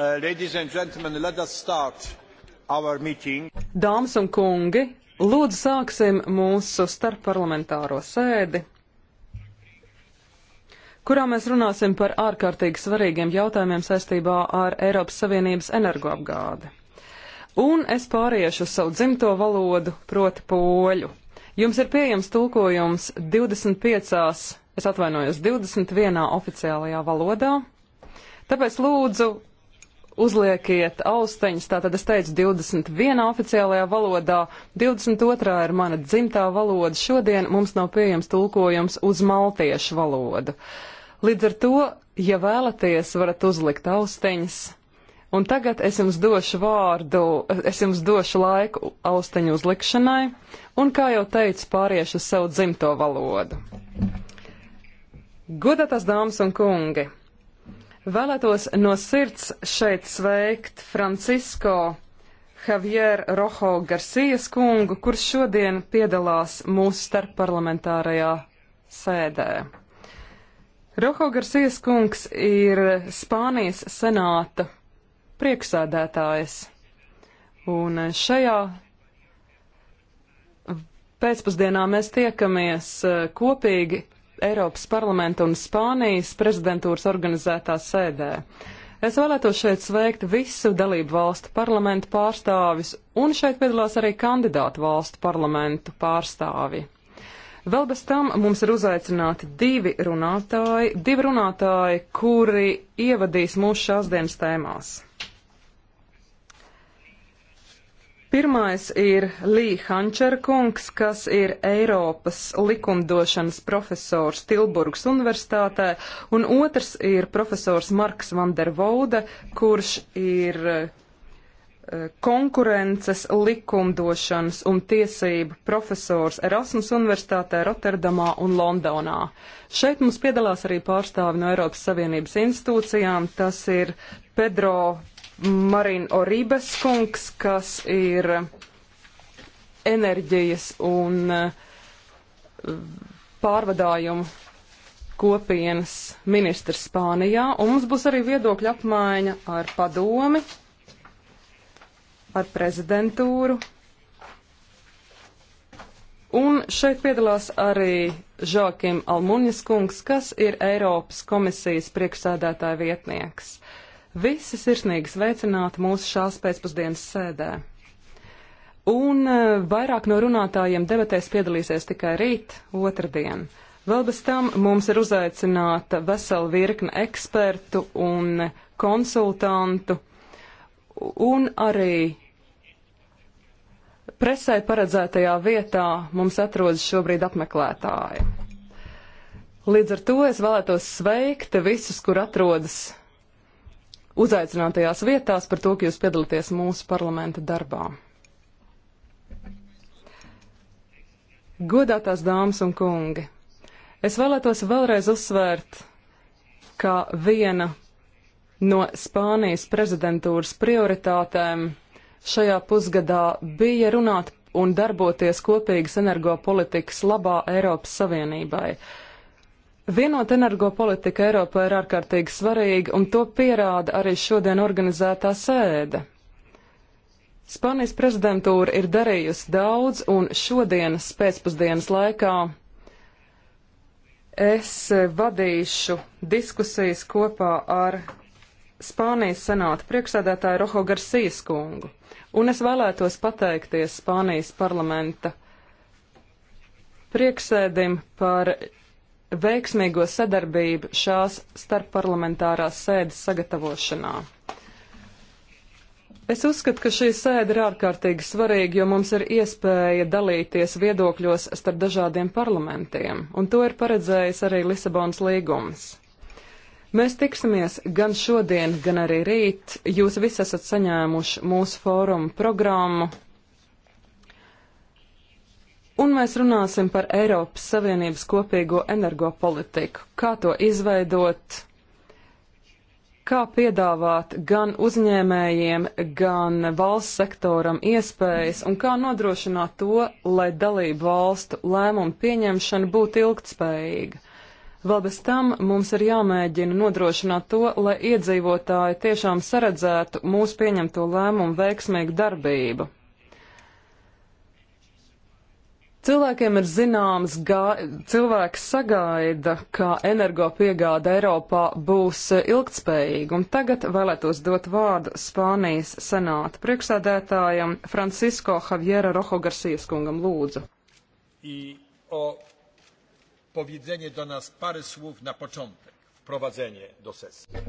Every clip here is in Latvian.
Uh, Dāmas un kungi, lūdzu sāksim mūsu starpparlamentāro sēdi, kurā mēs runāsim par ārkārtīgi svarīgiem jautājumiem saistībā ar Eiropas Savienības energoapgādi. Un es pāriešu uz savu dzimto valodu, proti poļu. Jums ir pieejams tulkojums 25, es atvainojos, 21 oficiālajā valodā. Tāpēc lūdzu uzliekiet austiņas, tātad es teicu 21 oficiālajā valodā, 22 ir mana dzimtā valoda, šodien mums nav pieejams tulkojums uz maltiešu valodu. Līdz ar to, ja vēlaties, varat uzlikt austiņas. Un tagad es jums došu vārdu, es jums došu laiku austiņu uzlikšanai, un kā jau teicu, pāriešu uz savu dzimto valodu. Gudatas dāmas un kungi! Vēlētos no sirds šeit sveikt Francisko Javier Roho Garcijas kungu, kurš šodien piedalās mūsu starpparlamentārajā sēdē. Roho Garcijas kungs ir Spānijas senāta priekšsēdētājs. Un šajā pēcpusdienā mēs tiekamies eh, kopīgi Eiropas parlamenta un Spānijas prezidentūras organizētā sēdē. Es vēlētos šeit sveikt visu dalību valstu parlamentu pārstāvis, un šeit piedalās arī kandidātu valstu parlamentu pārstāvi. Vēl bez tam mums ir uzaicināti divi runātāji, divi runātāji, kuri ievadīs mūsu šās dienas tēmās. Pirmais ir Lī Hančerkungs, kas ir Eiropas likumdošanas profesors Tilburgas universitātē, un otrs ir profesors Marks Vandervoude, kurš ir eh, konkurences likumdošanas un tiesību profesors Erasmus Universitātē Rotterdamā un Londonā. Šeit mums piedalās arī pārstāvi no Eiropas Savienības institūcijām, tas ir Pedro Marina Orības kungs, kas ir enerģijas un eh, pārvadājumu kopienas ministrs Spānijā, un mums būs arī viedokļa apmaiņa ar padomi, ar prezidentūru. Un šeit piedalās arī Žākim Almuņas kungs, kas ir Eiropas komisijas priekšsēdētāja vietnieks. Visi sirsnīgi sveicināti mūsu šās pēcpusdienas sēdē. Un e, vairāk no runātājiem debatēs piedalīsies tikai rīt, otrdien. Vēl bez tam mums ir uzaicināta vesela virkne ekspertu un konsultantu un arī presē paredzētajā vietā mums atrodas šobrīd apmeklētāji. Līdz ar to es vēlētos sveikt visus, kur atrodas uzaicinātajās vietās, par to, ka jūs piedalāties mūsu parlamenta darbā. Godātās dāmas un kungi, es vēlētos vēlreiz uzsvērt, ka viena no Spānijas prezidentūras prioritātēm šajā pusgadā bija runāt un darboties kopīgas energopolitikas labā Eiropas Savienībai. Vienot energopolitika Eiropā ir ārkārtīgi svarīga, un to pierāda arī šodien organizētā sēde. Spānijas prezidentūra ir darījusi daudz, un šodienas pēcpusdienas laikā es vadīšu diskusijas kopā ar Spānijas senāta priekšsēdētāju Roho Garcijas kungu, un es vēlētos pateikties Spānijas parlamenta priekšsēdim par veiksmīgo sadarbību šās starpparlamentārās sēdes sagatavošanā. Es uzskatu, ka šī sēde ir ārkārtīgi svarīga, jo mums ir iespēja dalīties viedokļos starp dažādiem parlamentiem, un to ir paredzējis arī Lisabonas līgums. Mēs tiksimies gan šodien, gan arī rīt. Jūs visi esat saņēmuši mūsu fórumu programmu, Un mēs runāsim par Eiropas Savienības kopīgo energopolitiku. Kā to izveidot, kā piedāvāt gan uzņēmējiem, gan valsts sektoram iespējas un kā nodrošināt to, lai dalību valstu lēmumu pieņemšana būtu ilgtspējīga. Vēl bez tam mums ir jāmēģina nodrošināt to, lai iedzīvotāji tiešām saredzētu mūsu pieņemto lēmumu veiksmīgu darbību. Cilvēkiem ir zināms, ka cilvēks sagaida, ka energopiegāde Eiropā būs ilgtspējīga, un tagad vēlētos dot vārdu Spānijas senāta priekšsēdētājam Francisko Javiera Roho Garcijas kungam lūdzu. I o powiedzenie do nas pary słów na początek, wprowadzenie do sesji.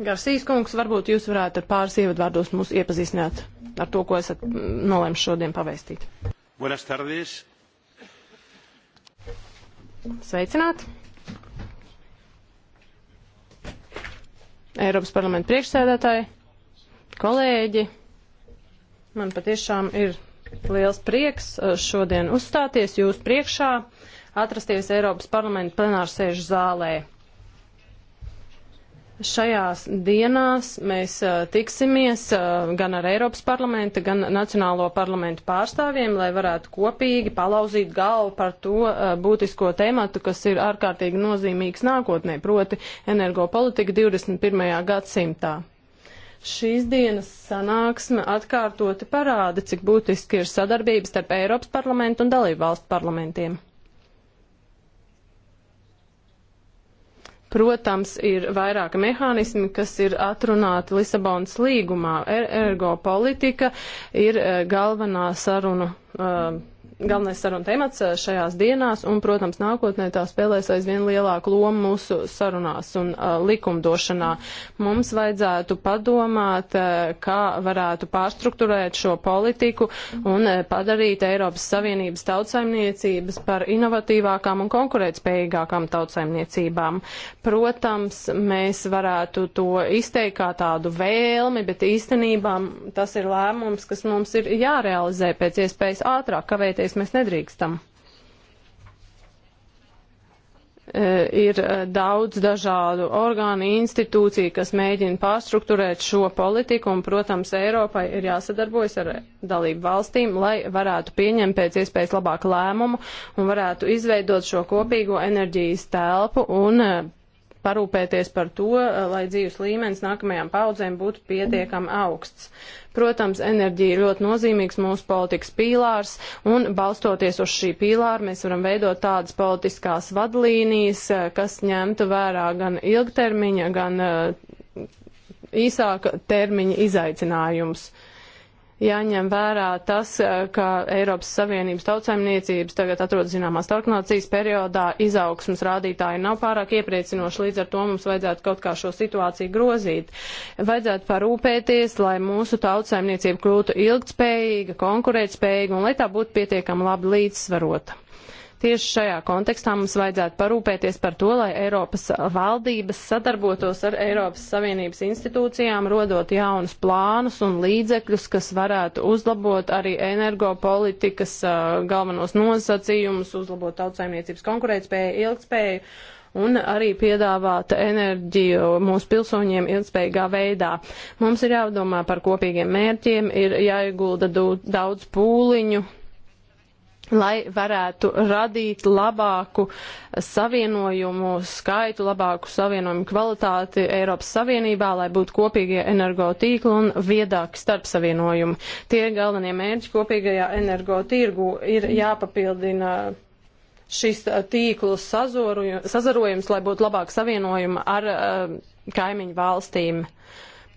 Garcijas kungs, varbūt jūs varētu ar pāris ievadvārdos mūs iepazīstināt ar to, ko esat mm, nolēmuši šodien pavēstīt. Buenas tardes. Sveicināti! Eiropas parlamenta priekšsēdētāji, kolēģi, man patiešām ir liels prieks uh, šodien uzstāties jūs priekšā, atrasties Eiropas parlamenta plenārsēžu zālē. Šajās dienās mēs uh, tiksimies uh, gan ar Eiropas parlamenta, gan Nacionālo parlamentu pārstāvjiem, lai varētu kopīgi palauzīt galvu par to uh, būtisko tēmatu, kas ir ārkārtīgi nozīmīgs nākotnē, proti energopolitika 21. gadsimtā. Šīs dienas sanāksme atkārtoti parāda, cik būtiski ir sadarbības starp Eiropas parlamentu un dalību valstu parlamentiem. Protams, ir vairāki mehānismi, kas ir atrunāti Lisabonas līgumā. Er, ergo politika ir eh, galvenā sarunu. Uh, eh, galvenais saruna temats eh, šajās dienās, un, protams, nākotnē tā spēlēs aizvien lielāku lomu mūsu sarunās un uh, likumdošanā. Mums vajadzētu padomāt, uh, kā varētu pārstruktūrēt šo politiku un uh, padarīt Eiropas Savienības tautsaimniecības par inovatīvākām un konkurētspējīgākām tautsaimniecībām. Protams, mēs varētu to izteikt kā tādu vēlmi, bet īstenībā tas ir lēmums, kas mums ir jārealizē pēc iespējas ātrāk, kavēties Atteikties mēs nedrīkstam e, ir e, daudz dažādu orgānu institūciju, kas mēģina pārstruktūrēt šo politiku, un, protams, Eiropai ir jāsadarbojas ar dalību valstīm, lai varētu pieņemt pēc iespējas labāku lēmumu un varētu izveidot šo kopīgo enerģijas telpu un e, parūpēties par to, eh, lai dzīves līmenis nākamajām paudzēm būtu pietiekami augsts. Protams, enerģija ir ļoti nozīmīgs mūsu politikas pīlārs, un balstoties uz šī pīlāra mēs varam veidot tādas politiskās vadlīnijas, eh, kas ņemtu vērā gan ilgtermiņa, gan eh, īsāka termiņa izaicinājumus. Uh, jāņem vērā tas, eh, ka Eiropas Savienības tautsaimniecības tagad atrodas zināmā starpnācijas periodā, izaugsmas rādītāji nav pārāk iepriecinoši, līdz ar to mums vajadzētu kaut kā šo situāciju grozīt. Vajadzētu parūpēties, lai mūsu tautsaimniecība kļūtu ilgtspējīga, konkurētspējīga un lai tā būtu pietiekami labi līdzsvarota. Tieši šajā kontekstā mums vajadzētu parūpēties par to, lai Eiropas valdības sadarbotos ar Eiropas Savienības institūcijām, rodot jaunus plānus un līdzekļus, kas varētu uzlabot arī energopolitikas galvenos nosacījumus, uzlabot tautsaimniecības konkurētspēju, ilgspēju un arī piedāvāt enerģiju mūsu pilsoņiem ilgspējīgā veidā. Mums ir jādomā par kopīgiem mērķiem, ir jāiegulda daudz pūliņu lai varētu radīt labāku savienojumu skaitu, labāku savienojumu kvalitāti Eiropas Savienībā, lai būtu kopīgie energotīkli un viedāki starpsavienojumi. Tie galvenie mērķi kopīgajā energotīrgu ir jāpapildina šis uh, tīklu sazorojums, lai būtu labāk savienojuma ar uh, kaimiņu valstīm. Uh,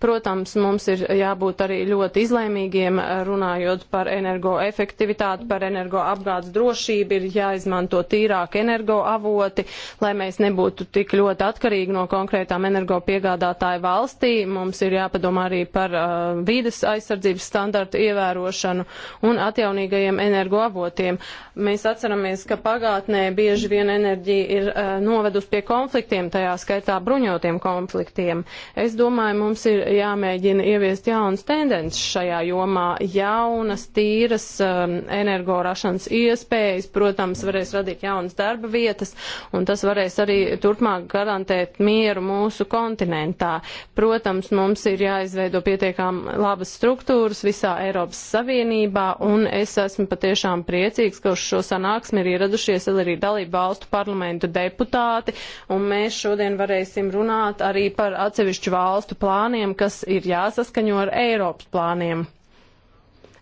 Protams, mums ir jābūt arī ļoti izlēmīgiem runājot par energoefektivitāti, par energoapgādes drošību, ir jāizmanto tīrāk energoavoti, lai mēs nebūtu tik ļoti atkarīgi no konkrētām energopiegādātāju valstī. Mums ir jāpadomā arī par uh, vīdes aizsardzības standartu ievērošanu un atjaunīgajiem energoavotiem. Mēs atceramies, ka pagātnē bieži vien enerģija ir uh, novedusi pie konfliktiem, tajā skaitā bruņotiem konfliktiem. Es domāju, mums ir jāmēģina ieviest jaunas tendences šajā jomā, jaunas, tīras um, energorašanas iespējas, protams, varēs radīt jaunas darba vietas, un tas varēs arī turpmāk garantēt mieru mūsu kontinentā. Protams, mums ir jāizveido pietiekām labas struktūras visā Eiropas Savienībā, un es esmu patiešām priecīgs, ka uz šo sanāksmi ir ieradušies arī dalību valstu parlamentu deputāti, un mēs šodien varēsim runāt arī par atsevišķu valstu plāniem, kas ir jāsaskaņo ar Eiropas plāniem.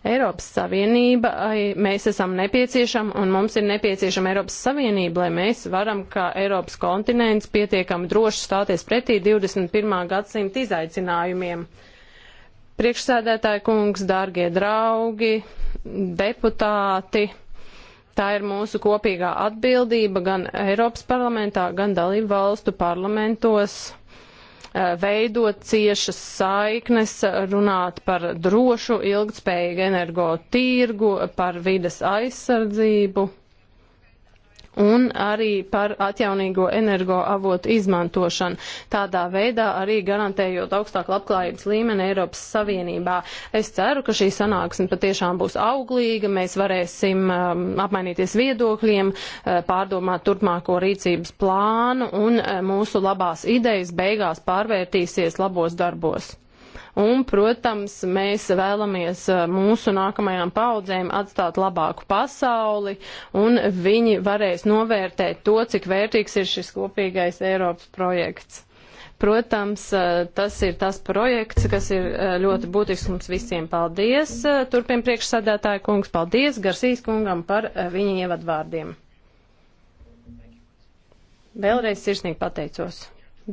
Eiropas Savienība, mēs esam nepieciešami un mums ir nepieciešama Eiropas Savienība, lai mēs varam kā Eiropas kontinents pietiekami droši stāties pretī 21. gadsimta izaicinājumiem. Priekšsēdētāji kungs, dārgie draugi, deputāti, tā ir mūsu kopīgā atbildība gan Eiropas parlamentā, gan dalību valstu parlamentos Eh, veidot ciešas saiknes, runāt par drošu, ilgtspējīgu energo tirgu, par vides aizsardzību un arī par atjaunīgo energoavotu izmantošanu. Tādā veidā arī garantējot augstāku labklājības līmeni Eiropas Savienībā. Es ceru, ka šī sanāksme patiešām būs auglīga, mēs varēsim um, apmainīties viedokļiem, uh, pārdomāt turpmāko rīcības plānu un uh, mūsu labās idejas beigās pārvērtīsies labos darbos. Un, protams, mēs vēlamies uh, mūsu nākamajām paudzēm atstāt labāku pasauli, un viņi varēs novērtēt to, cik vērtīgs ir šis kopīgais Eiropas projekts. Protams, uh, tas ir tas projekts, kas ir uh, ļoti būtisks mums visiem. Paldies, turpiem priekšsādātāja kungs, paldies Garsīs kungam par viņa ievadvārdiem. Vēlreiz sirsnīgi pateicos.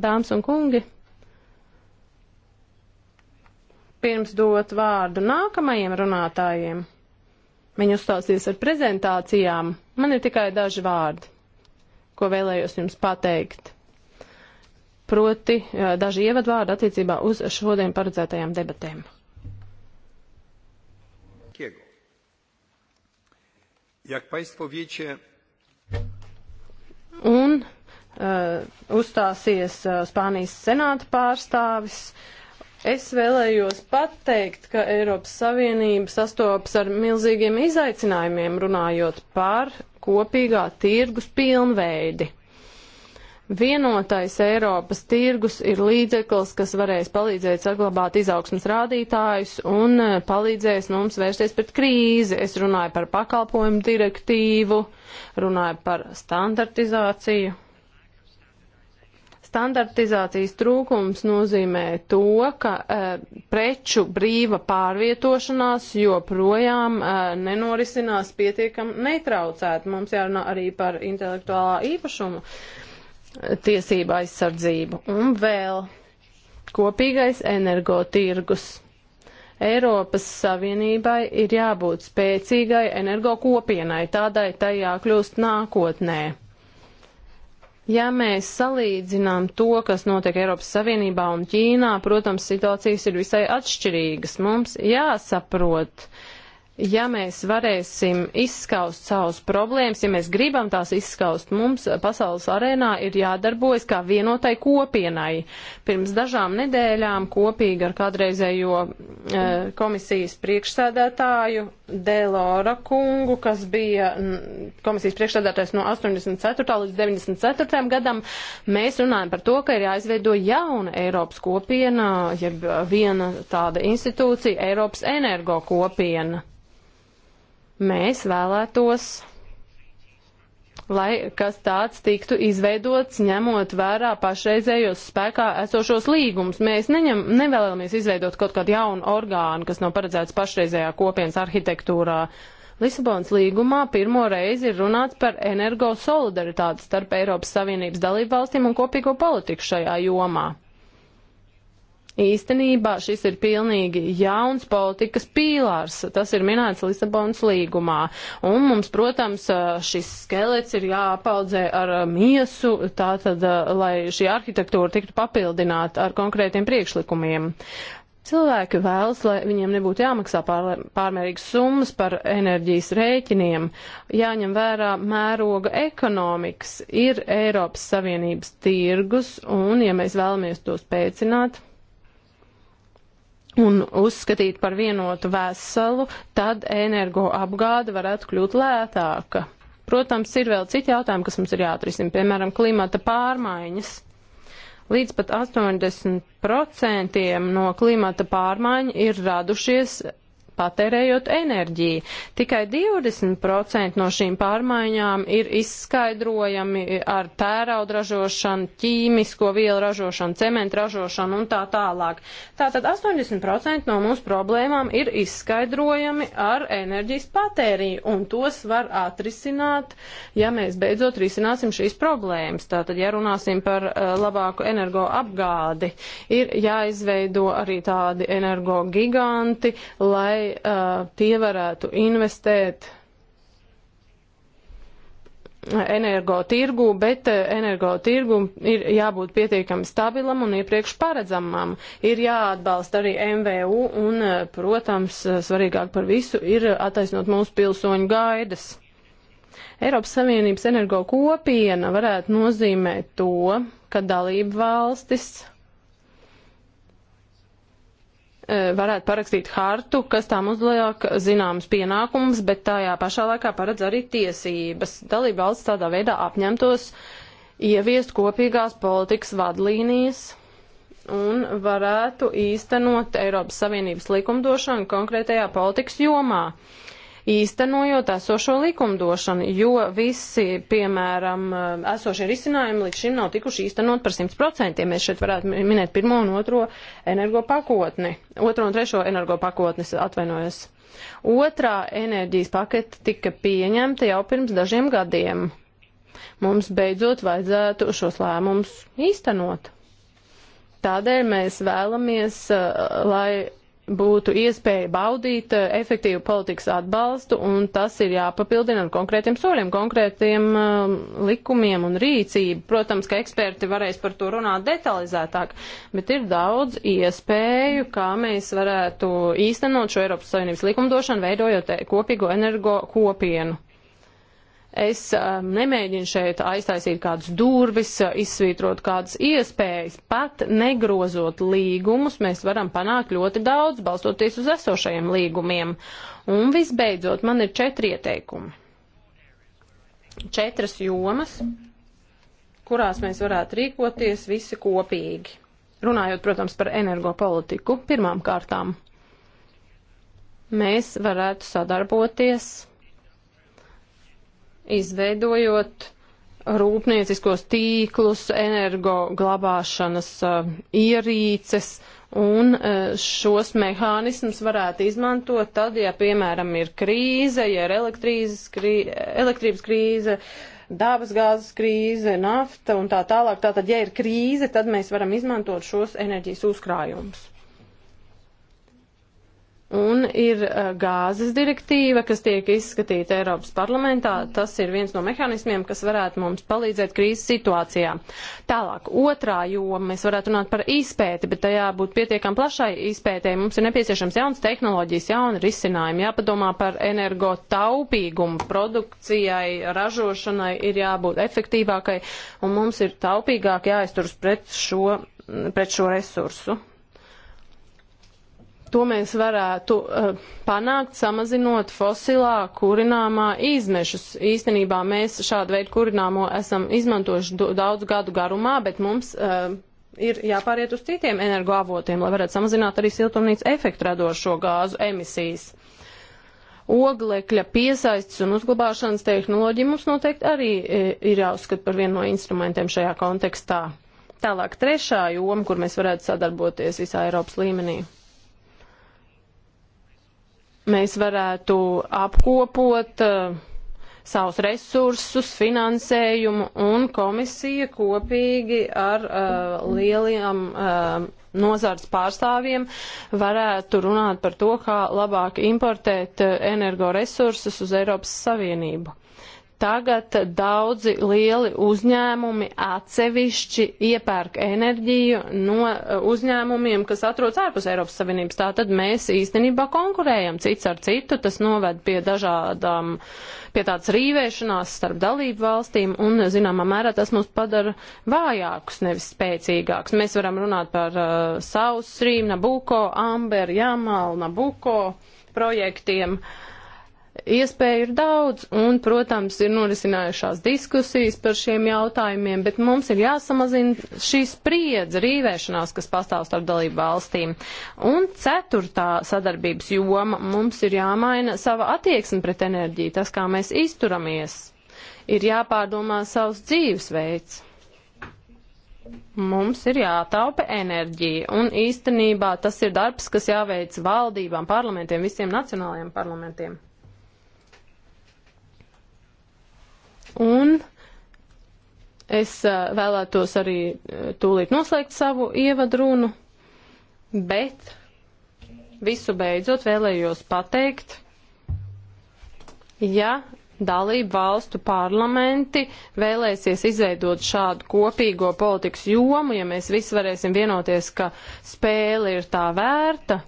Dāmas un kungi! pirms dot vārdu nākamajiem runātājiem. Viņi uzstāsies ar prezentācijām. Man ir tikai daži vārdi, ko vēlējos jums pateikt. Proti eh, daži ievadvārdi attiecībā uz šodien paredzētajām debatēm. Kiego. Jak państwo wiecie... Un uh, uzstāsies uh, Spānijas senāta pārstāvis. Uh, Es vēlējos pateikt, ka Eiropas Savienība sastopas ar milzīgiem izaicinājumiem runājot par kopīgā tirgus pilnveidi. Vienotais Eiropas tirgus ir līdzeklis, kas varēs palīdzēt saglabāt izaugsmas rādītājus un e, palīdzēs mums vērsties pret krīzi. Es runāju par pakalpojumu direktīvu, runāju par standartizāciju Standartizācijas trūkums nozīmē to, ka uh, preču brīva pārvietošanās joprojām uh, nenorisinās pietiekam netraucēt. Mums jārunā arī par intelektuālā īpašuma eh, tiesība aizsardzību. Un vēl kopīgais energotirgus. Eiropas Savienībai ir jābūt spēcīgai energo kopienai, tādai tajā kļūst nākotnē. Ja mēs salīdzinām to, kas notiek Eiropas Savienībā un Ķīnā, protams, situācijas ir visai atšķirīgas. Mums jāsaprot, uh, ja mēs varēsim izskaust savus problēmas, ja mēs gribam tās izskaust, mums pasaules arēnā ir jādarbojas kā vienotai kopienai. Pirms dažām nedēļām kopīgi ar kādreizējo e, komisijas priekšsēdētāju Delora kungu, kas bija komisijas priekšsēdētājs no 84. līdz 94. gadam, mēs runājam par to, ka ir jāizveido jauna Eiropas kopiena, jeb viena tāda institūcija, Eiropas energo kopiena. Mēs vēlētos, lai kas tāds tiktu izveidots, ņemot vērā pašreizējos spēkā esošos līgumus. Mēs neņem, nevēlamies izveidot kaut kādu jaunu orgānu, kas nav paredzēts pašreizējā kopienas arhitektūrā. Lisabonas līgumā pirmo reizi ir runāts par energo solidaritāti starp Eiropas Savienības dalībvalstīm un kopīgo politiku šajā jomā. Īstenībā šis ir pilnīgi jauns politikas pīlārs. Tas ir minēts Lisabonas līgumā. Un mums, protams, šis skelets ir jāpaudzē ar miesu, tātad, lai šī arhitektūra tiktu papildināta ar konkrētiem priekšlikumiem. Cilvēki vēlas, lai viņiem nebūtu jāmaksā pārmērīgas summas par enerģijas rēķiniem, jāņem vērā mēroga ekonomikas, ir Eiropas Savienības tirgus, un, ja mēs vēlamies to spēcināt, un uzskatīt par vienotu veselu, tad energoapgāde varētu kļūt lētāka. Protams, ir vēl citi jautājumi, kas mums ir jāatrisina, piemēram, klimata pārmaiņas. Līdz pat 80% no klimata pārmaiņu ir radušies patērējot enerģiju. Tikai 20% no šīm pārmaiņām ir izskaidrojami ar tērauda ražošanu, ķīmisko vielu ražošanu, cementu ražošanu un tā tālāk. Tātad 80% no mūsu problēmām ir izskaidrojami ar enerģijas patēriju un tos var atrisināt, ja mēs beidzot risināsim šīs problēmas. Tātad, ja runāsim par uh, labāku energo apgādi, ir jāizveido arī tādi energo giganti, lai lai uh, tie varētu investēt energotirgu, bet uh, energotirgu ir jābūt pietiekami stabilam un iepriekš paredzamam. Ir jāatbalsta arī MVU un, uh, protams, uh, svarīgāk par visu ir attaisnot mūsu pilsoņu gaidas. Eiropas Savienības energo kopiena varētu nozīmēt to, ka dalība valstis Eh, varētu parakstīt hartu, kas tām uzliek zināmas pienākumus, bet tajā pašā laikā paredz arī tiesības. Dalība valsts tādā veidā apņemtos ieviest kopīgās politikas vadlīnijas un varētu īstenot Eiropas Savienības likumdošanu konkrētajā politikas jomā. Uh, īstenojot esošo likumdošanu, jo visi, piemēram, esošie risinājumi līdz šim nav tikuši īstenot par 100%. Mēs šeit varētu minēt pirmo un otro energopakotni, otro un trešo energopakotnes atvainojos. Otrā enerģijas pakete tika pieņemta jau pirms dažiem gadiem. Mums beidzot vajadzētu šos lēmumus īstenot. Tādēļ mēs vēlamies, eh, lai būtu iespēja baudīt eh, efektīvu politikas atbalstu, un tas ir jāpapildina ar konkrētiem soļiem, konkrētiem uh, likumiem un rīcību. Protams, ka eksperti varēs par to runāt detalizētāk, bet ir daudz iespēju, kā mēs varētu īstenot šo Eiropas Savienības likumdošanu, veidojot eh, kopīgo energo kopienu. Es um, nemēģinu šeit aiztaisīt kādas durvis, uh, izsvītrot kādas iespējas. Pat negrozot līgumus, mēs varam panākt ļoti daudz, balstoties uz esošajiem līgumiem. Un visbeidzot, man ir četri ieteikumi. Četras jomas, kurās mēs varētu rīkoties visi kopīgi. Runājot, protams, par energopolitiku, pirmām kārtām mēs varētu sadarboties izveidojot rūpnieciskos tīklus, energo glabāšanas uh, ierīces, un uh, šos mehānismus varētu izmantot tad, ja, piemēram, ir krīze, ja ir krī, elektrības krīze, dabas gāzes krīze, nafta un tā tālāk. Tātad, ja ir krīze, tad mēs varam izmantot šos enerģijas uzkrājumus. Un ir gāzes direktīva, kas tiek izskatīta Eiropas parlamentā. Tas ir viens no mehānismiem, kas varētu mums palīdzēt krīzes situācijā. Tālāk, otrā joma, mēs varētu runāt par izpēti, bet tajā būtu pietiekam plašai izpētē. Mums ir nepieciešams jauns tehnoloģijas, jauni risinājumi, jāpadomā par energo taupīgumu. Produkcijai, ražošanai ir jābūt efektīvākai, un mums ir taupīgāk jāizturas pret šo, pret šo resursu to mēs varētu uh, panākt, samazinot fosilā kurināmā izmešus. Īstenībā mēs šādu veidu kurināmo esam izmantojuši daudz gadu garumā, bet mums uh, ir jāpāriet uz citiem energoavotiem, lai varētu samazināt arī siltumnīca efektu radošo gāzu emisijas. Oglekļa piesaists un uzglabāšanas tehnoloģija mums noteikti arī eh, ir jāuzskata par vienu no instrumentiem šajā kontekstā. Tālāk trešā joma, kur mēs varētu sadarboties visā Eiropas līmenī mēs varētu apkopot uh, savus resursus, finansējumu un komisija kopīgi ar uh, lieliem uh, nozars pārstāvjiem varētu runāt par to, kā labāk importēt energoresursus uz Eiropas Savienību. Tagad daudzi lieli uzņēmumi atsevišķi iepērk enerģiju no e, uzņēmumiem, kas atrodas ārpus Eiropas Savienības. Tātad mēs īstenībā konkurējam cits ar citu, tas noved pie dažādām, pie tādas rīvēšanās starp dalību valstīm un, zināmā mērā, tas mūs padara vājākus, nevis spēcīgākus. Mēs varam runāt par uh, South Stream, Nabucco, Amber, Jamal, Nabucco projektiem. Uh, Iespēju ir daudz, un, protams, ir norisinājušās diskusijas par šiem jautājumiem, bet mums ir jāsamazina šī spriedze, rīvēšanās, kas pastāv starp dalību valstīm. Un ceturtā sadarbības joma mums ir jāmaina sava attieksme pret enerģiju, tas, kā mēs izturamies. Ir jāpārdomā savs dzīvesveids. Mums ir jātaupa enerģija, un īstenībā tas ir darbs, kas jāveic valdībām, parlamentiem, visiem nacionālajiem parlamentiem. Un es vēlētos arī tūlīt noslēgt savu ievadrunu, bet visu beidzot vēlējos pateikt, ja dalību valstu parlamenti vēlēsies izveidot šādu kopīgo politikas jomu, ja mēs visi varēsim vienoties, ka spēle ir tā vērta,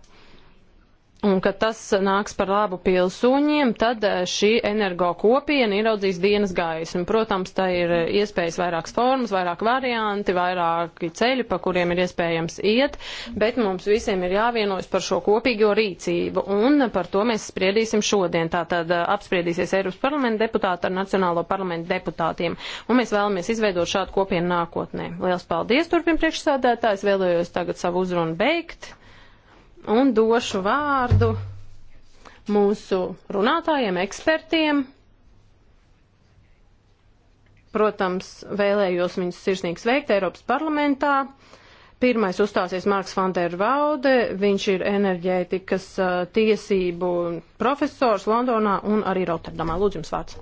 un ka tas nāks par labu pilsoņiem, tad eh, šī energo kopiena ieraudzīs dienas gaismu. Protams, tā ir eh, iespējas vairākas formas, vairāk varianti, vairāki ceļi, pa kuriem ir iespējams iet, bet mums visiem ir jāvienojas par šo kopīgo rīcību, un par to mēs spriedīsim šodien. Tātad eh, apspriedīsies Eiropas parlamenta deputāti ar Nacionālo parlamentu deputātiem, un mēs vēlamies izveidot šādu kopienu nākotnē. Liels paldies, turpin priekšsādētājs, vēlējos tagad savu uzrunu beigt un došu vārdu mūsu runātājiem, ekspertiem. Protams, vēlējos viņus sirsnīgi sveikt Eiropas parlamentā. Pirmais uzstāsies Marks Fandēra Vaude, viņš ir enerģētikas tiesību profesors Londonā un arī Rotterdamā. Lūdzu, jums vārds.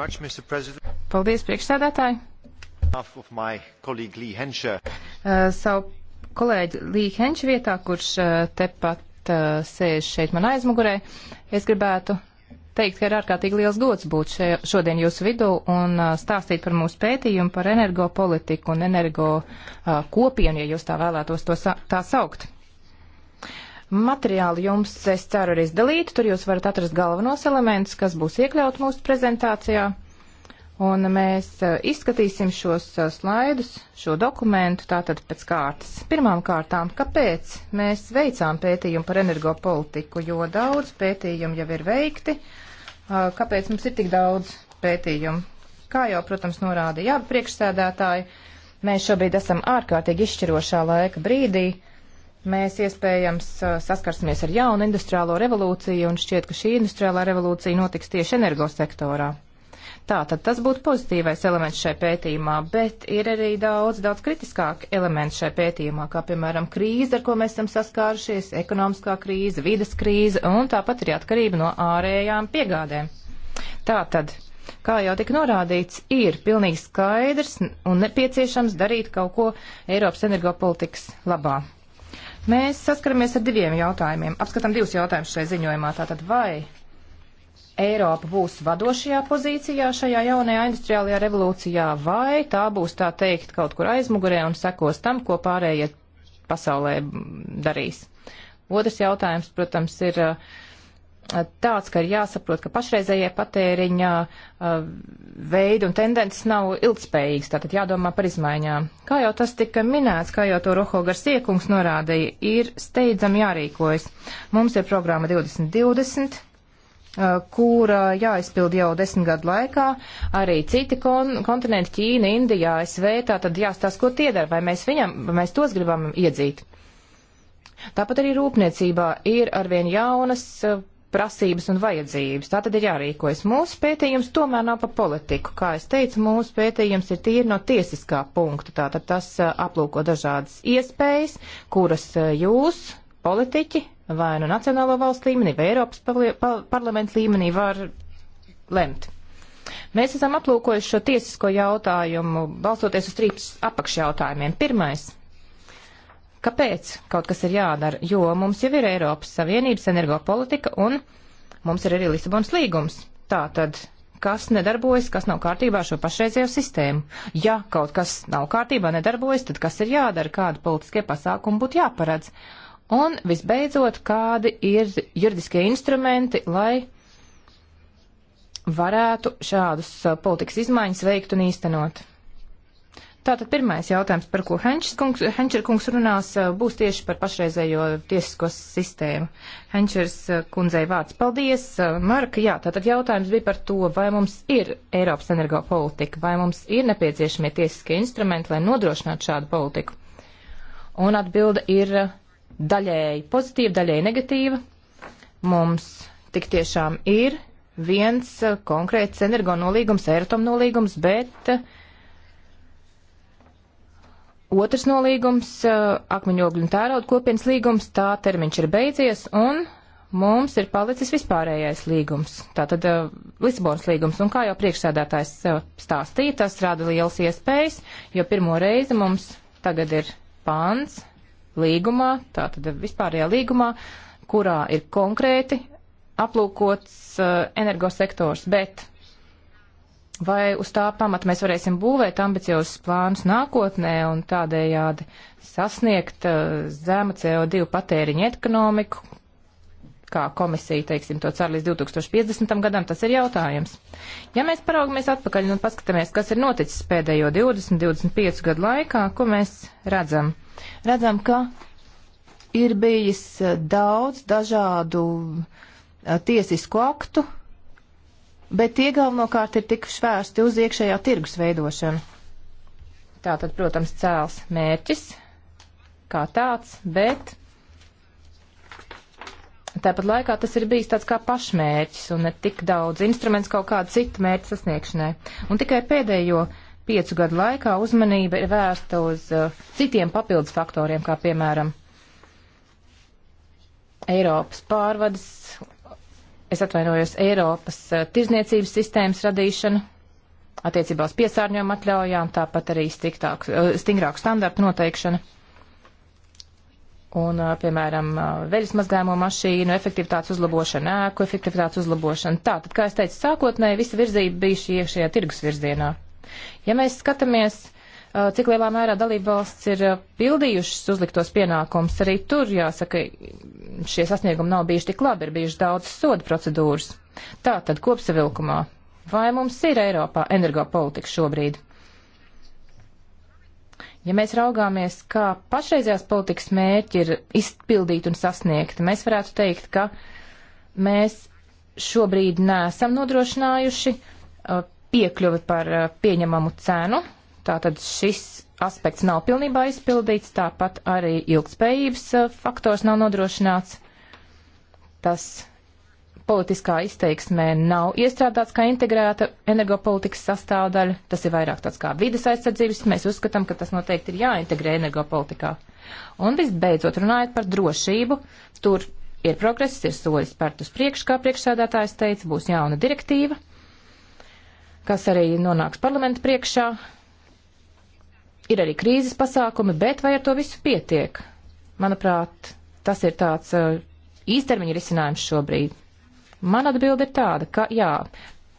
Much, Paldies, priekšsēdētāji. Uh, savu kolēģi Lī Henča vietā, kurš eh, tepat eh, sēž šeit man aizmugurē. Es gribētu teikt, ka ir ārkārtīgi liels gods būt še, šodien jūsu vidū un eh, stāstīt par mūsu pētījumu par energopolitiku un energo kopienu, ja jūs tā vēlētos to sa tā saukt. Materiāli jums, es ceru, ir izdalīti, tur jūs varat atrast galvenos elementus, kas būs iekļaut mūsu prezentācijā. Un mēs eh, izskatīsim šos eh, slaidus, šo dokumentu tātad pēc kārtas. Pirmām kārtām, kāpēc mēs veicām pētījumu par energopolitiku, jo daudz pētījumu jau ir veikti. Eh, kāpēc mums ir tik daudz pētījumu? Kā jau, protams, norāda jā, priekšsēdētāji, mēs šobrīd esam ārkārtīgi izšķirošā laika brīdī. Mēs iespējams saskarsimies ar jaunu industriālo revolūciju un šķiet, ka šī industriālā revolūcija notiks tieši energosektorā. Tātad tas būtu pozitīvais elements šai pētījumā, bet ir arī daudz, daudz kritiskāk elements šai pētījumā, kā piemēram krīze, ar ko mēs esam saskārušies, ekonomiskā krīze, vidas krīze un tāpat arī atkarība no ārējām piegādēm. Tātad, kā jau tik norādīts, ir pilnīgi skaidrs un nepieciešams darīt kaut ko Eiropas energopolitikas labā. Mēs saskaramies ar diviem jautājumiem. Apskatām divus jautājumus šai ziņojumā. Tātad, vai Eiropa būs vadošajā pozīcijā šajā jaunajā industriālajā revolūcijā, vai tā būs tā teikt kaut kur aizmugurē un sekos tam, ko pārējie pasaulē darīs. Otrs jautājums, protams, ir uh, tāds, ka ir jāsaprot, ka pašreizējie patēriņa uh, veidi un tendences nav ilgspējīgs, tātad jādomā par izmaiņām. Kā jau tas tika minēts, kā jau to Roho Garsiekungs norādīja, ir steidzami jārīkojas. Mums ir programma 2020 Uh, kura jāizpild jau desmit gadu laikā, arī citi kon kontinenti, Ķīna, Indija, ASV, tā tad jāstāsta, ko tie dara, vai mēs viņam, vai mēs tos gribam iedzīt. Tāpat arī rūpniecībā ir arvien jaunas uh, prasības un vajadzības. Tā tad ir jārīkojas. Mūsu pētījums tomēr nav par politiku. Kā es teicu, mūsu pētījums ir tīri no tiesiskā punkta. Tātad tas uh, aplūko dažādas iespējas, kuras jūs, politiķi, vai nu no nacionālo valstu līmenī, vai Eiropas parlamentu līmenī var lemt. Mēs esam aplūkojuši šo tiesisko jautājumu, balstoties uz trīs apakšjautājumiem. Pirmais - kāpēc kaut kas ir jādara, jo mums jau ir Eiropas Savienības energopolitika un mums ir arī Lisabonas līgums. Tātad, kas nedarbojas, kas nav kārtībā ar šo pašreizējo sistēmu? Ja kaut kas nav kārtībā, nedarbojas, tad kas ir jādara, kādu politiskie pasākumu būtu jāparedz? Uh, Un visbeidzot, kādi ir juridiskie instrumenti, lai varētu šādus uh, politikas izmaiņas veikt un īstenot? Tātad pirmais jautājums, par ko kungs, Henčer kungs runās, uh, būs tieši par pašreizējo tiesisko sistēmu. Henčers uh, kundzei vārds paldies. Marka, jā, tātad jautājums bija par to, vai mums ir Eiropas energo politika, vai mums ir nepieciešamie tiesiskie instrumenti, lai nodrošinātu šādu politiku. Un atbilda ir daļēji pozitīva, daļēji negatīva. Mums tik tiešām ir viens eh, konkrēts energo nolīgums, Eiratom nolīgums, bet eh, otrs nolīgums, eh, akmeņogļu un tērauda kopienas līgums, tā termiņš ir beidzies un mums ir palicis vispārējais līgums, tātad uh, Lisabonas līgums, un kā jau priekšsēdētājs uh, stāstīja, tas rada lielas iespējas, jo pirmo reizi mums tagad ir pāns, līgumā, tātad vispārējā līgumā, kurā ir konkrēti aplūkots eh, energosektors, bet vai uz tā pamata mēs varēsim būvēt ambiciozus plānus nākotnē un tādējādi sasniegt eh, zema CO2 patēriņa ekonomiku, kā komisija, teiksim, to cer līdz 2050. gadam, tas ir jautājums. Ja mēs paraugamies atpakaļ un paskatāmies, kas ir noticis pēdējo 20-25 gadu laikā, ko mēs redzam? Redzam, ka ir bijis eh, daudz dažādu eh, tiesisku aktu, bet tie galvenokārt ir tikuši vērsti uz iekšējā tirgus veidošanu. Tātad, protams, cēls mērķis kā tāds, bet Tāpat laikā tas ir bijis tāds kā pašmērķis un ne tik daudz instruments kaut kāda cita mērķa sasniegšanai. Un tikai pēdējo piecu gadu laikā uzmanība ir vērsta uz uh, citiem papildus faktoriem, kā piemēram Eiropas pārvades, es atvainojos, Eiropas uh, tirzniecības sistēmas radīšana attiecībā uz piesārņojumu atļaujām, tāpat arī uh, stingrāku standartu noteikšana. Un, piemēram, veļas mazgājumu mašīnu, efektivitātes uzlabošana, ēku efektivitātes uzlabošana. Tā, tad, kā es teicu, sākotnēji visa virzība bija šī iekšējā tirgus virzienā. Ja mēs skatāmies, cik lielā mērā dalībvalsts ir pildījušas uzliktos pienākums, arī tur, jāsaka, šie sasniegumi nav bijuši tik labi, ir bijuši daudz soda procedūras. Tā tad kopsavilkumā. Vai mums ir Eiropā energopolitika šobrīd? Ja mēs raugāmies, kā pašreizējās politikas mērķi ir izpildīti un sasniegti, mēs varētu teikt, ka mēs šobrīd nesam nodrošinājuši piekļuvi par pieņemamu cenu. Tātad šis aspekts nav pilnībā izpildīts, tāpat arī ilgspējības faktors nav nodrošināts. Tas politiskā izteiksmē nav iestrādāts kā integrēta energopolitikas sastāvdaļa. Tas ir vairāk tāds kā vides aizsardzības. Mēs uzskatām, ka tas noteikti ir jāintegrē energopolitikā. Un visbeidzot, runājot par drošību, tur ir progress, ir soļi spērt uz priekšu, kā priekšsēdētājs teica, būs jauna direktīva, kas arī nonāks parlamenta priekšā. Ir arī krīzes pasākumi, bet vai ar to visu pietiek? Manuprāt, tas ir tāds uh, īstermiņa risinājums šobrīd. Man atbilde ir tāda, ka jā,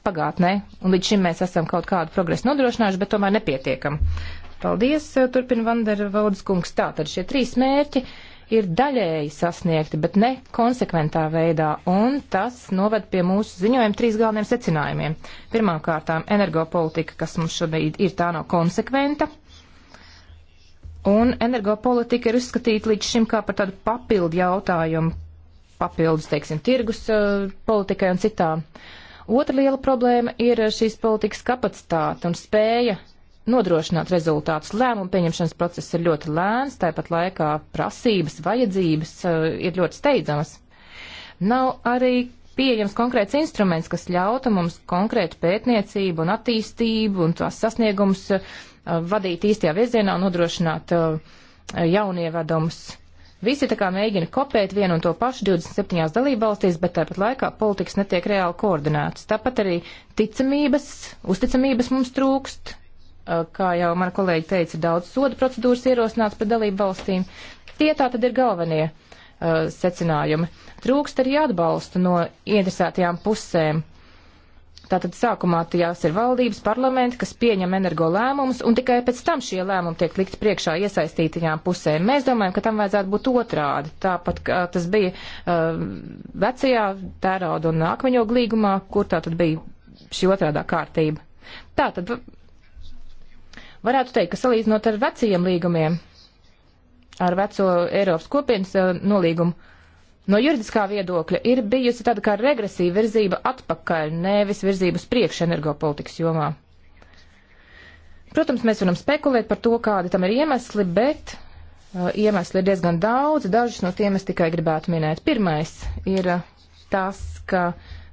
pagātnē, un līdz šim mēs esam kaut kādu progresu nodrošinājuši, bet tomēr nepietiekam. Paldies, eh, turpina Vandera Valdes kungs. Tātad šie trīs mērķi ir daļēji sasniegti, bet ne konsekventā veidā, un tas noved pie mūsu ziņojuma trīs galveniem secinājumiem. Pirmkārtām, energopolitika, kas mums šobrīd ir tā nav no konsekventa, un energopolitika ir uzskatīta līdz šim kā par tādu papildu jautājumu papildus, teiksim, tirgus eh, politikai un citām. Otra liela problēma ir eh, šīs politikas kapacitāte un spēja nodrošināt rezultātus. Lēmumu pieņemšanas process ir ļoti lēns, tāpat laikā prasības, vajadzības eh, ir ļoti steidzamas. Nav arī pieejams konkrēts instruments, kas ļautu mums konkrētu pētniecību un attīstību un tās sasniegumus vadīt īstajā virzienā un nodrošināt jaunievedumus Visi tā kā mēģina kopēt vienu un to pašu 27 dalībvalstīs, bet tāpat laikā politikas netiek reāli koordinētas. Tāpat arī ticamības, uzticamības mums trūkst. Kā jau mana kolēģi teica, daudz soda procedūras ierosināts pret dalībvalstīm. Tie tā tad ir galvenie uh, secinājumi. Trūkst arī atbalstu no interesētajām pusēm Tātad sākumā tās ir valdības, parlamenti, kas pieņem energo lēmumus, un tikai pēc tam šie lēmumi tiek likt priekšā iesaistītajām pusēm. Mēs domājam, ka tam vajadzētu būt otrādi. Tāpat kā tas bija uh, vecajā tērauda un akmeņogu līgumā, kur tā tad bija šī otrādā kārtība. Tātad varētu teikt, ka salīdzinot ar vecajiem līgumiem, ar veco Eiropas kopienas uh, nolīgumu, no juridiskā viedokļa ir bijusi tāda kā regresīva virzība atpakaļ, nevis virzība uz priekšu energopolitikas jomā. Protams, mēs varam spekulēt par to, kādi tam ir iemesli, bet uh, iemesli ir diezgan daudz, dažus no tiem es tikai gribētu minēt. Pirmais ir uh, tas, ka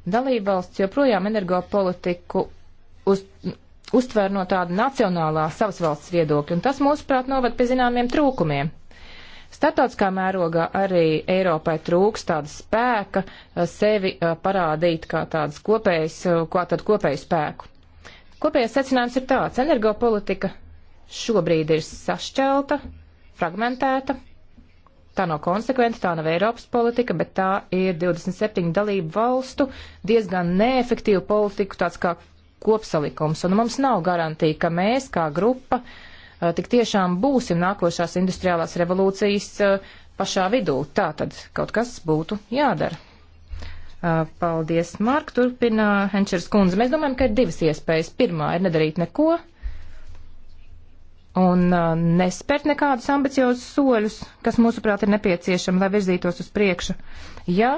dalībvalsts joprojām energopolitiku uz, uztver no tāda nacionālā savas valsts viedokļa, un tas, mūsuprāt, novad pie zināmiem trūkumiem. Startautiskā mērogā arī Eiropai trūks tāda spēka eh, sevi eh, parādīt kā tādas kopējas, eh, kā tādu kopēju spēku. Kopējais secinājums ir tāds, energopolitika šobrīd ir sašķelta, fragmentēta, Tā nav konsekventa, tā nav Eiropas politika, bet tā ir 27 dalību valstu diezgan neefektīva politika, tāds kā kopsalikums. Un mums nav garantija, ka mēs kā grupa uh, Eh, tik tiešām būsim nākošās industriālās revolūcijas eh, pašā vidū. Tā tad kaut kas būtu jādara. Eh, paldies, Mark. Turpina Henčers kundze. Mēs domājam, ka ir divas iespējas. Pirmā ir nedarīt neko un nespērt nekādus ambiciozus soļus, kas mūsuprāt ir nepieciešami, lai virzītos uz priekšu. Ja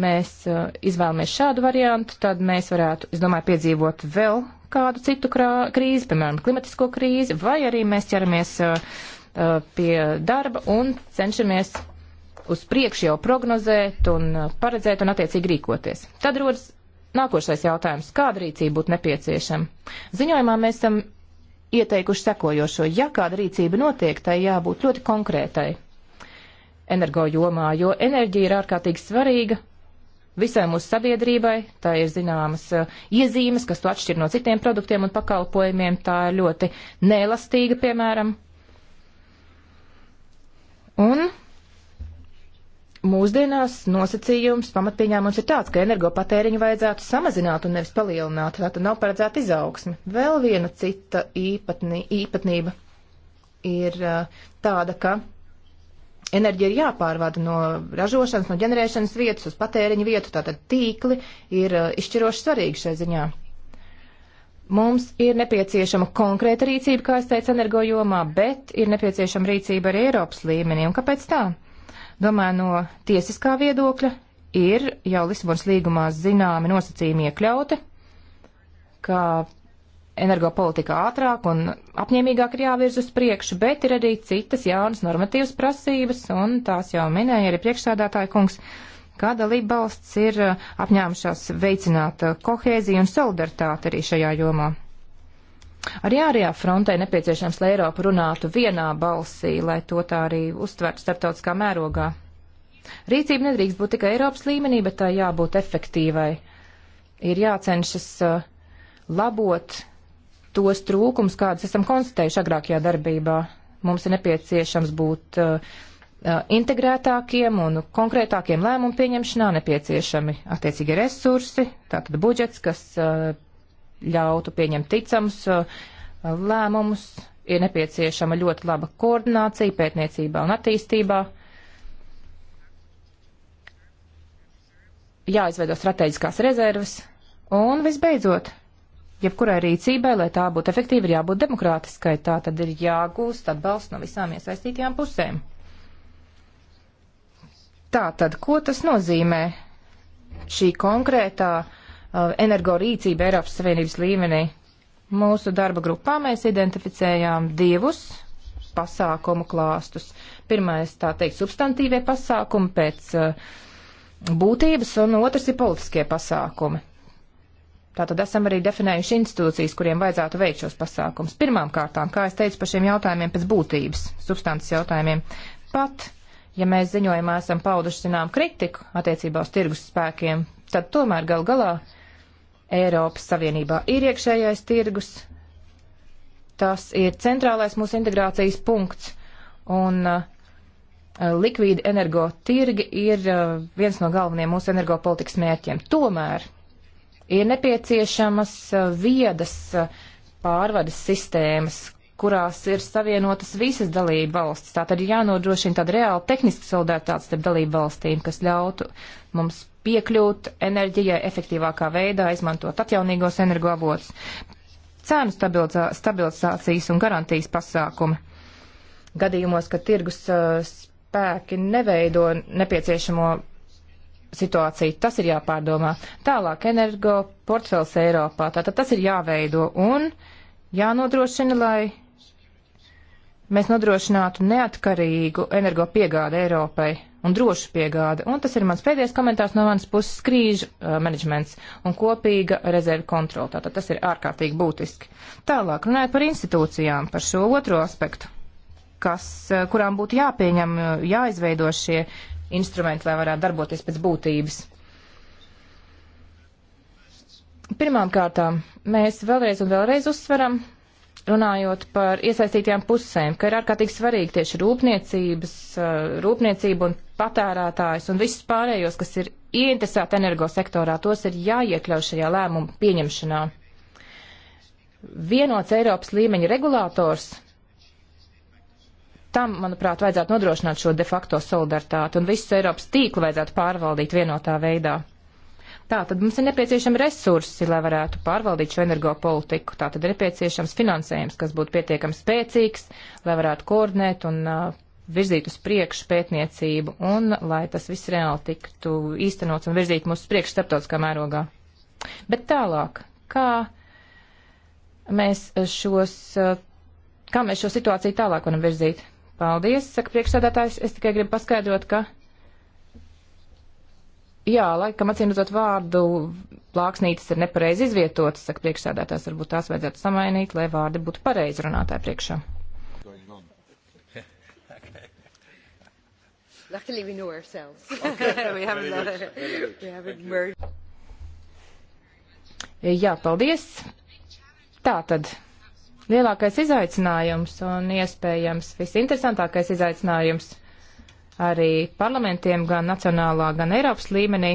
mēs izvēlamies šādu variantu, tad mēs varētu, es domāju, piedzīvot vēl kādu citu krā, krīzi, piemēram, klimatisko krīzi, vai arī mēs ķeramies uh, uh, pie darba un cenšamies uz priekšu jau prognozēt un uh, paredzēt un attiecīgi rīkoties. Tad rodas nākošais jautājums - kāda rīcība būtu nepieciešama? Ziņojumā mēs esam ieteikuši sekojošo. Ja kāda rīcība notiek, tai jābūt ļoti konkrētai energo jomā, jo enerģija ir ārkārtīgi svarīga visai mūsu sabiedrībai, tā ir zināmas uh, iezīmes, kas to atšķir no citiem produktiem un pakalpojumiem, tā ir ļoti neelastīga, piemēram. Un mūsdienās nosacījums pamatpieņā mums ir tāds, ka energopatēriņu vajadzētu samazināt un nevis palielināt, tā tad nav paredzēta izaugsme. Vēl viena cita īpatnī, īpatnība ir uh, tāda, ka Enerģija ir jāpārvada no ražošanas, no ģenerēšanas vietas uz patēriņu vietu, tātad tīkli ir uh, izšķiroši svarīgi šai ziņā. Mums ir nepieciešama konkrēta rīcība, kā es teicu, energojomā, bet ir nepieciešama rīcība arī Eiropas līmenī. Un kāpēc tā? Domāju, no tiesiskā viedokļa ir jau Lisabons līgumā zināmi nosacījumi iekļauti, ka energopolitika ātrāk un apņēmīgāk ir jāvirz uz priekšu, bet ir arī citas jaunas normatīvas prasības, un tās jau minēja arī priekšsādātāja kungs, kā dalība valsts ir uh, apņēmušās veicināt uh, kohēziju un solidaritāti arī šajā jomā. Arī ārējā frontē nepieciešams, lai Eiropa runātu vienā balsī, lai to tā arī uztvertu starptautiskā mērogā. Rīcība nedrīkst būt tikai Eiropas līmenī, bet tā jābūt efektīvai. Ir jācenšas uh, labot tos trūkums, kādus esam konstatējuši agrākajā darbībā. Mums ir nepieciešams būt uh, uh integrētākiem un konkrētākiem lēmumu pieņemšanā, nepieciešami attiecīgi resursi, tātad budžets, kas uh, ļautu pieņemt ticams uh, lēmumus, ir nepieciešama ļoti laba koordinācija pētniecībā un attīstībā. Jāizveido strateģiskās rezerves un visbeidzot jebkurai rīcībai, lai tā būtu efektīva, ir jābūt demokrātiskai. Tā tad ir jāgūst atbalsts no visām iesaistītajām pusēm. Tā tad, ko tas nozīmē šī konkrētā uh, energorīcība Eiropas Savienības līmenī? Mūsu darba grupā mēs identificējām divus pasākumu klāstus. Pirmais, tā teikt, substantīvie pasākumi pēc uh, būtības, un otrs ir politiskie pasākumi. Tātad esam arī definējuši institūcijas, kuriem vajadzētu veikt šos pasākums. Pirmām kārtām, kā es teicu par šiem jautājumiem pēc būtības, substances jautājumiem, pat, ja mēs ziņojumā esam pauduši zinām kritiku attiecībā uz tirgus spēkiem, tad tomēr gal galā Eiropas Savienībā ir iekšējais tirgus, tas ir centrālais mūsu integrācijas punkts, un uh, likvīdi energo tirgi ir uh, viens no galvenajiem mūsu energopolitikas mērķiem. Tomēr Ir nepieciešamas viedas pārvades sistēmas, kurās ir savienotas visas dalība valstis. Tātad ir jānodrošina tāda reāla tehniska solidaritāte starp dalību valstīm, kas ļautu mums piekļūt enerģijai efektīvākā veidā, izmantot atjaunīgos energoavotus, cēnu stabilizācijas un garantijas pasākumi. Gadījumos, kad tirgus uh, spēki neveido nepieciešamo situāciju. Tas ir jāpārdomā. Tālāk energo portfels Eiropā. Tātad tas ir jāveido un jānodrošina, lai mēs nodrošinātu neatkarīgu energo piegādi Eiropai un drošu piegādi. Un tas ir mans pēdējais komentārs no manas puses - krīžu uh, menedžments un kopīga rezervu kontrola. Tātad tas ir ārkārtīgi būtiski. Tālāk runājot par institūcijām, par šo otro aspektu, kas, uh, kurām būtu jāpieņem, uh, jāizveido šie instrumenti, lai varētu darboties pēc būtības. Pirmām kārtām mēs vēlreiz un vēlreiz uzsveram, runājot par iesaistītajām pusēm, ka ir ārkārtīgi svarīgi tieši rūpniecības, eh, rūpniecība un patērētājs un visus pārējos, kas ir ieinteresēti energosektorā, tos ir jāiekļauj šajā lēmumu pieņemšanā. Vienots Eiropas līmeņa regulators tam, manuprāt, vajadzētu nodrošināt šo de facto solidaritāti un visu Eiropas tīklu vajadzētu pārvaldīt vienotā veidā. Tā tad mums ir nepieciešami resursi, lai varētu pārvaldīt šo energopolitiku. Tā tad ir nepieciešams finansējums, kas būtu pietiekami spēcīgs, lai varētu koordinēt un uh, virzīt uz priekšu pētniecību un lai tas viss reāli tiktu īstenots un virzīt mūsu priekšu starptautiskā mērogā. Bet tālāk, kā mēs šos, uh, kā mēs šo situāciju tālāk varam virzīt? Paldies, saka priekšsēdētājs. Es tikai gribu paskaidrot, ka. Jā, laikam atcīmredzot vārdu plāksnītes ir nepareizi izvietotas, saka priekšsēdētājs. Varbūt tās vajadzētu samainīt, lai vārdi būtu pareizi runātāji priekšā. Luckily, we know ourselves. Okay. we haven't, uh, we haven't merged. Jā, paldies. Tā tad lielākais izaicinājums un iespējams visinteresantākais izaicinājums arī parlamentiem gan nacionālā, gan Eiropas līmenī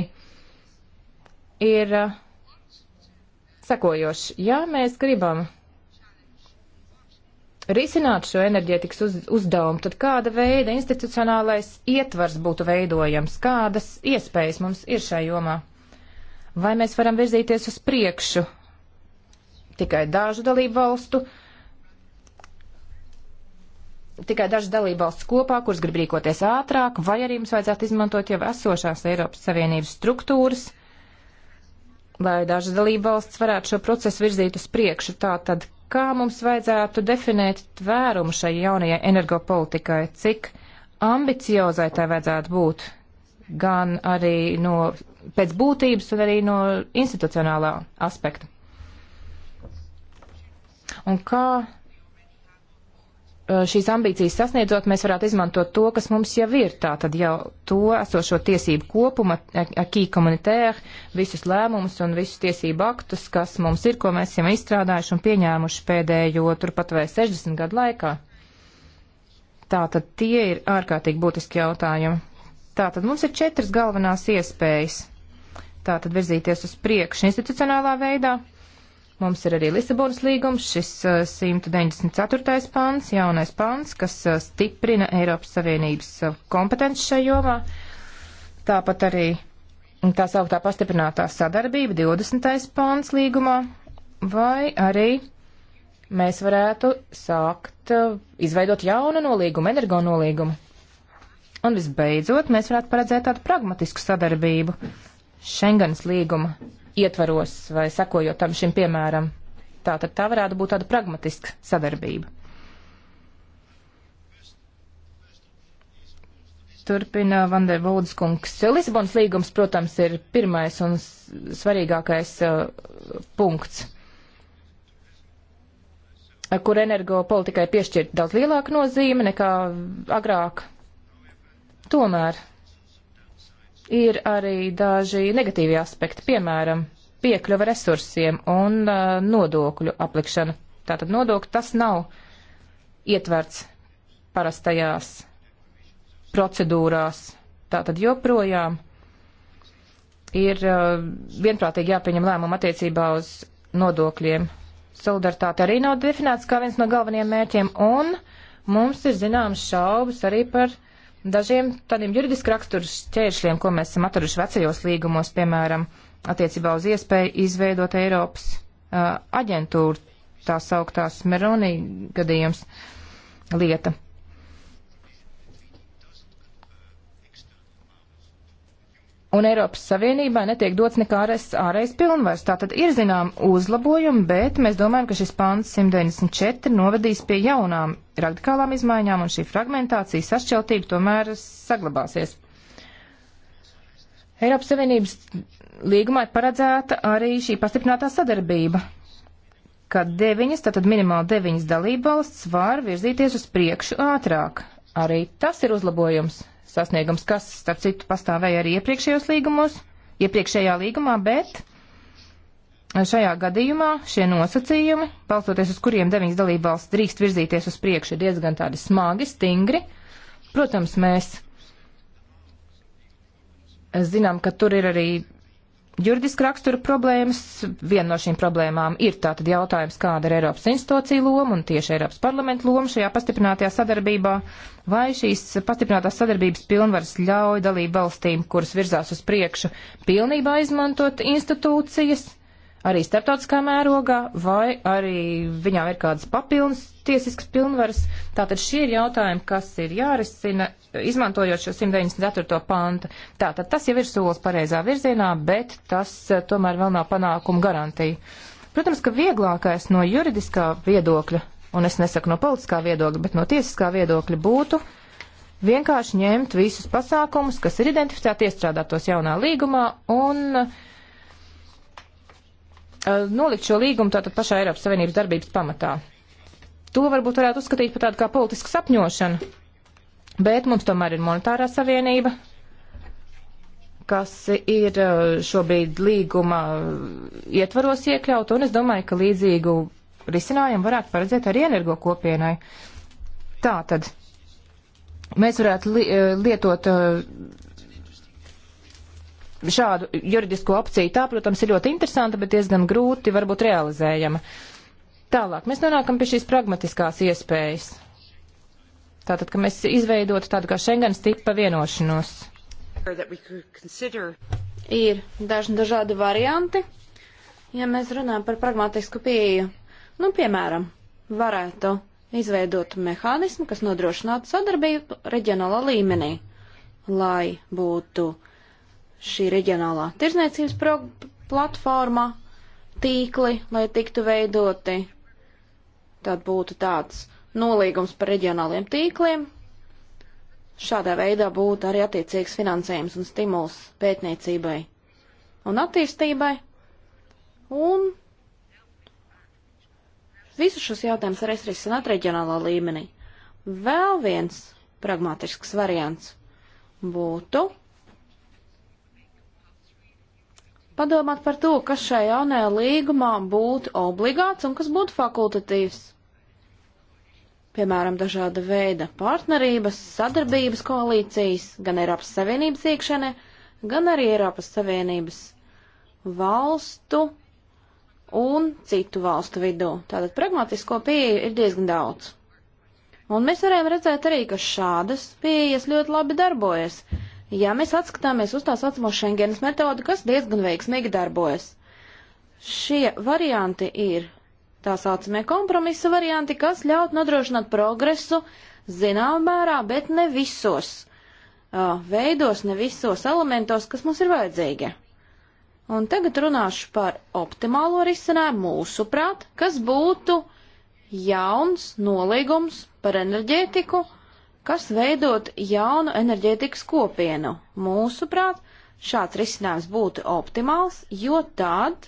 ir uh, sekojoši. Ja mēs gribam risināt šo enerģētikas uz, uzdevumu, tad kāda veida institucionālais ietvars būtu veidojams, kādas iespējas mums ir šai jomā? Vai mēs varam virzīties uz priekšu tikai dažu dalību valstu tikai dažas dalībvalsts kopā, kuras grib rīkoties ātrāk, vai arī mums vajadzētu izmantot jau esošās Eiropas Savienības struktūras, lai dažas dalībvalsts varētu šo procesu virzīt uz priekšu. Tā tad, kā mums vajadzētu definēt tvērumu šai jaunajai energopolitikai, cik ambiciozai tai vajadzētu būt, gan arī no pēc būtības un arī no institucionālā aspekta. Un kā šīs ambīcijas sasniedzot, mēs varētu izmantot to, kas mums jau ir, tātad jau to esošo tiesību kopumu, akī komunitēr, visus lēmumus un visus tiesību aktus, kas mums ir, ko mēs jau izstrādājuši un pieņēmuši pēdējo turpat vai 60 gadu laikā. Tātad tie ir ārkārtīgi būtiski jautājumi. Tātad mums ir četras galvenās iespējas. Tātad virzīties uz priekšu institucionālā veidā Mums ir arī Lisabonas līgums, šis 194. Uh, pāns, jaunais pāns, kas uh, stiprina Eiropas Savienības uh, kompetenci šajā jomā. Tāpat arī tā sauktā pastiprinātā sadarbība 20. pāns līgumā. Vai arī mēs varētu sākt izveidot jaunu nolīgumu, energo nolīgumu. Un visbeidzot, mēs varētu paredzēt tādu pragmatisku sadarbību Schengens līguma ietvaros vai sekojot tam šim piemēram. Tātad tā varētu būt tāda pragmatiska sadarbība. turpina Vander Vūdskungs. Lisabonas līgums, protams, ir pirmais un svarīgākais uh, punkts, kur energo politikai piešķirt daudz lielāku nozīmi nekā agrāk. Tomēr Ir arī daži negatīvi aspekti, piemēram, piekļuva resursiem un uh, nodokļu aplikšana. Tātad nodokļi tas nav ietverts parastajās procedūrās. Tātad joprojām ir uh, vienprātīgi jāpieņem lēmumu attiecībā uz nodokļiem. Solidaritāte arī nav definēts kā viens no galvenajiem mērķiem, un mums ir zināmas šaubas arī par uh, dažiem tādiem juridiski raksturus ķēršļiem, ko mēs esam atraduši vecajos līgumos, piemēram, attiecībā uz iespēju izveidot Eiropas uh, aģentūru, tā sauktās Meroni gadījums lieta. un Eiropas Savienībā netiek dots nekādas ārējas pilnvaras. Tātad ir zinām uzlabojumi, bet mēs domājam, ka šis pāns 194 novadīs pie jaunām radikālām izmaiņām, un šī fragmentācija, sašķeltība tomēr saglabāsies. Eiropas Savienības līgumā ir paredzēta arī šī pastiprinātā sadarbība, ka deviņas, tātad minimāli deviņas dalībvalsts var virzīties uz priekšu ātrāk. Arī tas ir uzlabojums sasniegums, kas, starp citu, pastāvēja arī iepriekšējos līgumos, iepriekšējā līgumā, bet šajā gadījumā šie nosacījumi, balstoties uz kuriem deviņas dalībvalsts drīkst virzīties uz priekšu, ir diezgan tādi smagi, stingri. Protams, mēs zinām, ka tur ir arī juridiska rakstura problēmas. Viena no šīm problēmām ir tātad jautājums, kāda ir Eiropas institūcija loma un tieši Eiropas parlamenta loma šajā pastiprinātajā sadarbībā, vai šīs pastiprinātās sadarbības pilnvaras ļauj dalību valstīm, kuras virzās uz priekšu, pilnībā izmantot institūcijas arī starptautiskā mērogā, vai arī viņām ir kādas papildus tiesiskas pilnvaras. Tātad šie ir jautājumi, kas ir jārisina, izmantojot šo 194. pantu. Tātad tas jau ir solis pareizā virzienā, bet tas eh, tomēr vēl nav panākuma garantija. Protams, ka vieglākais no juridiskā viedokļa, un es nesaku no politiskā viedokļa, bet no tiesiskā viedokļa būtu vienkārši ņemt visus pasākumus, kas ir identificēti iestrādātos jaunā līgumā, un uh, Uh, nolikt šo līgumu tātad pašā Eiropas Savienības darbības pamatā. To varbūt varētu uzskatīt par tādu kā politisku sapņošanu, bet mums tomēr ir monetārā savienība, kas ir uh, šobrīd līguma ietvaros iekļaut, un es domāju, ka līdzīgu risinājumu varētu paredzēt arī energo kopienai. Tā tad mēs varētu li uh, lietot šādu juridisko opciju. Tā, protams, ir ļoti interesanta, bet diezgan grūti varbūt realizējama. Tālāk mēs nonākam pie šīs pragmatiskās iespējas. Tātad, ka mēs izveidotu tādu kā Schengens tipa vienošanos. Ir dažni dažādi varianti, ja mēs runājam par pragmatisku pieeju. Nu, piemēram, varētu izveidot mehānismu, kas nodrošinātu sadarbību reģionālā līmenī, lai būtu uh, šī reģionālā tirzniecības platforma, tīkli, lai tiktu veidoti. Tad būtu tāds nolīgums par reģionāliem tīkliem. Šādā veidā būtu arī attiecīgs finansējums un stimuls pētniecībai un attīstībai. Un visus šos jautājumus varēs risināt reģionālā līmenī. Vēl viens pragmatisks variants būtu padomāt par to, kas šajā jaunajā līgumā būtu obligāts un kas būtu fakultatīvs. Piemēram, dažāda veida partnerības, sadarbības koalīcijas gan Eiropas Savienības iekšēnē, gan arī Eiropas Savienības valstu un citu valstu vidū. Tātad pragmatisko pieeju ir diezgan daudz. Un mēs varējām redzēt arī, ka šādas pieejas ļoti labi darbojas. Ja mēs atskatāmies uz tā saucamo Schengenas metodu, kas diezgan veiksmīgi darbojas, šie varianti ir tā saucamie kompromisa varianti, kas ļaut nodrošināt progresu zināmā mērā, bet ne visos uh, veidos, ne visos elementos, kas mums ir vajadzīgi. Un tagad runāšu par optimālo risinājumu mūsuprāt, kas būtu jauns nolīgums par enerģētiku kas veidot jaunu enerģētikas kopienu. Mūsuprāt, šāds risinājums būtu optimāls, jo tad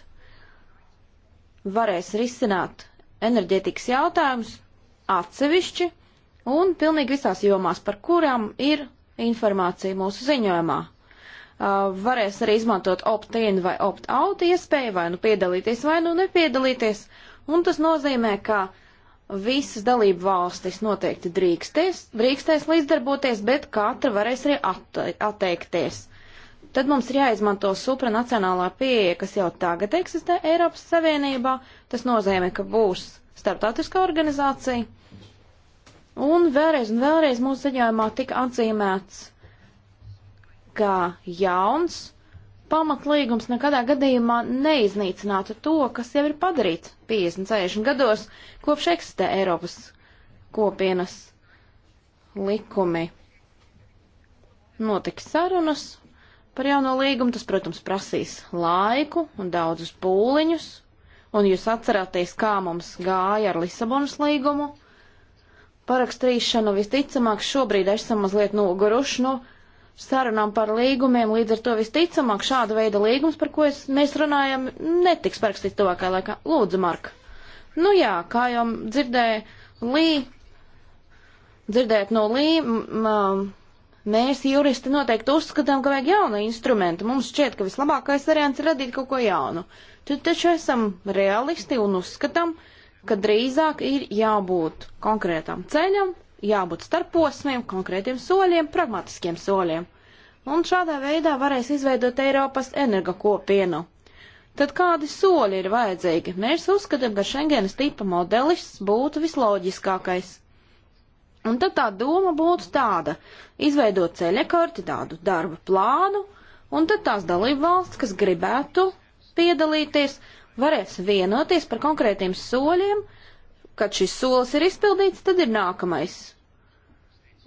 varēs risināt enerģētikas jautājumus atsevišķi un pilnīgi visās jomās, par kurām ir informācija mūsu ziņojumā. Uh, varēs arī izmantot opt-in vai opt-out iespēju, vai nu piedalīties, vai nu nepiedalīties. Un tas nozīmē, ka uh, visas dalību valstis noteikti drīksties, drīkstēs līdzdarboties, bet katra varēs arī atte, atteikties. Tad mums ir jāizmanto supranacionālā pieeja, kas jau tagad eksistē Eiropas Savienībā. Tas nozīmē, ka būs starptautiskā organizācija. Un vēlreiz un vēlreiz mūsu ziņojumā tika atzīmēts, ka jauns pamatlīgums nekadā gadījumā neiznīcinātu to, kas jau ir padarīts 50, 60 gados, kopš eksistē Eiropas kopienas likumi. Notiks sarunas par jauno līgumu, tas, protams, prasīs laiku un daudzus pūliņus, un jūs atcerāties, kā mums gāja ar Lisabonas līgumu. Parakstrīšanu visticamāk šobrīd esam mazliet noguruši no. Nu, sarunām par līgumiem, līdz ar to visticamāk šāda veida līgums, par ko es, mēs runājam, netiks parakstīts tuvākajā laikā. Lūdzu, Marka. Nu jā, kā jau dzirdēju, Lī, dzirdēt no Lī, mēs juristi noteikti uzskatām, ka vajag jaunu instrumentu. Mums šķiet, ka vislabākais variants ir radīt kaut ko jaunu. Tad taču esam realisti un uzskatām, ka drīzāk ir jābūt konkrētam ceļam, jābūt starp posmiem, konkrētiem soļiem, pragmatiskiem soļiem. Un šādā veidā varēs izveidot Eiropas energokopienu. Tad kādi soļi ir vajadzīgi? Mēs uzskatām, ka Schengenas tipa modelis būtu visloģiskākais. Un tad tā doma būtu tāda - izveidot ceļakarti, tādu darba plānu, un tad tās dalību valsts, kas gribētu piedalīties, varēs vienoties par konkrētiem soļiem, uh, Kad šis solis ir izpildīts, tad ir nākamais.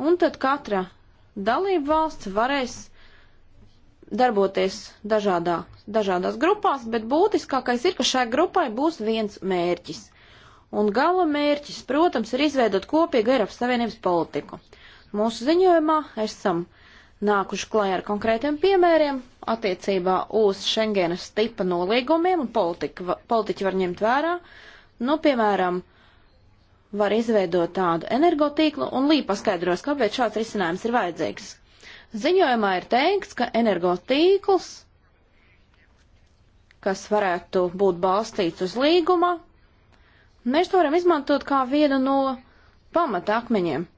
Un tad katra dalība valsts varēs darboties dažādā, dažādās grupās, bet būtiskākais ir, ka šai grupai būs viens mērķis. Un gala mērķis, protams, ir izveidot kopīgu Eiropas Savienības politiku. Mūsu ziņojumā esam nākuši klajā ar konkrētiem piemēriem attiecībā uz Schengenas tipa nolīgumiem, un politika, politiķi var ņemt vērā. Nu, piemēram, var izveidot tādu energotīklu un Lī paskaidros, kāpēc šāds risinājums ir vajadzīgs. Ziņojumā ir teikts, ka energotīkls, kas varētu būt balstīts uz līguma, mēs to varam izmantot kā vienu no pamata akmeņiem,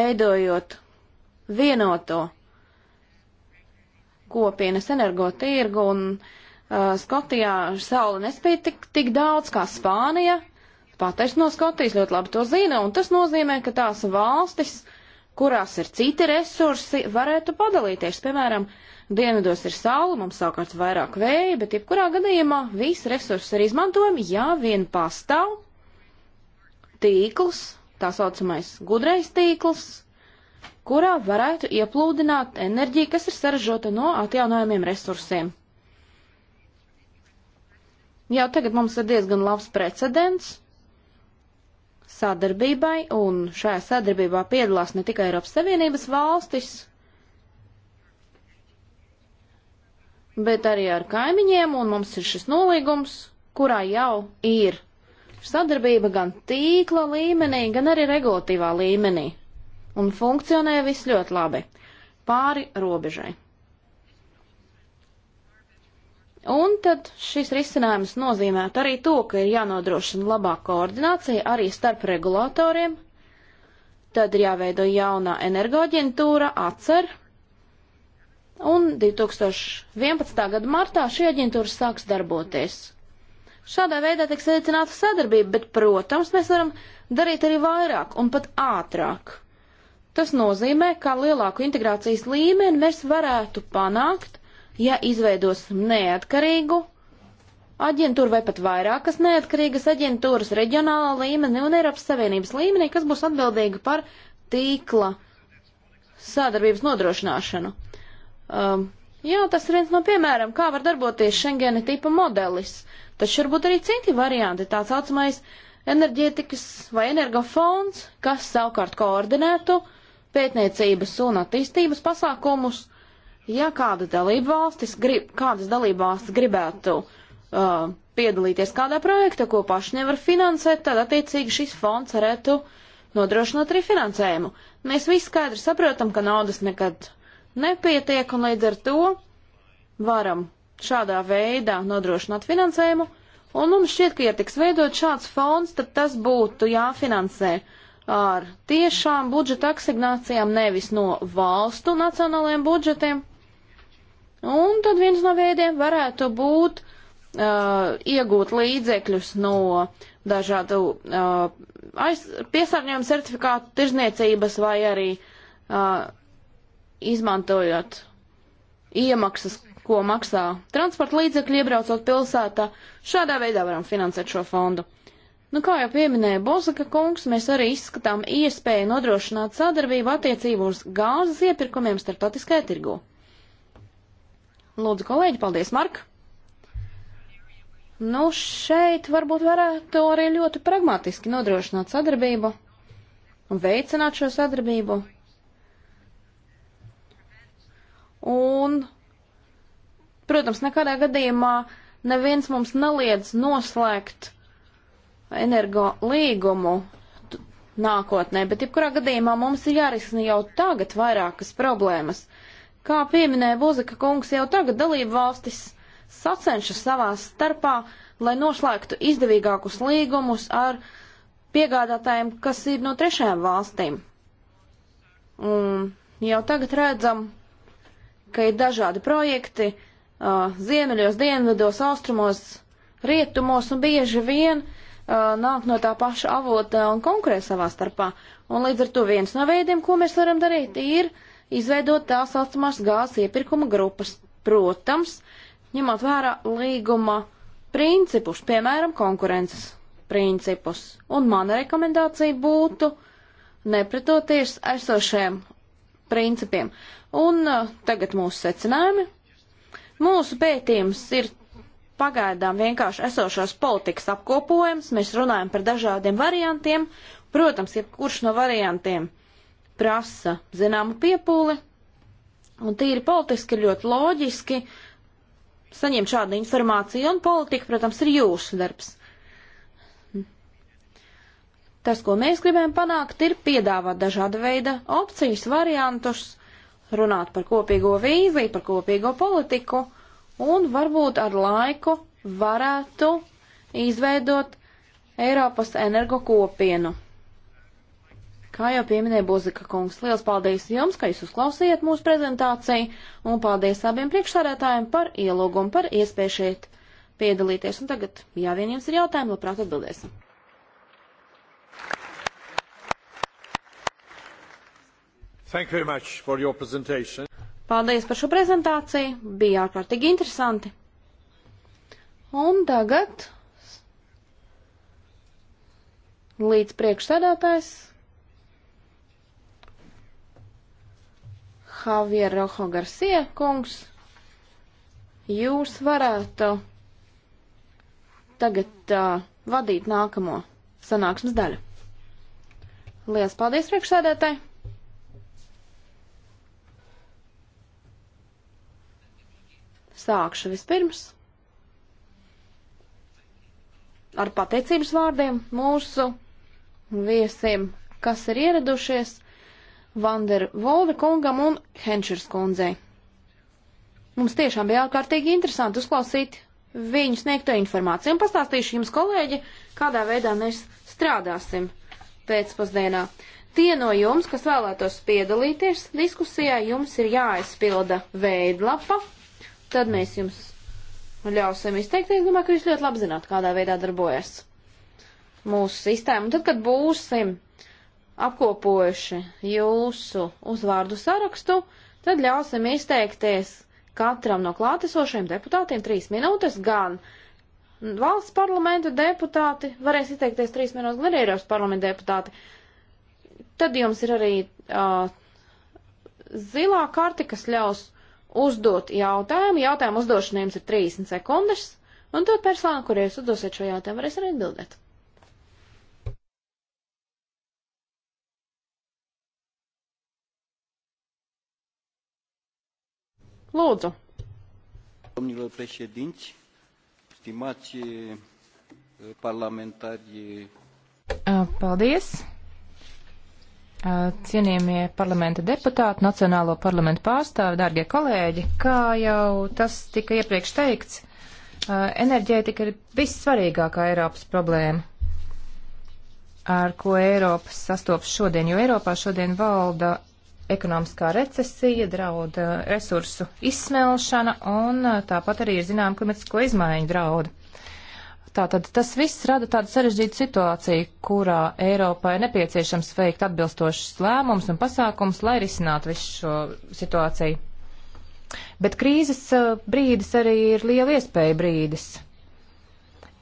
veidojot vienoto kopienas energotirgu, un uh, Skotijā saule nespēja tik, tik daudz kā Spānija, Pateiks no Skotijas ļoti labi to zina, un tas nozīmē, ka tās valstis, kurās ir citi resursi, varētu padalīties. Piemēram, dienvidos ir saule, mums savukārt vairāk vēja, bet jebkurā gadījumā visi resursi ir izmantojami, ja vien pastāv tīkls, tā saucamais gudrais tīkls, kurā varētu ieplūdināt enerģiju, kas ir saražota no atjaunojumiem resursiem. Jau tagad mums ir diezgan labs precedents, sadarbībai, un šajā sadarbībā piedalās ne tikai Eiropas Savienības valstis, bet arī ar kaimiņiem, un mums ir šis nolīgums, kurā jau ir sadarbība gan tīkla līmenī, gan arī regulatīvā līmenī, un funkcionē viss ļoti labi pāri robežai. Un tad šis risinājums nozīmētu arī to, ka ir jānodrošina labāka koordinācija arī starp regulātoriem, tad ir jāveido jaunā energoaģentūra ACER, un 2011. gada martā šī aģentūra sāks darboties. Šādā veidā tiks veicināta sadarbība, bet, protams, mēs varam darīt arī vairāk un pat ātrāk. Tas nozīmē, ka lielāku integrācijas līmeni mēs varētu panākt, ja izveidos neatkarīgu aģentūru vai pat vairākas neatkarīgas aģentūras reģionālā līmenī un Eiropas Savienības līmenī, kas būs atbildīga par tīkla sadarbības nodrošināšanu. Um, jā, tas ir viens no piemēram, kā var darboties Schengena tipa modelis. Taču varbūt arī citi varianti, tā saucamais enerģētikas vai energofonds, kas savukārt koordinētu pētniecības un attīstības pasākumus Ja kāda dalība valstis grib, kādas dalība valstis gribētu uh, piedalīties kādā projektā, ko paši nevar finansēt, tad attiecīgi šis fonds varētu nodrošināt arī finansējumu. Mēs visi skaidri saprotam, ka naudas nekad nepietiek, un līdz ar to varam šādā veidā nodrošināt finansējumu, un mums šķiet, ka, ja tiks veidot šāds fonds, tad tas būtu jāfinansē ar tiešām budžeta asignācijām, nevis no valstu nacionālajiem budžetiem. Un tad viens no veidiem varētu būt uh, iegūt līdzekļus no dažādu uh, aiz, piesārņojumu certifikātu tirzniecības vai arī uh, izmantojot iemaksas, ko maksā transporta līdzekļi iebraucot pilsētā. Šādā veidā varam finansēt šo fondu. Nu, kā jau pieminēja Bozaka kungs, mēs arī izskatām iespēju nodrošināt sadarbību attiecību uz gāzes iepirkumiem starptautiskajā tirgu. Lūdzu, kolēģi, paldies, Mark! Nu, šeit varbūt varētu arī ļoti pragmatiski nodrošināt sadarbību un veicināt šo sadarbību. Un, protams, nekādā gadījumā neviens mums neliedz noslēgt energo līgumu nākotnē, bet jebkurā gadījumā mums ir jārisina jau tagad vairākas problēmas. Kā pieminēja Buzika kungs, jau tagad dalību valstis sacenšas savā starpā, lai noslēgtu izdevīgākus līgumus ar piegādātājiem, kas ir no trešajām valstīm. Un jau tagad redzam, ka ir dažādi projekti uh, ziemeļos, dienvidos, austrumos, rietumos un bieži vien uh, nāk no tā paša avota un konkurē savā starpā. Un līdz ar to viens no veidiem, ko mēs varam darīt, ir uh, izveidot tā saucamās gāzes iepirkuma grupas. Protams, ņemot vērā līguma principus, piemēram, konkurences principus. Un mana rekomendācija būtu nepretoties esošajiem principiem. Un uh, tagad mūsu secinājumi. Mūsu pētījums ir pagaidām vienkārši esošās politikas apkopojums. Mēs runājam par dažādiem variantiem. Protams, jebkurš no variantiem uh, prasa zināmu piepūli, un tīri politiski ir ļoti loģiski saņemt šādu informāciju, un politika, protams, ir jūsu darbs. Tas, ko mēs gribējam panākt, ir piedāvāt dažāda veida opcijas, variantus, runāt par kopīgo vīziju, par kopīgo politiku, un varbūt ar laiku varētu izveidot Eiropas energo kopienu. Kā jau pieminēja Bozika kungs, liels paldies jums, ka jūs uzklausījāt mūsu prezentāciju, un paldies abiem priekšsādētājiem par ielūgumu, par iespēju šeit piedalīties. Un tagad, ja vien jums ir jautājumi, labprāt atbildēsim. Paldies par šo prezentāciju, bija ārkārtīgi interesanti. Un tagad līdz priekšsēdētājs Javier Roho Garcia kungs, jūs varētu uh, tagad uh, vadīt nākamo sanāksmes daļu. Lielas paldies priekšsēdētāji! Sākšu vispirms ar pateicības vārdiem mūsu viesiem, kas ir ieradušies Vander Volve kungam un Henšers kundzei. Mums tiešām bija ārkārtīgi interesanti uzklausīt viņu sniegto informāciju un pastāstīšu jums, kolēģi, kādā veidā mēs strādāsim pēcpusdienā. Tie no jums, kas vēlētos piedalīties diskusijā, jums ir jāaizpilda veidlapa, tad mēs jums ļausim izteikties. Domāju, ka jūs ļoti labi zināt, kādā veidā darbojas mūsu sistēma. Un tad, kad būsim apkopojuši jūsu uzvārdu sarakstu, tad ļausim izteikties katram no klātesošiem deputātiem trīs minūtes, gan valsts parlamenta deputāti varēs izteikties trīs minūtes, gan arī Eiropas parlamenta deputāti. Tad jums ir arī uh, zilā karte, kas ļaus uzdot jautājumu. Jautājumu uzdošanai jums ir 30 sekundes, un tad persona, kurie jūs uzdosiet šo jautājumu, varēs arī atbildēt. Lūdzu. Domnilor președinți, stimați eh, parlamentari. Eh, eh, paldies. Cienījamie parlamenta deputāti, Nacionālo parlamentu pārstāvi, dārgie kolēģi, kā jau tas tika iepriekš teikts, enerģētika ir vissvarīgākā Eiropas problēma, ar ko Eiropas sastopas šodien, jo Eiropā šodien valda ekonomiskā recesija, draud eh, resursu izsmelšana un eh, tāpat arī ir zinām klimatisko izmaiņu draudu. Tātad tas viss rada tādu sarežģītu situāciju, kurā Eiropai nepieciešams veikt atbilstošas lēmums un pasākums, lai risinātu visu šo situāciju. Bet krīzes eh, brīdis arī ir liela iespēja brīdis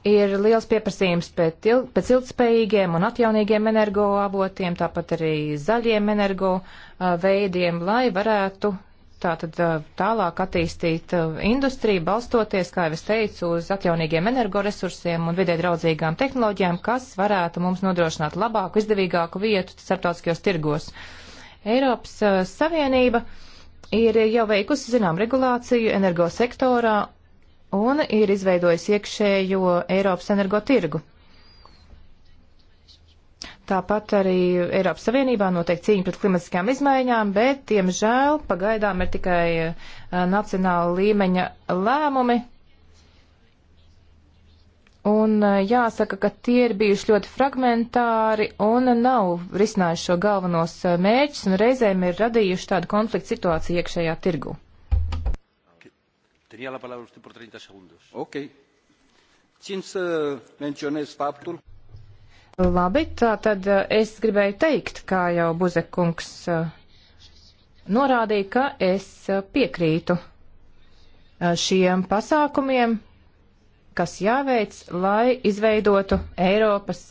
ir liels pieprasījums pēc, il, pēc ilgspējīgiem un atjaunīgiem energoavotiem, tāpat arī zaļiem energo uh, veidiem, lai varētu tātad uh, tālāk attīstīt uh, industriju, balstoties, kā jau es teicu, uz atjaunīgiem energoresursiem un vidē draudzīgām tehnoloģijām, kas varētu mums nodrošināt labāku, izdevīgāku vietu starptautiskajos tirgos. Eiropas Savienība ir jau veikusi, zinām, regulāciju energosektorā un ir izveidojis iekšējo Eiropas energotirgu. Tāpat arī Eiropas Savienībā notiek cīņa pret klimatiskajām izmaiņām, bet, diemžēl, pagaidām ir tikai uh, nacionāla līmeņa lēmumi. Un uh, jāsaka, ka tie ir bijuši ļoti fragmentāri un nav risinājuši šo galvenos eh, mērķus un reizēm ir radījuši tādu konfliktu situāciju iekšējā tirgu. Tenía la palabra usted por 30 segundos. Ok. Țin să menționez faptul. Labi, tā tad eh, es gribēju teikt, kā jau Buzekungs eh, norādīja, ka es eh, piekrītu šiem pasākumiem, kas jāveic, lai izveidotu Eiropas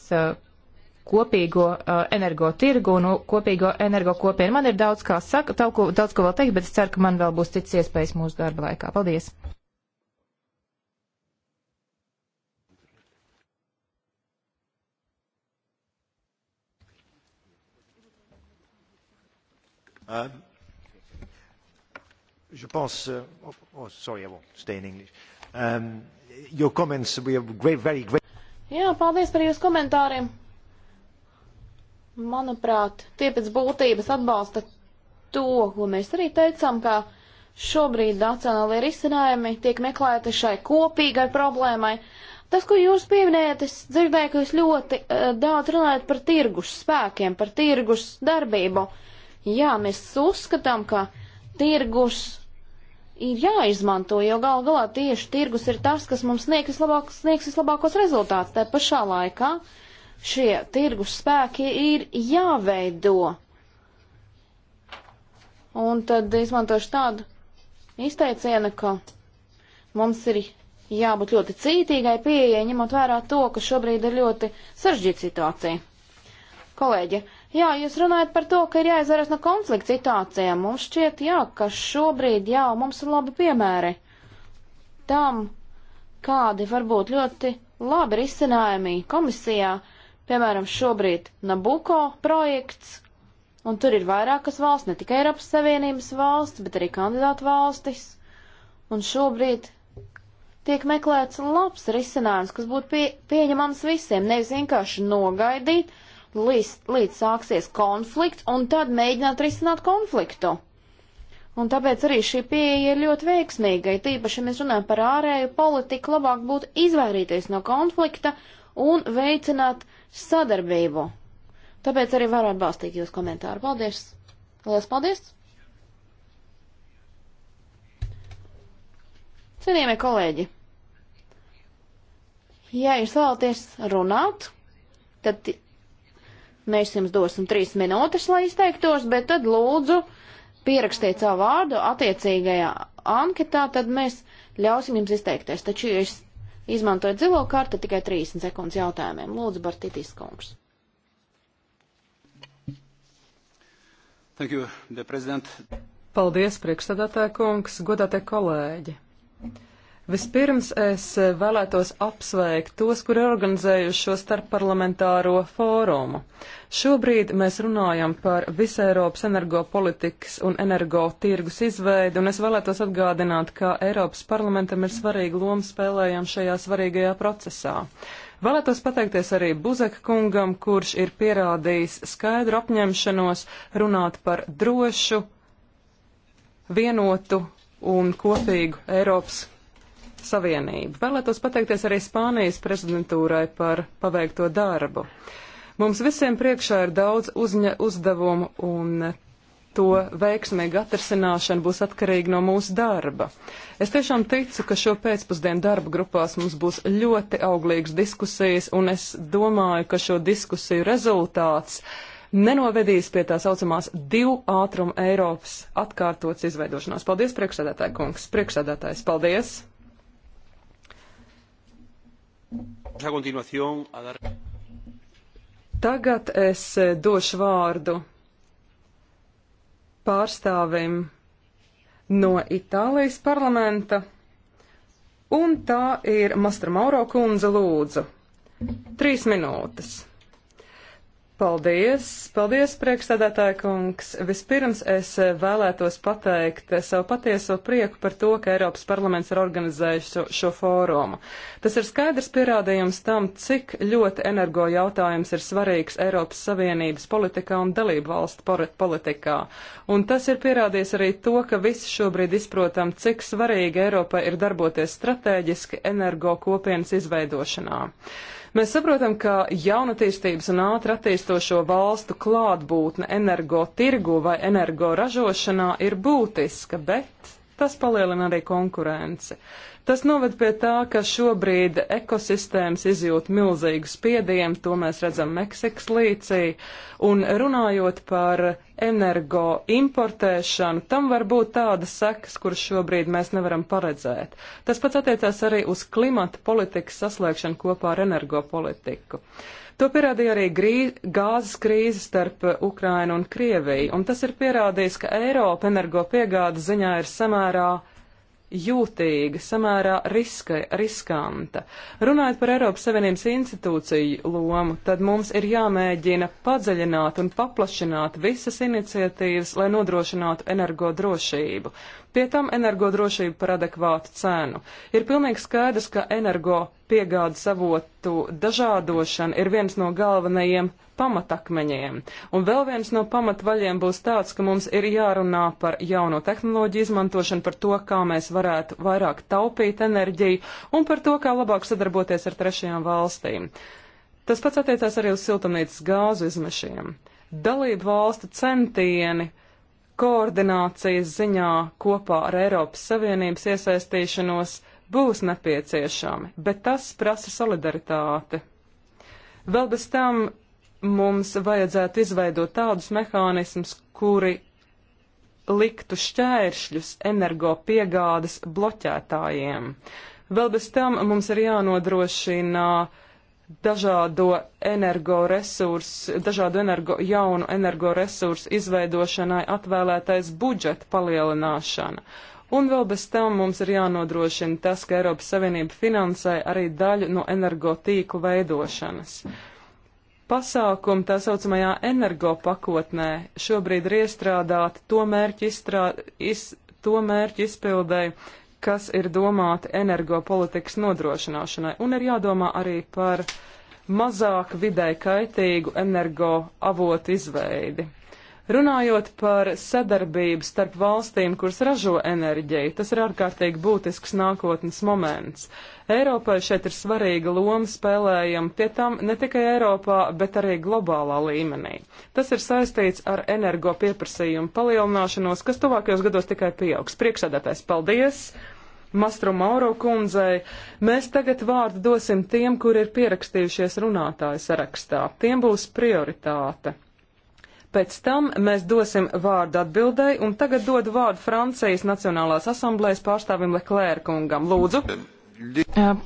kopīgo uh, energotirgu un kopīgo energokopienu. Man ir daudz, kā saka, tauku, daudz ko vēl teikt, bet es ceru, ka man vēl būs cits iespējas mūsu darba laikā. Paldies! Uh, je pense, uh, oh, oh, sorry, I won't stay in English. Um, your comments, we have great, very great. Jā, paldies par jūsu komentāriem. Manuprāt, tie pēc būtības atbalsta to, ko mēs arī teicām, ka šobrīd nacionālajie risinājumi tiek meklēti šai kopīgai problēmai. Tas, ko jūs pieminējat, es dzirdēju, ka jūs ļoti uh, daudz runājat par tirgus spēkiem, par tirgus darbību. Jā, mēs uzskatām, ka tirgus ir jāizmanto, jo gal galā tieši tirgus ir tas, kas mums sniegs vislabākos rezultātus. Tā pašā laikā uh, Šie tirgus spēki ir jāveido. Un tad izmantošu tādu izteicienu, ka mums ir jābūt ļoti cītīgai pieejai, ņemot vērā to, ka šobrīd ir ļoti sarežģīta situācija. Kolēģi, jā, jūs runājat par to, ka ir jāizvaras no konflikta situācijām. Mums šķiet, jā, ka šobrīd jau mums ir labi piemēri tam, kādi var būt ļoti labi risinājumi komisijā Piemēram, šobrīd Nabuko projekts, un tur ir vairākas valsts, ne tikai Eiropas Savienības valsts, bet arī kandidātu valstis. Un šobrīd tiek meklēts labs risinājums, kas būtu pie, pieņemams visiem, nevis vienkārši nogaidīt, līdz, līdz sāksies konflikts, un tad mēģināt risināt konfliktu. Un tāpēc arī šī pieeja ir ļoti veiksmīga, ja tīpaši mēs runājam par ārēju politiku, labāk būtu izvairīties no konflikta un veicināt sadarbību. Tāpēc arī varu atbalstīt jūs komentāru. Paldies! Lielas paldies! Cienījamie kolēģi, ja jūs vēlaties runāt, tad mēs jums dosim trīs minūtes, lai izteiktos, bet tad lūdzu pierakstiet savu vārdu attiecīgajā anketā, tad mēs ļausim jums izteikties. Taču, ja jūs Izmantojot zilo karti tikai 30 sekundes jautājumiem. Lūdzu, Bartitis kungs. Thank you, the president. Paldies, priekšsēdētāja kungs, godātie kolēģi. Vispirms es eh, vēlētos apsveikt tos, kuri organizējuši šo starpparlamentāro fórumu. Šobrīd mēs runājam par visu Eiropas energopolitikas un energotirgus izveidi, un es vēlētos atgādināt, ka Eiropas parlamentam ir svarīga loma spēlējama šajā svarīgajā procesā. Vēlētos pateikties arī Buzeka kungam, kurš ir pierādījis skaidru apņemšanos runāt par drošu, vienotu un kopīgu Eiropas Savienību. Vēlētos pateikties arī Spānijas prezidentūrai par paveikto darbu. Mums visiem priekšā ir daudz uzņa, uzdevumu un to veiksmīga atrasināšana būs atkarīga no mūsu darba. Es tiešām ticu, ka šo pēcpusdienu darba grupās mums būs ļoti auglīgas diskusijas, un es domāju, ka šo diskusiju rezultāts nenovedīs pie tā saucamās divu ātrumu Eiropas atkārtotas izveidošanās. Paldies, priekšsēdētāji kungs! Priekšsēdētājs, paldies! Tagad es eh, došu vārdu pārstāvim no Itālijas parlamenta, un tā ir Mastra Mauro kundze lūdzu. Trīs minūtes. Paldies! Paldies, priekšstādātāja kungs! Vispirms es vēlētos pateikt savu patieso prieku par to, ka Eiropas parlaments ir organizējis šo, šo fórumu. Tas ir skaidrs pierādījums tam, cik ļoti energo jautājums ir svarīgs Eiropas Savienības politikā un dalību valstu politikā. Un tas ir pierādījis arī to, ka visi šobrīd izprotam, cik svarīgi Eiropai ir darboties strateģiski energo kopienas izveidošanā. Mēs saprotam, ka jaunatīstības un ātri attīstošo valstu klātbūtne energo tirgu vai energo ražošanā ir būtiska, bet tas palielina arī konkurenci. Tas noved pie tā, ka šobrīd ekosistēmas izjūt milzīgu spiedienu, to mēs redzam Meksikas līcī, un runājot par energo importēšanu, tam var būt tādas sekas, kuras šobrīd mēs nevaram paredzēt. Tas pats attiecās arī uz klimata politikas saslēgšanu kopā ar energo politiku. To pierādīja arī grī, gāzes krīze starp Ukrainu un Krieviju, un tas ir pierādījis, ka Eiropa energopiegādes ziņā ir samērā jūtīga, samērā riska, riskanta. Runājot par Eiropas Savienības institūciju lomu, tad mums ir jāmēģina padziļināt un paplašināt visas iniciatīvas, lai nodrošinātu energodrošību. Pie tam energodrošība par adekvātu cenu. Ir pilnīgi skaidrs, ka energo piegādes avotu dažādošana ir viens no galvenajiem pamatakmeņiem. Un vēl viens no pamatvaļiem būs tāds, ka mums ir jārunā par jauno tehnoloģiju izmantošanu, par to, kā mēs varētu vairāk taupīt enerģiju un par to, kā labāk sadarboties ar trešajām valstīm. Tas pats attiecās arī uz siltumnīcas gāzu izmešiem. Dalību valstu centieni uh, koordinācijas ziņā kopā ar Eiropas Savienības iesaistīšanos būs nepieciešami, bet tas prasa solidaritāti. Vēl bez tam mums vajadzētu izveidot tādus mehānismus, kuri liktu šķēršļus energopiegādes bloķētājiem. Vēl bez tam mums ir jānodrošina uh, dažādo energoresursu, dažādu energo, jaunu energoresursu izveidošanai atvēlētais budžeta palielināšana. Un vēl bez tam mums ir jānodrošina tas, ka Eiropas Savienība finansē arī daļu no energotīku veidošanas. Pasākumi tā saucamajā energopakotnē šobrīd ir iestrādāti to mērķu, izstrā, iz, to mērķu izpildēji, kas ir domāti energopolitikas nodrošināšanai, un ir jādomā arī par mazāk vidē kaitīgu energoavotu izveidi. Runājot par sadarbību starp valstīm, kuras ražo enerģiju, tas ir ārkārtīgi būtisks nākotnes moments. Eiropai šeit ir svarīga loma spēlējama pie tam ne tikai Eiropā, bet arī globālā līmenī. Tas ir saistīts ar energo pieprasījumu palielināšanos, kas tuvākajos gados tikai pieaugs. Priekšsēdētājs, paldies! Mastro Mauro kundzei. Mēs tagad vārdu dosim tiem, kur ir pierakstījušies runātāju sarakstā. Tiem būs prioritāte. Pēc tam mēs dosim vārdu atbildēji, un tagad dodu vārdu Francijas Nacionālās asamblējas pārstāvim Leklērkungam. Lūdzu!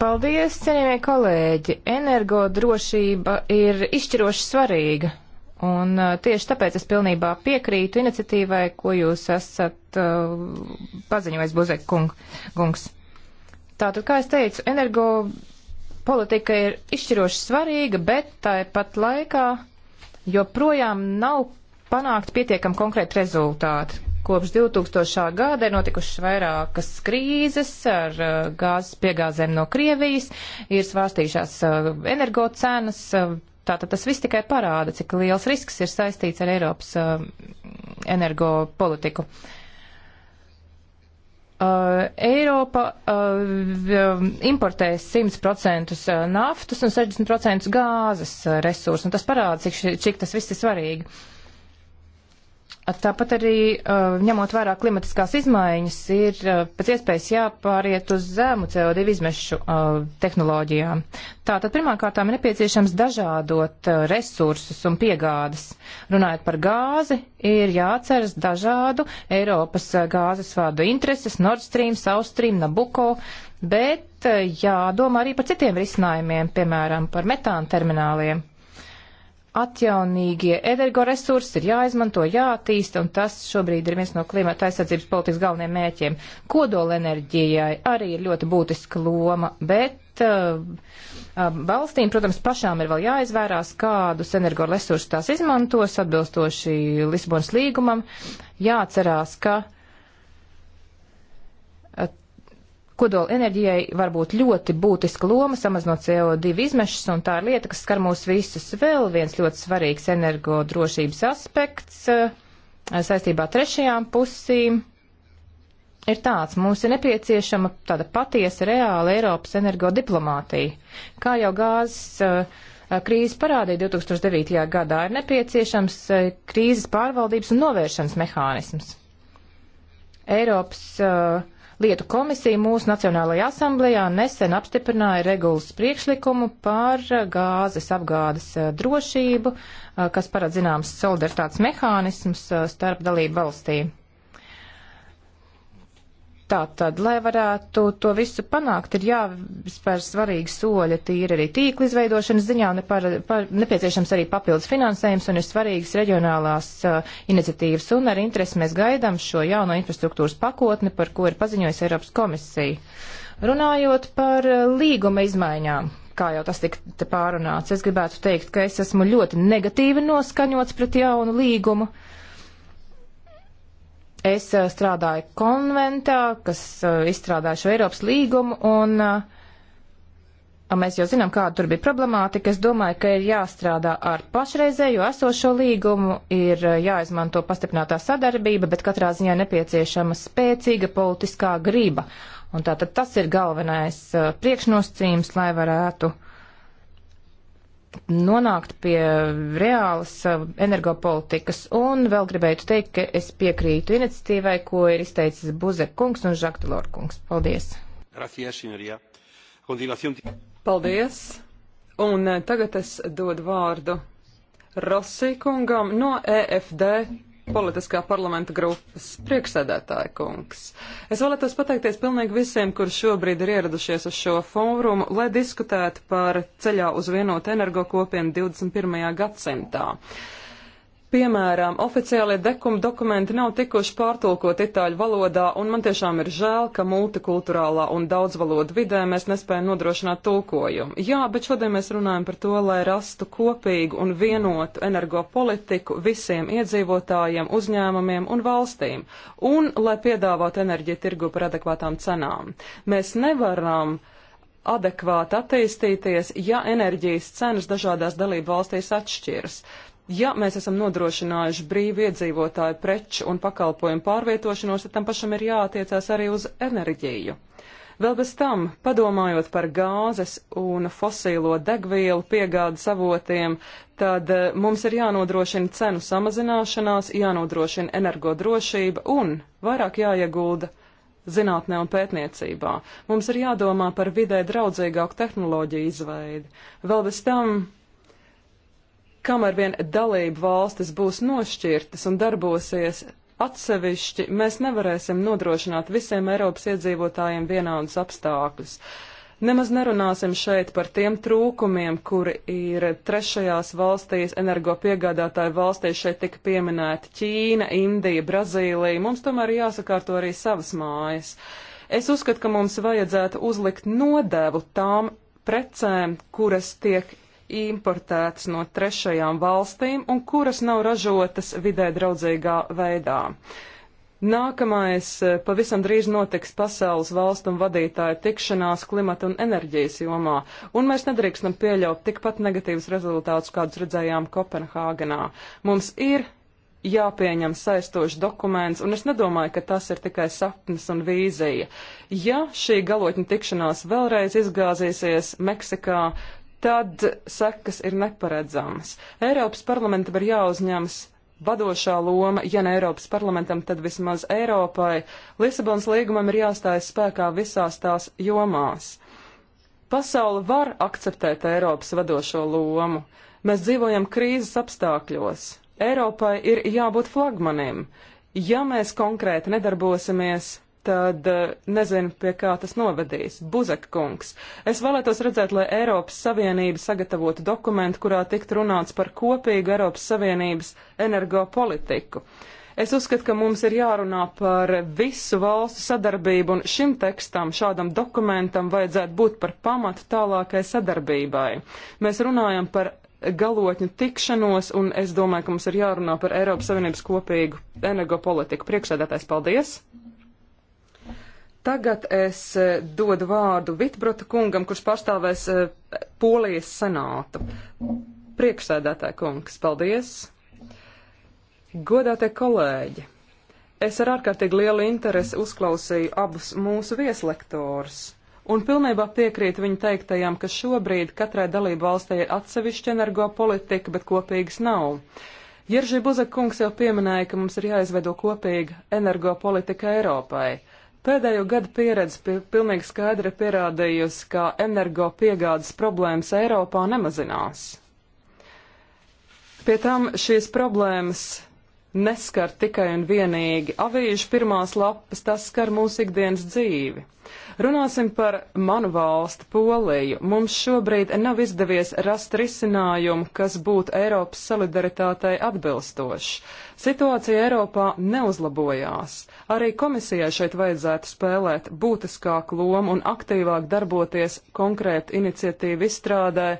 Paldies, cienījamie kolēģi! Energodrošība ir izšķiroši svarīga Un uh, tieši tāpēc es pilnībā piekrītu iniciatīvai, ko jūs esat uh, paziņojis, Buzek kung, kungs. Tātad, kā es teicu, energo politika ir izšķiroši svarīga, bet tāpat laikā joprojām nav panākt pietiekam konkrēti rezultāti. Kopš 2000. gada ir notikušas vairākas krīzes ar uh, gāzes piegāzēm no Krievijas, ir svārstījušās uh, energo cenas, uh, Tātad tas viss tikai parāda, cik liels risks ir saistīts ar Eiropas uh, energopolitiku. Uh, Eiropa uh, um, importēs 100% uh, naftas un 60% gāzes uh, resursu, un tas parāda, cik, cik tas viss ir svarīgi. Uh, Tāpat arī uh, ņemot vērā klimatiskās izmaiņas, ir uh, pēc iespējas jāpāriet uz zēmu CO2 izmešu uh, tehnoloģijām. Tātad pirmkārtām ir nepieciešams dažādot resursus un piegādes. Runājot par gāzi, ir jāatceras dažādu Eiropas gāzes vādu intereses, Nord Stream, South Stream, Nabucco, bet jādomā arī par citiem risinājumiem, piemēram, par metāna termināliem atjaunīgie energoresursi ir jāizmanto, jāattīsta, un tas šobrīd ir viens no klimata aizsardzības politikas galvenajiem mēķiem. Kodolenerģijai arī ir ļoti būtiska loma, bet uh, um, valstīm, protams, pašām ir vēl jāizvērās, kādus energoresursus tās izmantos atbilstoši Lisabonas līgumam. Jāatcerās, ka Kodola enerģijai var būt ļoti būtiska loma samazinot CO2 izmešas, un tā ir lieta, kas skar mūs visus. Vēl viens ļoti svarīgs energodrošības aspekts eh, saistībā ar trešajām pusīm ir tāds, mums ir nepieciešama tāda patiesa, reāla Eiropas energodiplomātija. Kā jau gāzes eh, krīze parādīja 2009. gadā, ir nepieciešams eh, krīzes pārvaldības un novēršanas mehānisms. Eiropas uh, Lietu komisija mūsu Nacionālajā asamblējā nesen apstiprināja regulas priekšlikumu par eh, gāzes apgādes eh, drošību, eh, kas paredz zināms solidaritātes mehānisms starp dalību valstīm. Tātad, lai varētu to visu panākt, ir jāspēr svarīgi soļi tīri arī tīkla izveidošanas ziņā, un par, par, nepieciešams arī papildus finansējums, un ir svarīgas reģionālās uh, iniciatīvas, un ar interesi mēs gaidām šo jauno infrastruktūras pakotni, par ko ir paziņojusi Eiropas komisija. Runājot par uh, līguma izmaiņām, kā jau tas tika pārunāts, es gribētu teikt, ka es esmu ļoti negatīvi noskaņots pret jaunu līgumu. Uh, Es eh, strādāju konventā, kas eh, izstrādāja šo Eiropas līgumu, eh, un mēs jau zinām, kāda tur bija problemātika. Es domāju, ka ir jāstrādā ar pašreizējo esošo līgumu, ir jāizmanto pastiprinātā sadarbība, bet katrā ziņā nepieciešama spēcīga politiskā griba. Un tātad tas ir galvenais priekšnosacījums, lai varētu uh, nonākt pie reālas uh, energopolitikas. Un vēl gribētu teikt, ka es piekrītu iniciatīvai, ko ir izteicis Buzek kungs un Žakta Lorkungs. Paldies! Gracias, Continuación... Paldies! Un eh, tagad es dodu vārdu Rosī kungam no EFD politiskā parlamenta grupas priekšsēdētāja kungs. Es vēlētos pateikties pilnīgi visiem, kur šobrīd ir ieradušies uz šo fórumu, lai diskutētu par ceļā uz vienotu energo kopienu 21. gadsimtā. Piemēram, oficiālie dekuma dokumenti nav tikuši pārtulkot itāļu valodā, un man tiešām ir žēl, ka multikulturālā un daudzvalodu vidē mēs nespējam nodrošināt tulkojumu. Jā, bet šodien mēs runājam par to, lai rastu kopīgu un vienotu energopolitiku visiem iedzīvotājiem, uzņēmumiem un valstīm, un lai piedāvātu enerģiju tirgu par adekvātām cenām. Mēs nevaram adekvāti attīstīties, ja enerģijas cenas dažādās dalību valstīs atšķiras. Ja mēs esam nodrošinājuši brīvu iedzīvotāju preču un pakalpojumu pārvietošanos, tad tam pašam ir jātiecās arī uz enerģiju. Vēl bez tam, padomājot par gāzes un fosīlo degvielu piegādes avotiem, tad eh, mums ir jānodrošina cenu samazināšanās, jānodrošina energodrošība un vairāk jāiegulda zinātnē un pētniecībā. Mums ir jādomā par vidē draudzīgāku tehnoloģiju izveidi. Vēl bez tam kamēr vien dalību valstis būs nošķirtas un darbosies atsevišķi, mēs nevarēsim nodrošināt visiem Eiropas iedzīvotājiem vienādus apstākļus. Nemaz nerunāsim šeit par tiem trūkumiem, kuri ir trešajās valstīs, energopiegādātāju valstīs, šeit tika pieminēta Ķīna, Indija, Brazīlija. Mums tomēr jāsakārto arī savas mājas. Es uzskatu, ka mums vajadzētu uzlikt nodevu tām precēm, kuras tiek importētas no trešajām valstīm un kuras nav ražotas vidē draudzīgā veidā. Nākamais eh, pavisam drīz notiks pasaules valstu un vadītāju tikšanās klimata un enerģijas jomā, un mēs nedrīkstam pieļaut tikpat negatīvus rezultātus, kādus redzējām Kopenhāgenā. Mums ir jāpieņem saistošs dokuments, un es nedomāju, ka tas ir tikai sapnis un vīzija. Ja šī galotņa tikšanās vēlreiz izgāzīsies Meksikā, tad sekas ir neparedzamas. Eiropas parlamentam ir jāuzņemas vadošā loma, ja ne Eiropas parlamentam, tad vismaz Eiropai. Lisabonas līgumam ir jāstājas spēkā visās tās jomās. Pasaula var akceptēt Eiropas vadošo lomu. Mēs dzīvojam krīzes apstākļos. Eiropai ir jābūt flagmanim. Ja mēs konkrēti nedarbosimies, tad eh, nezinu, pie kā tas novedīs. Buzekkungs. Es vēlētos redzēt, lai Eiropas Savienība sagatavotu dokumentu, kurā tiktu runāts par kopīgu Eiropas Savienības energopolitiku. Es uzskatu, ka mums ir jārunā par visu valstu sadarbību, un šim tekstam, šādam dokumentam vajadzētu būt par pamatu tālākai sadarbībai. Mēs runājam par galotņu tikšanos, un es domāju, ka mums ir jārunā par Eiropas Savienības kopīgu energopolitiku. Priekšsēdētājs, paldies! Tagad es e, dodu vārdu Vitbrota kungam, kurš pārstāvēs e, Polijas senātu. Priekšsēdētāja kungs, paldies! Godātie kolēģi! Es ar ārkārtīgi lielu interesi uzklausīju abus mūsu vieslektors un pilnībā piekrītu viņu teiktajam, ka šobrīd katrai dalību valstī ir atsevišķa energopolitika, bet kopīgas nav. Jeržī Buzek kungs jau pieminēja, ka mums ir jāizveido kopīga energopolitika Eiropai. Pēdējo gadu pieredze pie, pilnīgi skaidri pierādījusi, ka energopiegādes problēmas Eiropā nemazinās. Pie tam šīs problēmas neskar tikai un vienīgi avīžu pirmās lapas, tas skar mūsu ikdienas dzīvi. Runāsim par manu valsti, Poliju. Mums šobrīd nav izdevies rast risinājumu, kas būtu Eiropas solidaritātei atbilstošs. Situācija Eiropā neuzlabojās. Arī komisijai šeit vajadzētu spēlēt būtiskāku lomu un aktīvāk darboties konkrētu iniciatīvu izstrādē,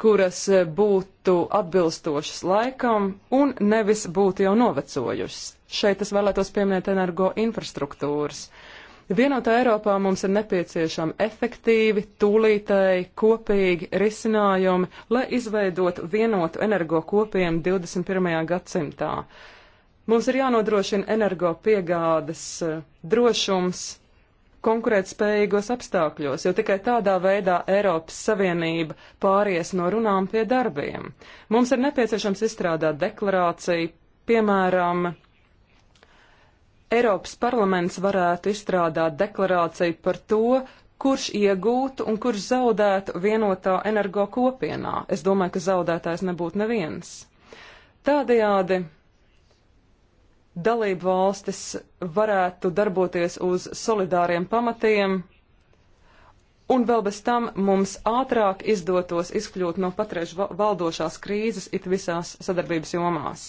kuras eh, būtu atbilstošas laikam un nevis būtu jau novecojušas. Šeit es vēlētos pieminēt energo infrastruktūras. Vienotā Eiropā mums ir nepieciešami efektīvi, tūlītēji, kopīgi risinājumi, lai izveidotu vienotu energo kopienu 21. gadsimtā. Mums ir jānodrošina energo piegādes eh, drošums, konkurētspējīgos apstākļos, jo tikai tādā veidā Eiropas Savienība pāries no runām pie darbiem. Mums ir nepieciešams izstrādāt deklarāciju, piemēram, Eiropas parlaments varētu izstrādāt deklarāciju par to, kurš iegūtu un kurš zaudētu vienotā energo kopienā. Es domāju, ka zaudētājs nebūtu neviens. Tādējādi dalību valstis varētu darboties uz solidāriem pamatiem, un vēl bez tam mums ātrāk izdotos izkļūt no patreiz valdošās krīzes it visās sadarbības jomās.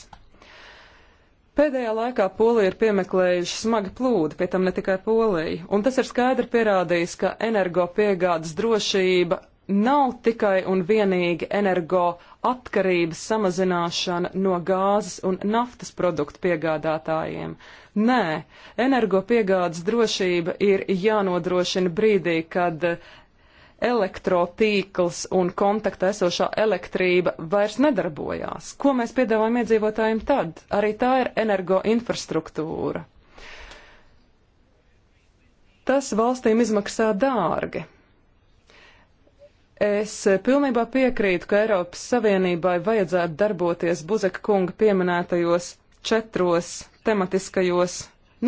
Pēdējā laikā Polija ir piemeklējuši smagi plūdi, pie tam ne tikai Polija, un tas ir skaidri pierādījis, ka energopiegādes drošība nav tikai un vienīgi energo atkarības samazināšana no gāzes un naftas produktu piegādātājiem. Nē, energo piegādes drošība ir jānodrošina brīdī, kad elektrotīkls un kontakta esošā elektrība vairs nedarbojās. Ko mēs piedāvājam iedzīvotājiem tad? Arī tā ir energo infrastruktūra. Tas valstīm izmaksā dārgi. Es pilnībā piekrītu, ka Eiropas Savienībai vajadzētu darboties Buzeka kunga pieminētajos četros tematiskajos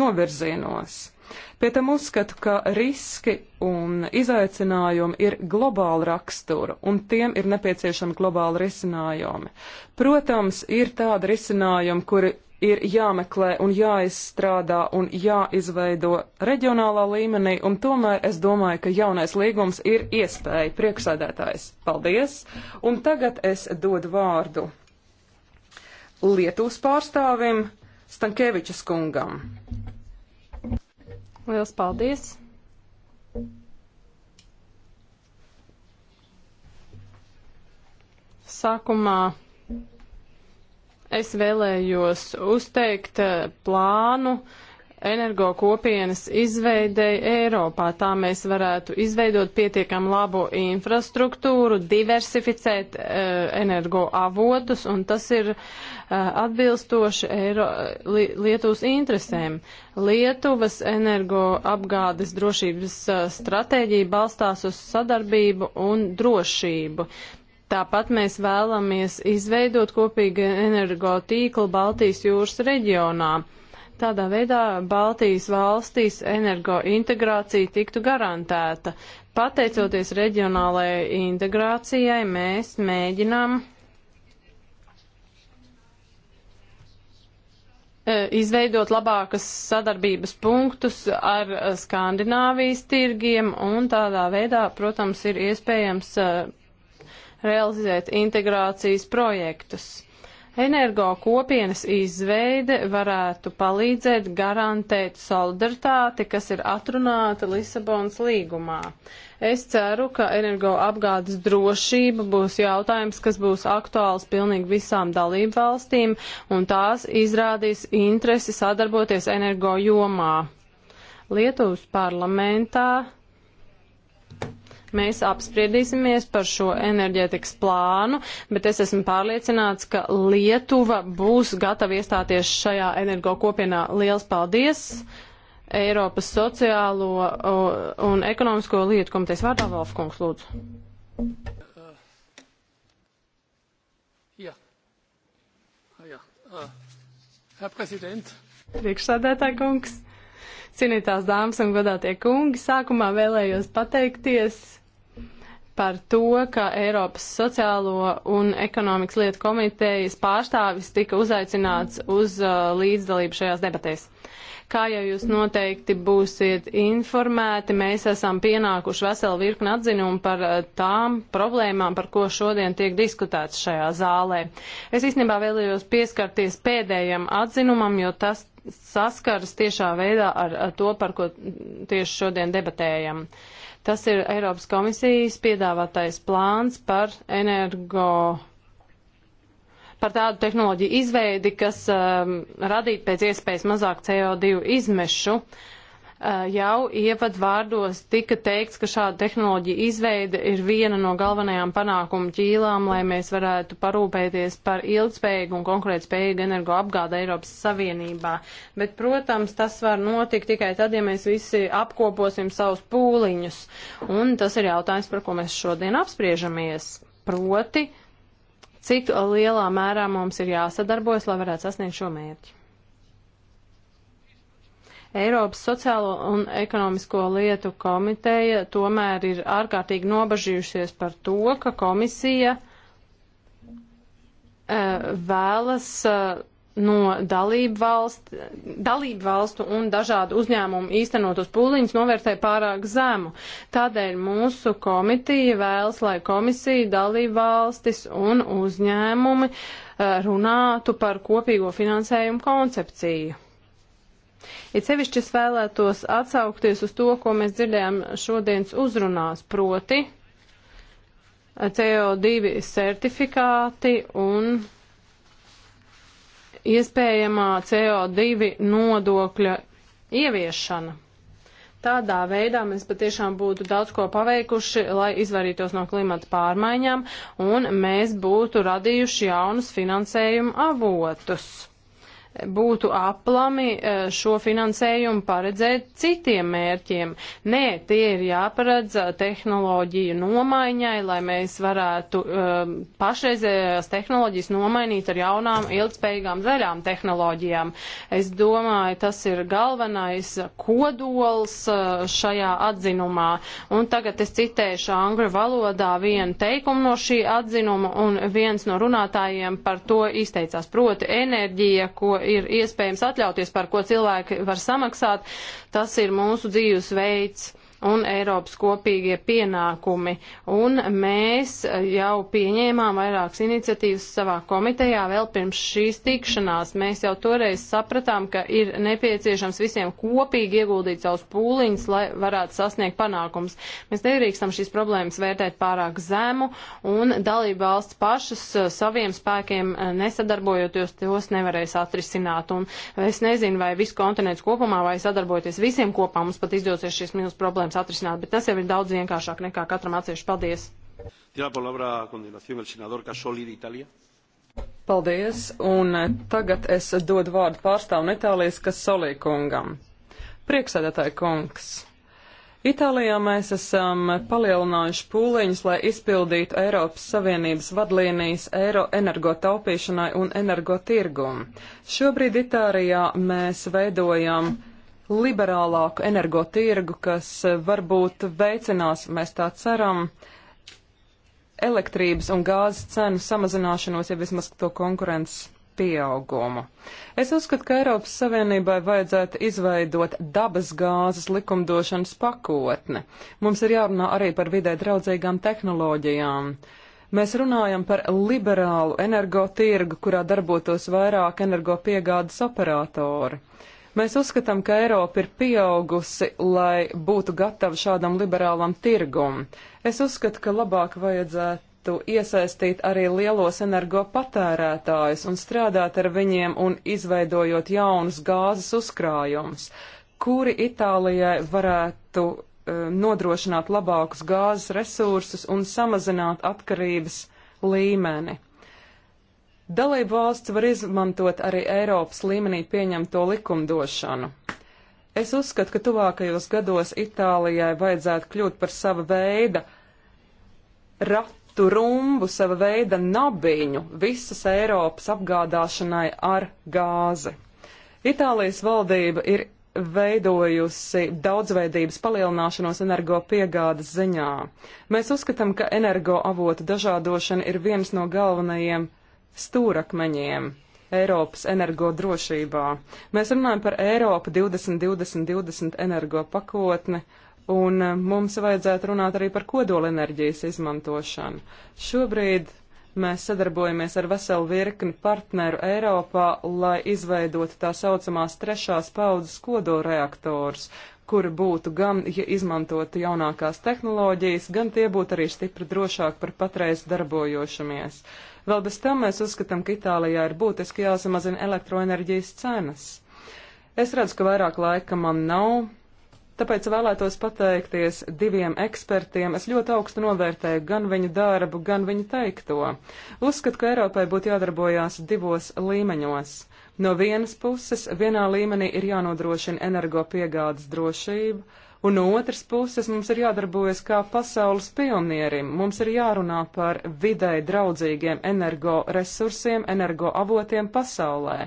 novirzienos. Pie tam uzskatu, ka riski un izaicinājumi ir globāla rakstura, un tiem ir nepieciešami globāli risinājumi. Protams, ir tādi risinājumi, kuri ir jāmeklē un jāizstrādā un jāizveido reģionālā līmenī, un tomēr es domāju, ka jaunais līgums ir iespēja priekšsēdētājs. Paldies! Un tagad es dodu vārdu Lietuvas pārstāvim Stankievičas kungam. Liels paldies! Sākumā Es vēlējos uzteikt eh, plānu energo kopienas izveidei Eiropā. Tā mēs varētu izveidot pietiekam labu infrastruktūru, diversificēt uh, eh, energo avotus, un tas ir uh, atbilstoši Eiro, li, Lietuvas interesēm. Lietuvas energo apgādes drošības uh, stratēģija balstās uz sadarbību un drošību. Uh, Tāpat mēs vēlamies izveidot kopīgu energotīklu Baltijas jūras reģionā. Tādā veidā Baltijas valstīs energointegrācija tiktu garantēta. Pateicoties reģionālajai integrācijai, mēs mēģinām e, izveidot labākas sadarbības punktus ar Skandināvijas tirgiem, un tādā veidā, protams, ir iespējams e, realizēt integrācijas projektus. Energo kopienas izveide varētu palīdzēt garantēt solidaritāti, kas ir atrunāta Lisabonas līgumā. Es ceru, ka energo apgādes drošība būs jautājums, kas būs aktuāls pilnīgi visām dalību valstīm, un tās izrādīs interesi sadarboties energo jomā. Lietuvas parlamentā Mēs apspriedīsimies par šo enerģētikas plānu, bet es esmu pārliecināts, ka Lietuva būs gatava iestāties šajā energo kopienā. Liels paldies! Eiropas sociālo un ekonomisko lietu komitejas vārdā Valfkungs lūdzu. Herr Präsident! Priekšsādētāj kungs, cienītās dāmas un godātie kungi, sākumā vēlējos pateikties par to, ka Eiropas sociālo un ekonomikas lietu komitejas pārstāvis tika uzaicināts uz uh, līdzdalību šajās debatēs. Kā jau jūs noteikti būsiet informēti, mēs esam pienākuši veselu virkni atzinumu par uh, tām problēmām, par ko šodien tiek diskutēts šajā zālē. Es īstenībā vēlējos pieskarties pēdējam atzinumam, jo tas saskaras tiešā veidā ar, ar to, par ko tieši šodien debatējam. Uh, Tas ir Eiropas komisijas piedāvātais plāns par energo par tādu tehnoloģiju izveidi, kas um, radītu pēc iespējas mazāk CO2 izmešu. Uh, Eh, jau ievadvārdos tika teikts, ka šāda tehnoloģija izveide ir viena no galvenajām panākumu ķīlām, lai mēs varētu parūpēties par ilgspējīgu un konkurētspējīgu energoapgādu Eiropas Savienībā. Bet, protams, tas var notikt tikai tad, ja mēs visi apkoposim savus pūliņus. Un tas ir jautājums, par ko mēs šodien apspriežamies. Proti, cik lielā mērā mums ir jāsadarbojas, lai varētu sasniegt šo mērķi. Eiropas sociālo un ekonomisko lietu komiteja tomēr ir ārkārtīgi nobažījušies par to, ka komisija eh, vēlas eh, no dalību, valst, dalību valstu un dažādu uzņēmumu īstenotos pūliņus novērtē pārāk zemu. Tādēļ mūsu komitija vēlas, lai komisija, dalību valstis un uzņēmumi eh, runātu par kopīgo finansējumu koncepciju. It sevišķi es vēlētos atsaukties uz to, ko mēs dzirdējām šodienas uzrunās, proti CO2 certifikāti un iespējamā CO2 nodokļa ieviešana. Tādā veidā mēs patiešām būtu daudz ko paveikuši, lai izvairītos no klimata pārmaiņām, un mēs būtu radījuši jaunus finansējumu avotus būtu aplami e, šo finansējumu paredzēt citiem mērķiem. Nē, tie ir jāparedz tehnoloģiju nomaiņai, lai mēs varētu um, pašreizējās tehnoloģijas nomainīt ar jaunām, ilgspējīgām zaļām tehnoloģijām. Es domāju, tas ir galvenais kodols e, šajā atzinumā. Un tagad es citēšu angļu valodā vienu teikumu no šī atzinuma, un viens no runātājiem par to izteicās. Proti, enerģija, ko ir iespējams atļauties, par ko cilvēki var samaksāt, tas ir mūsu dzīves veids un Eiropas kopīgie pienākumi. Un mēs jau pieņēmām vairākas iniciatīvas savā komitejā vēl pirms šīs tikšanās. Mēs jau toreiz sapratām, ka ir nepieciešams visiem kopīgi ieguldīt savus pūliņus, lai varētu sasniegt panākums. Mēs nedrīkstam šīs problēmas vērtēt pārāk zemu un dalību valsts pašas uh, saviem spēkiem uh, nesadarbojoties, tos nevarēs atrisināt. Un es nezinu, vai viss kontinents kopumā vai sadarbojoties visiem kopā mums pat izdosies šīs milz problēmas jautājums atrisināt, bet tas jau ir daudz vienkāršāk nekā katram atsevišķi. Paldies! Paldies, un tagad es dodu vārdu pārstāvam Itālijas, kas solīkungam. Prieksēdētāji kungs! Itālijā mēs esam palielinājuši pūliņus, lai izpildītu Eiropas Savienības vadlīnijas eiro energotaupīšanai un energotirgumu. Šobrīd Itālijā mēs veidojam liberālāku energotirgu, kas eh, varbūt veicinās, mēs tā ceram, elektrības un gāzes cenu samazināšanos, ja vismaz to konkurences pieaugumu. Es uzskatu, ka Eiropas Savienībai vajadzētu izveidot dabas gāzes likumdošanas pakotne. Mums ir jārunā arī par vidē draudzīgām tehnoloģijām. Mēs runājam par liberālu energotirgu, kurā darbotos vairāk energopiegādes operatori. Mēs uzskatām, ka Eiropa ir pieaugusi, lai būtu gatava šādam liberālam tirgum. Es uzskatu, ka labāk vajadzētu iesaistīt arī lielos energopatērētājus un strādāt ar viņiem un izveidojot jaunus gāzes uzkrājumus, kuri Itālijai varētu uh, nodrošināt labākus gāzes resursus un samazināt atkarības līmeni. Dalību valsts var izmantot arī Eiropas līmenī pieņemto likumdošanu. Es uzskatu, ka tuvākajos gados Itālijai vajadzētu kļūt par sava veida ratu rumbu, sava veida nabiņu visas Eiropas apgādāšanai ar gāzi. Itālijas valdība ir veidojusi daudzveidības palielināšanos energopiegādes ziņā. Mēs uzskatām, ka energoavotu dažādošana ir viens no galvenajiem stūrakmeņiem Eiropas energodrošībā. Mēs runājam par Eiropu 2020-2020 20 energo pakotni, un eh, mums vajadzētu runāt arī par kodolenerģijas izmantošanu. Šobrīd mēs sadarbojamies ar veselu virkni partneru Eiropā, lai izveidotu tā saucamās trešās paudzes kodoreaktors, kuri būtu gan ja izmantotu jaunākās tehnoloģijas, gan tie būtu arī stipri drošāk par patreiz darbojošamies. Uh, Vēl bez tam mēs uzskatām, ka Itālijā ir būtiski jāsamazina elektroenerģijas cenas. Es redzu, ka vairāk laika man nav, tāpēc vēlētos pateikties diviem ekspertiem. Es ļoti augstu novērtēju gan viņu darbu, gan viņu teikto. Uzskatu, ka Eiropai būtu jādarbojās divos līmeņos. No vienas puses, vienā līmenī ir jānodrošina energopiegādes drošība, un no otras puses mums ir jādarbojas kā pasaules pionierim. Mums ir jārunā par videi draudzīgiem energoresursiem, energoavotiem pasaulē.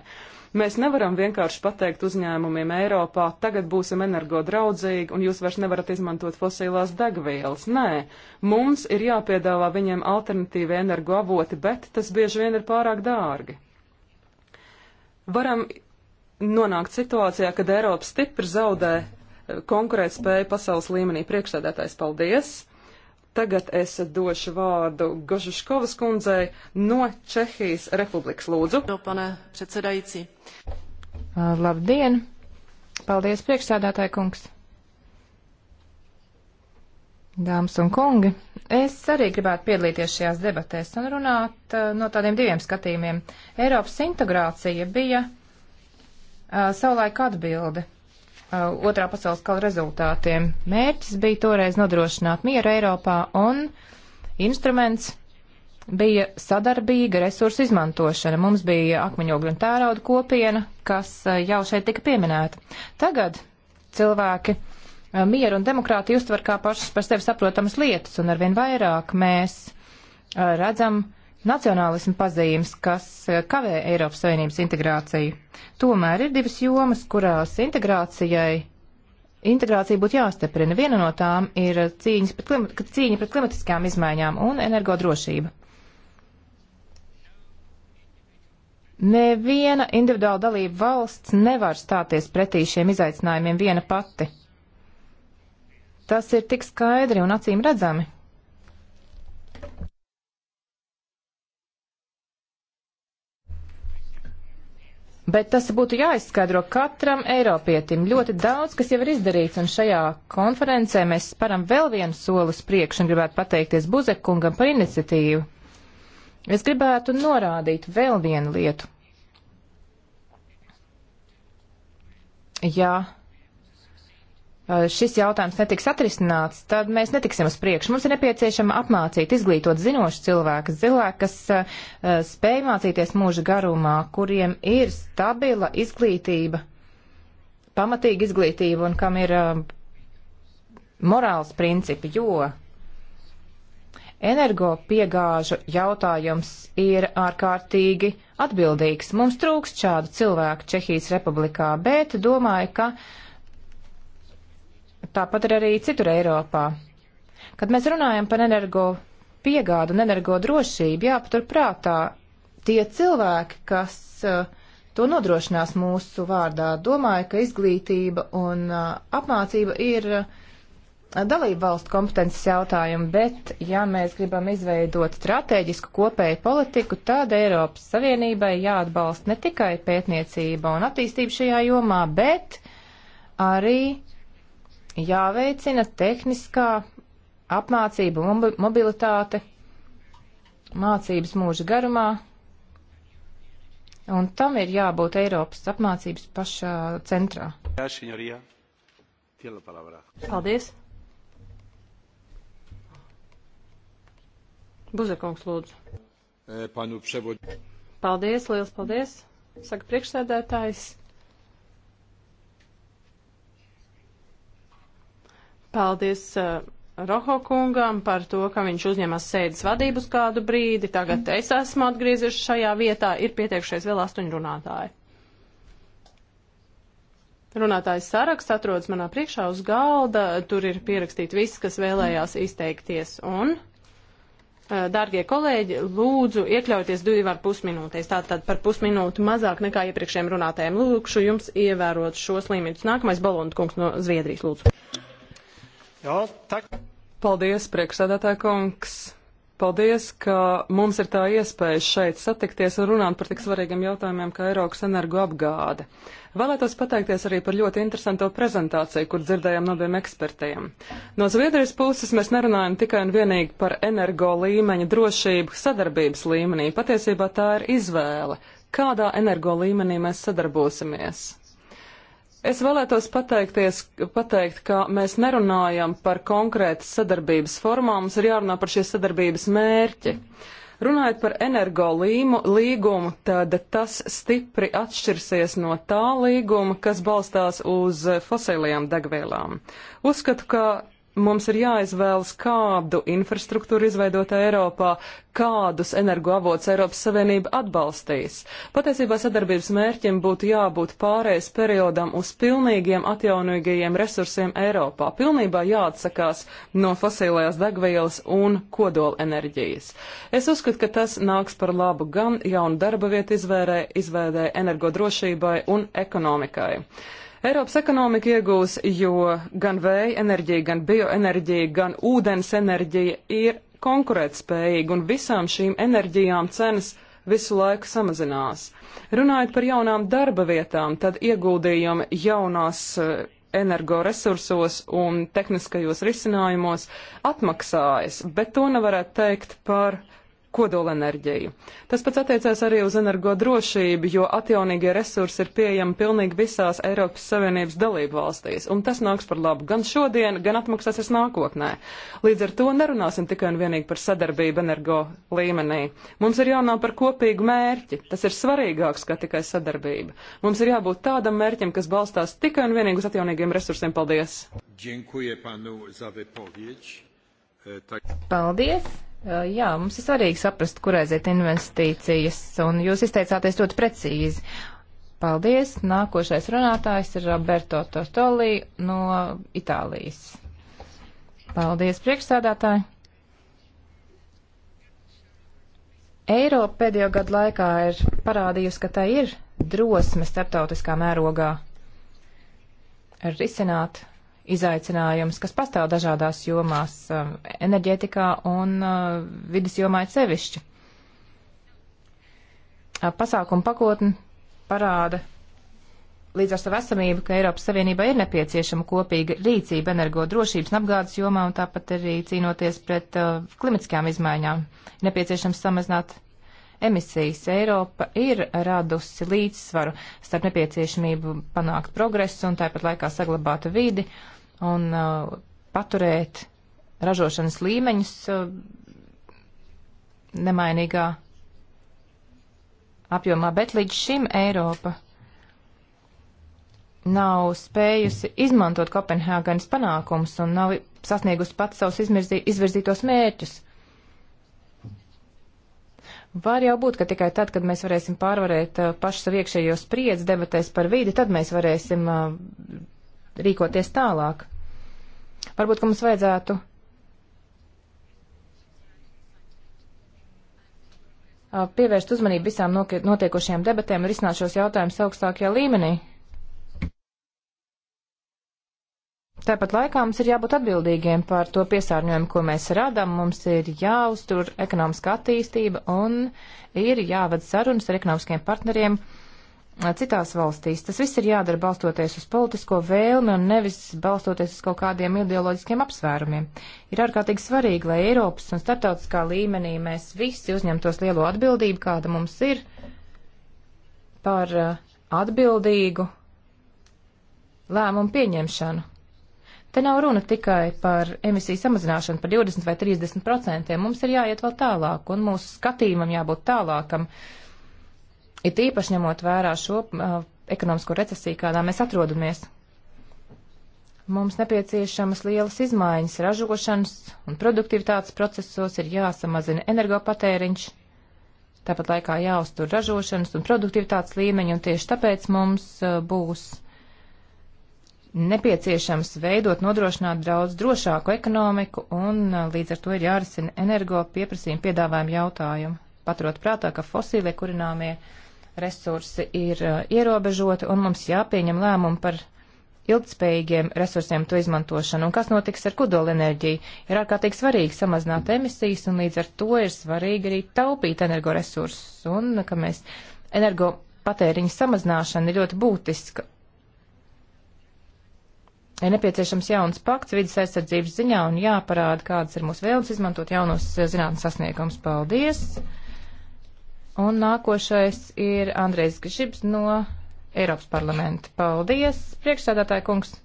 Mēs nevaram vienkārši pateikt uzņēmumiem Eiropā, tagad būsim energodraudzīgi un jūs vairs nevarat izmantot fosilās degvielas. Nē, mums ir jāpiedāvā viņiem alternatīvi energoavoti, bet tas bieži vien ir pārāk dārgi. Varam nonākt situācijā, kad Eiropa stipri zaudē konkurētspēju pasaules līmenī. Priekšsēdētājs, paldies! Tagad es došu vārdu Gožuškovas kundzei no Čehijas Republikas. Lūdzu! No pane predsedajīci! Labdien! Paldies, priekšsēdētāji kungs! Dāmas un kungi, es arī gribētu piedalīties šajās debatēs un runāt uh, no tādiem diviem skatījumiem. Eiropas integrācija bija uh, savulaik atbilde Uh, otrā pasaules kala rezultātiem. Mērķis bija toreiz nodrošināt mieru Eiropā un instruments bija sadarbīga resursu izmantošana. Mums bija akmeņogļu un tērauda kopiena, kas uh, jau šeit tika pieminēta. Tagad cilvēki uh, mieru un demokrātiju uztver kā pašas par sevi saprotamas lietas, un arvien vairāk mēs redzam, uh, nacionālismu pazīmes, kas eh, kavē Eiropas Savienības integrāciju. Tomēr ir divas jomas, kurās integrācijai. Integrācija būtu jāstiprina. Viena no tām ir pret klimat, cīņa pret klimatiskām izmaiņām un energodrošība. Neviena individuāla dalība valsts nevar stāties pretī šiem izaicinājumiem viena pati. Tas ir tik skaidri un acīm redzami. Bet tas būtu jāizskaidro katram Eiropietim. Ļoti daudz, kas jau ir izdarīts, un šajā konferencē mēs param vēl vienu soli uz priekšu un gribētu pateikties Buzekungam par iniciatīvu. Es gribētu norādīt vēl vienu lietu. Jā, šis jautājums netiks atrisināts, tad mēs netiksim uz priekšu. Mums ir nepieciešama apmācīt, izglītot zinošu cilvēku, cilvēku, kas spēj mācīties mūža garumā, kuriem ir stabila izglītība, pamatīga izglītība un kam ir morāls principi, jo energo piegāžu jautājums ir ārkārtīgi atbildīgs. Mums trūkst šādu cilvēku Čehijas republikā, bet domāju, ka uh, tāpat ir arī citur Eiropā. Kad mēs runājam par energo piegādu un energo drošību, jāpatur prātā tie cilvēki, kas eh, to nodrošinās mūsu vārdā. Domāju, ka izglītība un eh, apmācība ir eh, dalību valstu kompetences jautājumu, bet ja mēs gribam izveidot strateģisku kopēju politiku, tad Eiropas Savienībai jāatbalsta ne tikai pētniecība un attīstība šajā jomā, bet arī jāveicina tehniskā apmācība, mobilitāte, mācības mūža garumā, un tam ir jābūt Eiropas apmācības pašā centrā. Paldies! Buzekungs, lūdzu. Eh, panu Paldies, liels paldies, saka priekšsēdētājs. Paldies uh, Roho kungam par to, ka viņš uzņemas sēdes vadību uz kādu brīdi. Tagad es esmu atgriezies šajā vietā. Ir pieteikušies vēl astoņi runātāji. Runātājs saraksts atrodas manā priekšā uz galda. Tur ir pierakstīts viss, kas vēlējās izteikties. Un uh, Dārgie kolēģi, lūdzu iekļauties divi ar pusminūtēs, tātad par pusminūtu mazāk nekā iepriekšējiem runātājiem. Lūkšu jums ievērot šos limitus. Nākamais Balonta kungs no Zviedrijas, lūdzu. Jā, tak. Paldies, priekšsēdētāja kungs. Paldies, ka mums ir tā iespēja šeit satikties un runāt par tik svarīgiem jautājumiem kā Eiropas energoapgāde. Vēlētos pateikties arī par ļoti interesanto prezentāciju, kur dzirdējām no abiem ekspertiem. No Zviedrijas puses mēs nerunājam tikai un vienīgi par energo līmeņa drošību sadarbības līmenī. Patiesībā tā ir izvēle, kādā energo līmenī mēs sadarbosimies. Es vēlētos pateikties, pateikt, ka mēs nerunājam par konkrētas sadarbības formām, mums ir jārunā par šīs sadarbības mērķi. Runājot par energo līmu, līgumu, tad tas stipri atšķirsies no tā līguma, kas balstās uz fosilajām degvielām. Uzskatu, ka mums ir jāizvēlas, kādu infrastruktūru izveidot Eiropā, kādus energoavots Eiropas Savienība atbalstīs. Patiesībā sadarbības mērķim būtu jābūt pārējais periodam uz pilnīgiem atjaunīgajiem resursiem Eiropā, pilnībā jāatsakās no fosilējās degvielas un kodola enerģijas. Es uzskatu, ka tas nāks par labu gan jaunu darba vietu izvērē, izvēdē energodrošībai un ekonomikai. Eiropas ekonomika iegūs, jo gan vēja enerģija, gan bioenerģija, gan ūdens enerģija ir konkurētspējīga, un visām šīm enerģijām cenas visu laiku samazinās. Runājot par jaunām darba vietām, tad ieguldījumi jaunās e, energoresursos un tehniskajos risinājumos atmaksājas, bet to nevarētu teikt par kodolenerģiju. Tas pats attiecās arī uz energodrošību, jo atjaunīgie resursi ir pieejami pilnīgi visās Eiropas Savienības dalību valstīs, un tas nāks par labu gan šodien, gan atmaksāsies nākotnē. Līdz ar to nerunāsim tikai un vienīgi par sadarbību energo līmenī. Mums ir jānāk par kopīgu mērķi, tas ir svarīgāks kā tikai sadarbība. Mums ir jābūt tādam mērķim, kas balstās tikai un vienīgi uz atjaunīgiem resursiem. Paldies! Dziękuję panu za wypowiedź. E, Paldies! Jā, mums ir svarīgi saprast, kur aiziet investīcijas, un jūs izteicāties ļoti precīzi. Paldies! Nākošais runātājs ir Roberto Tortoli no Itālijas. Paldies, priekšsādātāji! Eiropa pēdējo gadu laikā ir parādījusi, ka tai ir drosme starptautiskā mērogā risināt izaicinājums, kas pastāv dažādās jomās, um, enerģētikā un uh, vidas jomā ir sevišķi. Uh, pasākuma pakotne parāda līdz ar savu esamību, ka Eiropas Savienībā ir nepieciešama kopīga rīcība energo drošības un apgādes jomā un tāpat arī cīnoties pret uh, klimatiskajām izmaiņām. Nepieciešams samazināt emisijas. Eiropa ir radusi līdzsvaru starp nepieciešamību panākt progresu un tāpat laikā saglabāt vidi. Uh, un uh, paturēt ražošanas līmeņus uh, nemainīgā apjomā, bet līdz šim Eiropa nav spējusi izmantot Kopenhāgenes panākumus un nav sasniegusi pats savus izmirzī, izvirzītos mērķus. Var jau būt, ka tikai tad, kad mēs varēsim pārvarēt uh, pašu savu iekšējo spriedzi debatēs par vīdi, tad mēs varēsim uh, rīkoties tālāk. Varbūt, ka mums vajadzētu pievērst uzmanību visām notiekošajām debatēm un risināt šos jautājumus augstākajā līmenī. Tāpat laikā mums ir jābūt atbildīgiem par to piesārņojumu, ko mēs radām. Mums ir jāuztur ekonomiska attīstība un ir jāved sarunas ar ekonomiskiem partneriem uh, citās valstīs. Tas viss ir jādara balstoties uz politisko vēlmi un nevis balstoties uz kaut kādiem ideoloģiskiem apsvērumiem. Ir ārkārtīgi svarīgi, lai Eiropas un starptautiskā līmenī mēs visi uzņemtos lielo atbildību, kāda mums ir par uh, atbildīgu lēmumu pieņemšanu. Te nav runa tikai par emisiju samazināšanu par 20 vai 30 procentiem. Mums ir jāiet vēl tālāk, un mūsu skatījumam jābūt tālākam. Uh, It īpaši ņemot vērā šo uh, ekonomisko recesiju, kādā mēs atrodamies. Mums nepieciešamas lielas izmaiņas ražošanas un produktivitātes procesos ir jāsamazina energopatēriņš, tāpat laikā jāuztur ražošanas un produktivitātes līmeņi, un tieši tāpēc mums uh, būs nepieciešams veidot, nodrošināt daudz drošāku ekonomiku, un uh, līdz ar to ir jārisina energo pieprasījuma piedāvājuma jautājumu, paturot prātā, ka fosīlie kurināmie uh, resursi ir uh, ierobežoti un mums jāpieņem lēmumu par ilgspējīgiem resursiem to izmantošanu. Un kas notiks ar kodolenerģiju? Ir ārkārtīgi svarīgi samazināt emisijas un līdz ar to ir svarīgi arī taupīt energoresursus un uh, ka mēs energo patēriņa samazināšana ir ļoti būtiska. Ir nepieciešams jauns pakts vidas aizsardzības ziņā un jāparāda, kādas ir mūsu vēlmes izmantot jaunos uh, zinātnes sasniegums. Paldies! Un nākošais ir Andrejs Gržibs no Eiropas parlamenta. Paldies, priekšsēdētāja kungs.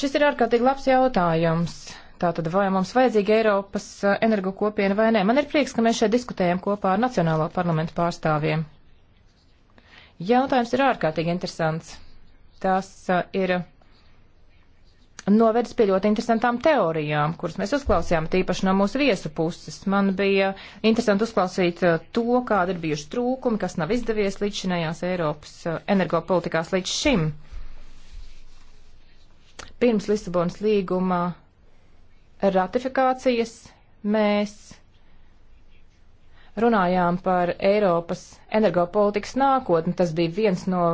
Šis ir ārkārtīgi labs jautājums. Tātad, vai mums vajadzīga Eiropas uh, energo kopiena vai nē? Man ir prieks, ka mēs šeit diskutējam kopā ar Nacionālo parlamentu pārstāvjiem. Jautājums ir ārkārtīgi interesants. Tas uh, ir novedis pie ļoti interesantām teorijām, kuras mēs uzklausījām, tīpaši no mūsu viesu puses. Man bija interesanti uzklausīt eh, to, kāda ir bijuši trūkumi, kas nav izdevies līdz šinējās Eiropas eh, energopolitikās līdz šim. Pirms Lisabonas līguma ratifikācijas mēs runājām par Eiropas energopolitikas nākotni. Tas bija viens no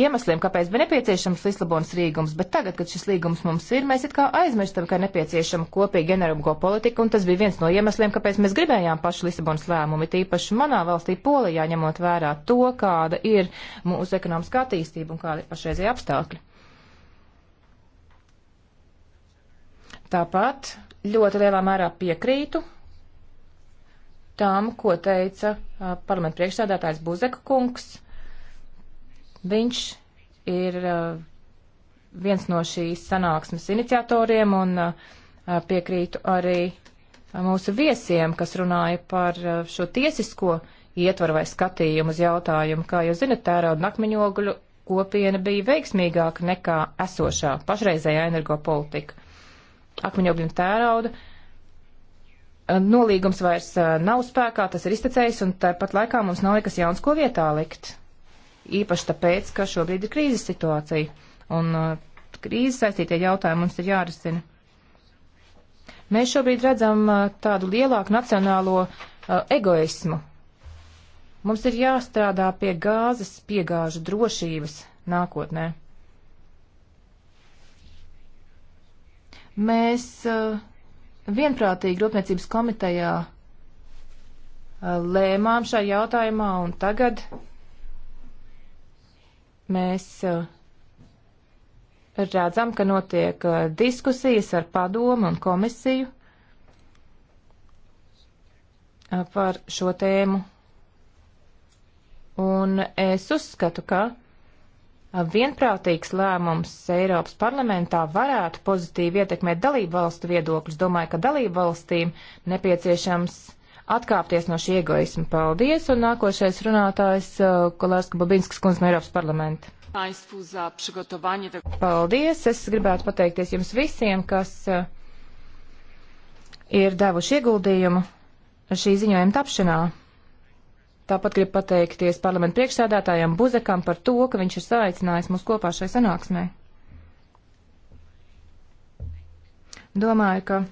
iemesliem, kāpēc bija nepieciešams Lisabonas līgums, bet tagad, kad šis līgums mums ir, mēs it kā aizmirstam, ka nepieciešama kopīga energo politika, un tas bija viens no iemesliem, kāpēc mēs gribējām pašu Lisabonas lēmumu, it īpaši manā valstī Polijā, ņemot vērā to, kāda ir mūsu ekonomiskā attīstība un kādi ir pašreizie apstākļi. Tāpat ļoti lielā mērā piekrītu tam, ko teica parlamenta priekšsādātājs Buzeka kungs Viņš ir uh, viens no šīs sanāksmes iniciatoriem un uh, uh, piekrītu arī mūsu viesiem, kas runāja par šo tiesisko ietvaru vai skatījumu uz jautājumu. Kā jūs zinat, tērauda nakmeņogļu kopiena bija veiksmīgāka nekā esošā pašreizējā energopolitika. Akmeņogļu un tērauda nolīgums vairs nav spēkā, tas ir iztecējis, un tāpat laikā mums nav nekas jauns, ko vietā likt īpaši tāpēc, ka šobrīd ir krīzes situācija, un uh, krīzes saistītie jautājumi mums ir jārisina. Mēs šobrīd redzam uh, tādu lielāku nacionālo uh, egoismu. Mums ir jāstrādā pie gāzes piegāžu drošības nākotnē. Mēs vienprātīgi rūpniecības komitejā lēmām šajā jautājumā, un tagad Mēs eh, redzam, ka notiek eh, diskusijas ar padomu un komisiju eh, par šo tēmu. Un es uzskatu, ka vienprātīgs lēmums Eiropas parlamentā varētu pozitīvi ietekmēt dalību valstu viedokļus. Domāju, ka dalību valstīm nepieciešams uh, atkāpties no šī egoisma. Paldies, un nākošais runātājs uh, Kolārska Babinskas kundze no Eiropas parlamenta. Paldies, es gribētu pateikties jums visiem, kas uh, ir devuši ieguldījumu šī ziņojuma tapšanā. Tāpat gribu pateikties parlamentu priekšsēdētājam Buzekam par to, ka viņš ir saicinājis mūs kopā šai sanāksmē. Domāju, ka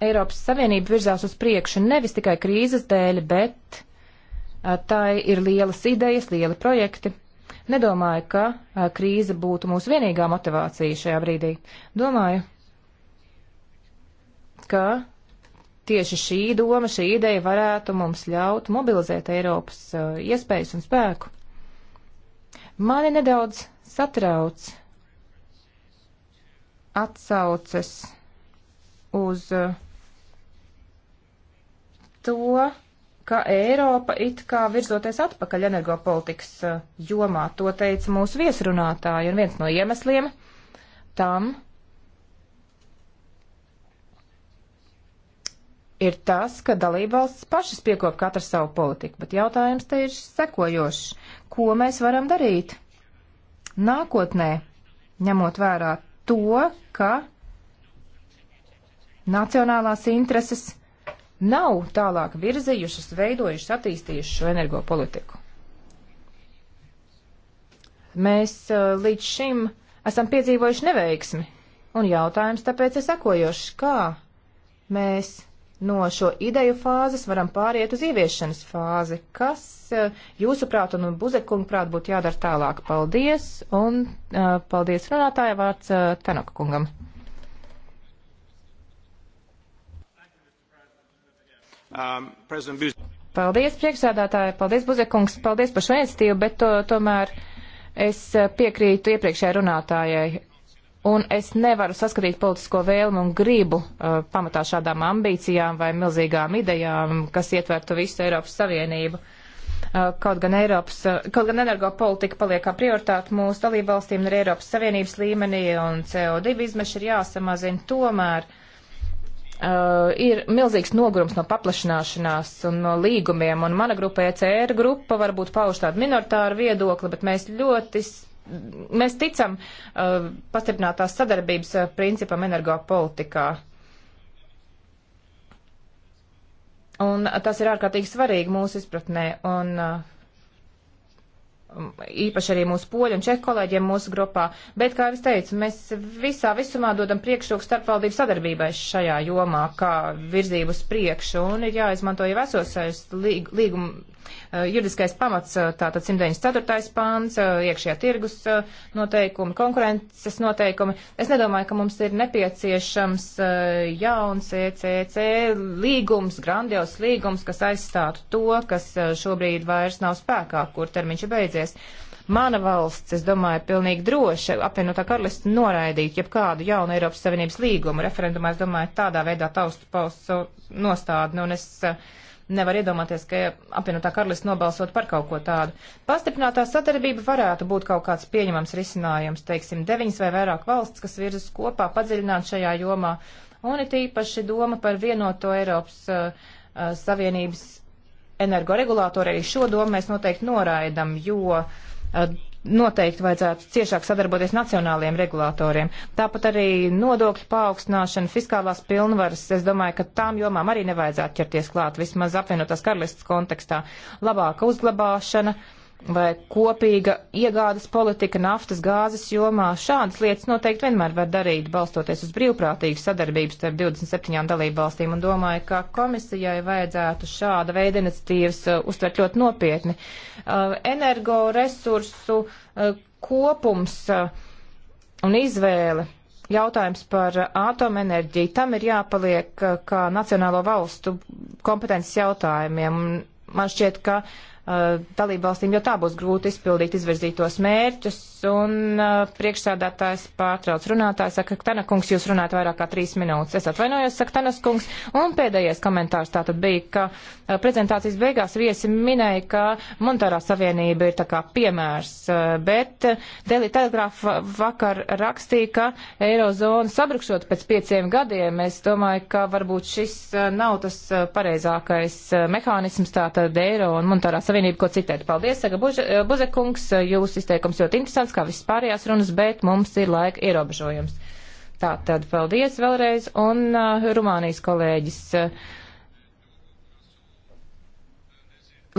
Eiropas Savienība virzās uz priekšu nevis tikai krīzes dēļ, bet tā ir lielas idejas, lieli projekti. Nedomāju, ka krīze būtu mūsu vienīgā motivācija šajā brīdī. Domāju, ka tieši šī doma, šī ideja varētu mums ļaut mobilizēt Eiropas iespējas un spēku. Mani nedaudz satrauc atsauces uz uh, to, ka Eiropa it kā virzoties atpakaļ energopolitikas eh, jomā. To teica mūsu viesrunātāji, un viens no iemesliem tam ir tas, ka dalībvalsts pašas piekop katru savu politiku, bet jautājums te ir sekojošs. Ko mēs varam darīt nākotnē, ņemot vērā to, ka nacionālās intereses nav tālāk virzījušas, veidojušas, attīstījušas šo energopolitiku. Mēs uh, līdz šim esam piedzīvojuši neveiksmi, un jautājums tāpēc ir sekojošs, kā mēs no šo ideju fāzes varam pāriet uz ieviešanas fāzi, kas uh, jūsuprāt un buzekunga prāt būtu jādara tālāk. Paldies, un uh, paldies runātāja vārds Tanaka kungam. Um, paldies, priekšsādātāji, paldies, Buzekungs, paldies par šo iniciatīvu, bet to, tomēr es uh, piekrītu iepriekšējai runātājai. Un es nevaru saskatīt politisko vēlmu un gribu uh, pamatā šādām ambīcijām vai milzīgām idejām, kas ietvertu visu Eiropas Savienību. Uh, kaut gan, Eiropas, uh, kaut gan energopolitika paliek kā prioritāte mūsu dalībvalstīm un ir Eiropas Savienības līmenī un CO2 izmeši ir jāsamazina tomēr. Uh, Uh, ir milzīgs nogurums no paplašināšanās un no līgumiem, un mana grupa ECR grupa varbūt pauž tādu minoritāru viedokli, bet mēs ļoti, mēs ticam uh, pastiprinātās sadarbības uh, principam energopolitikā. Un uh, tas ir ārkārtīgi svarīgi mūsu izpratnē, un uh, īpaši arī mūsu poļu un čehu kolēģiem mūsu grupā, bet, kā jau es teicu, mēs visā visumā dodam priekšroku starpvaldību sadarbībai šajā jomā, kā virzību uz priekšu, un ir jāizmanto jau esošais līguma Eh, juridiskais pamats eh, tātad 194. pāns, eh, iekšējā tirgus noteikumi, konkurences noteikumi. Es nedomāju, ka mums ir nepieciešams jauns ECC līgums, grandios līgums, kas aizstātu to, kas šobrīd vairs nav spēkā, kur termiņš ir beidzies mana valsts, es domāju, pilnīgi droši apvienotā karalista noraidīt jebkādu jaunu Eiropas Savienības līgumu referendumā. Es domāju, tādā veidā taustu paustu nostādu, nu, un es Nevar iedomāties, ka apvienotā karalista nobalsot par kaut ko tādu. Pastiprinātā sadarbība varētu būt kaut kāds pieņemams risinājums, teiksim, deviņas vai vairāk valsts, kas virzas kopā padziļināt šajā jomā, un it īpaši doma par vienoto Eiropas uh, uh, Savienības energoregulātori arī šo domu mēs noteikti noraidam, jo uh, noteikti vajadzētu ciešāk sadarboties nacionāliem regulātoriem. Tāpat arī nodokļu paaugstināšana, fiskālās pilnvaras, es domāju, ka tām jomām arī nevajadzētu ķerties klāt, vismaz apvienotās karalistas kontekstā. Labāka uzglabāšana. Uh, vai kopīga iegādes politika naftas, gāzes jomā. Šādas lietas noteikti vienmēr var darīt, balstoties uz brīvprātīgu sadarbību starp 27 dalību valstīm, un domāju, ka komisijai vajadzētu šāda veida iniciatīvas uh, uztvert ļoti nopietni. Uh, energoresursu uh, kopums uh, un izvēle. Jautājums par uh, atomenerģiju. Tam ir jāpaliek uh, kā nacionālo valstu kompetences jautājumiem. Man šķiet, ka uh, Uh, dalībvalstīm, jo tā būs grūti izpildīt izvirzītos mērķus, un uh, priekšsādātājs pārtrauc runātāju, saka, Tana kungs, jūs runājat vairāk kā trīs minūtes. Es atvainojos, saka Tanas kungs, un pēdējais komentārs tātad bija, ka uh, prezentācijas beigās viesi minēja, ka monetārā savienība ir tā kā piemērs, bet Deli Telegrāfa vakar rakstīja, ka Eirozona sabrukšot pēc pieciem gadiem. Es domāju, ka varbūt šis nav tas pareizākais mehānisms, tātad Eiro un monetārā savienība Savienību, ko citēt. Paldies, saka eh, Buzekungs, jūs izteikums ļoti interesants, kā viss pārējās runas, bet mums ir laika ierobežojums. Tā tad paldies vēlreiz, un uh, Rumānijas kolēģis uh,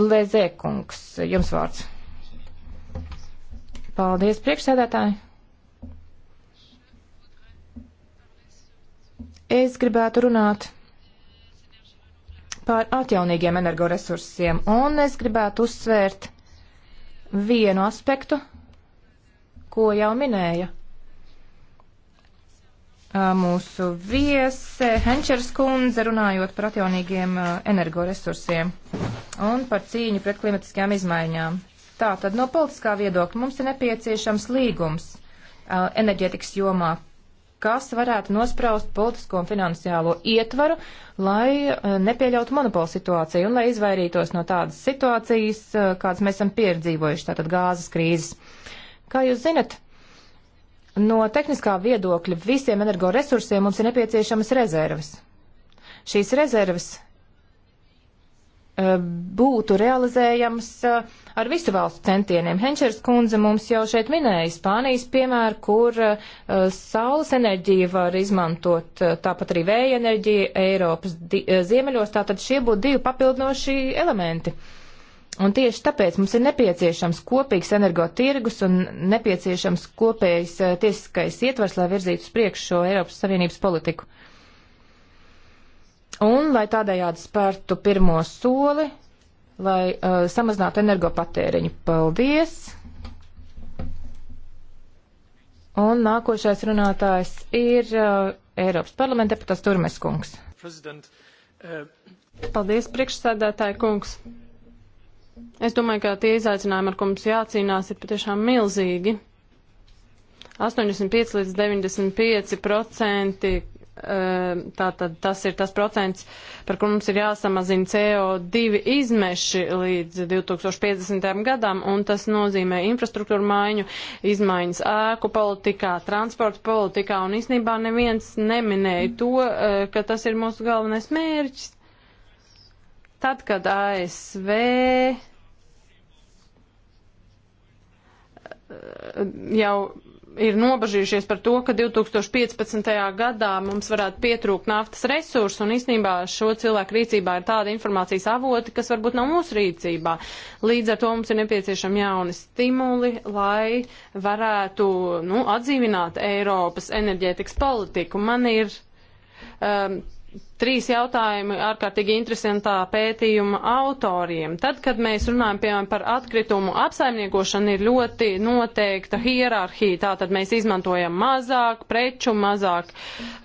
eh, Lezēkungs, jums vārds. Paldies, priekšsēdētāji. Es gribētu runāt par atjaunīgiem energoresursiem, un es gribētu uzsvērt vienu aspektu, ko jau minēja mūsu viese Henčers kundze runājot par atjaunīgiem energoresursiem un par cīņu pret klimatiskajām izmaiņām. Tātad no politiskā viedokļa mums ir nepieciešams līgums enerģetikas jomā, kas varētu nospraust politisko un finansiālo ietvaru, lai eh, nepieļautu monopola situāciju un lai izvairītos no tādas situācijas, eh, kādas mēs esam pieredzīvojuši, tātad gāzes krīzes. Kā jūs zinat, no tehniskā viedokļa visiem energoresursiem mums ir nepieciešamas rezerves. Šīs rezerves Eh, būtu realizējams eh, ar visu valstu centieniem. Henčers kundze mums jau šeit minēja Spānijas piemēru, kur eh, saules enerģiju var izmantot, tāpat arī vēja enerģija Eiropas ziemeļos, tātad šie būtu divi papildinoši elementi. Un tieši tāpēc mums ir nepieciešams kopīgs energotirgus un nepieciešams kopējs tiesiskais ietvars, lai virzītu uz priekšu šo Eiropas Savienības politiku un lai tādējādi spērtu pirmo soli, lai uh, samazinātu energopatēriņu. Paldies! Un nākošais runātājs ir uh, Eiropas parlamenta deputāts Turmes kungs. Uh... Paldies, priekšsēdētāji kungs! Es domāju, ka tie izaicinājumi, ar ko mums jācīnās, ir patiešām milzīgi. 85 līdz 95 procenti Ehm, tātad tas ir tas procents, par kur mums ir jāsamazina CO2 izmeši līdz 2050. gadam, un tas nozīmē infrastruktūru maiņu, izmaiņas ēku politikā, transporta politikā, un īstenībā neviens neminēja to, eh, ka tas ir mūsu galvenais mērķis. Tad, kad ASV eh, jau ir nobažījušies par to, ka 2015. gadā mums varētu pietrūkt naftas resursu, un īstenībā šo cilvēku rīcībā ir tāda informācijas avoti, kas varbūt nav mūsu rīcībā. Līdz ar to mums ir nepieciešami jauni stimuli, lai varētu nu, atdzīvināt Eiropas enerģētikas politiku. Man ir um, trīs jautājumi ārkārtīgi interesantā pētījuma autoriem. Tad, kad mēs runājam piemēram par atkritumu apsaimniekošanu, ir ļoti noteikta hierarhija. Tātad mēs izmantojam mazāk preču, mazāk,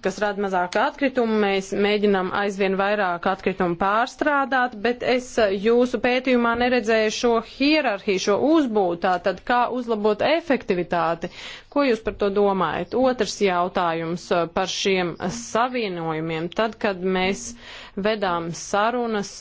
kas rada mazāk atkritumu. Mēs mēģinām aizvien vairāk atkritumu pārstrādāt, bet es jūsu pētījumā neredzēju šo hierarhiju, šo uzbūvu, tātad kā uzlabot efektivitāti. Ko jūs par to domājat? Otrs jautājums uh, par šiem savienojumiem. Tad, kad mēs vedām sarunas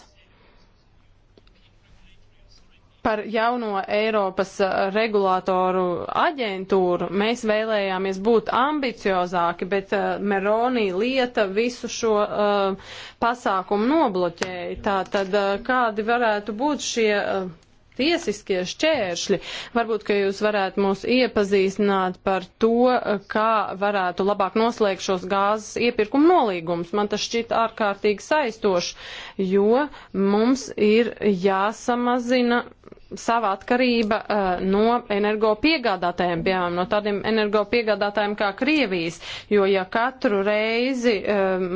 par jauno Eiropas uh, regulātoru aģentūru, mēs vēlējāmies būt ambiciozāki, bet uh, Meronī lieta visu šo uh, pasākumu nobloķēja. Tā tad uh, kādi varētu būt šie uh, tiesiskie šķēršļi. Varbūt, ka jūs varētu mūs iepazīstināt par to, kā varētu labāk noslēgt šos gāzes iepirkuma nolīgumus. Man tas šķiet ārkārtīgi saistoši, jo mums ir jāsamazina sava atkarība uh, no energopiegādātājiem, piemēram, no tādiem energopiegādātājiem kā Krievijas, jo ja katru reizi um,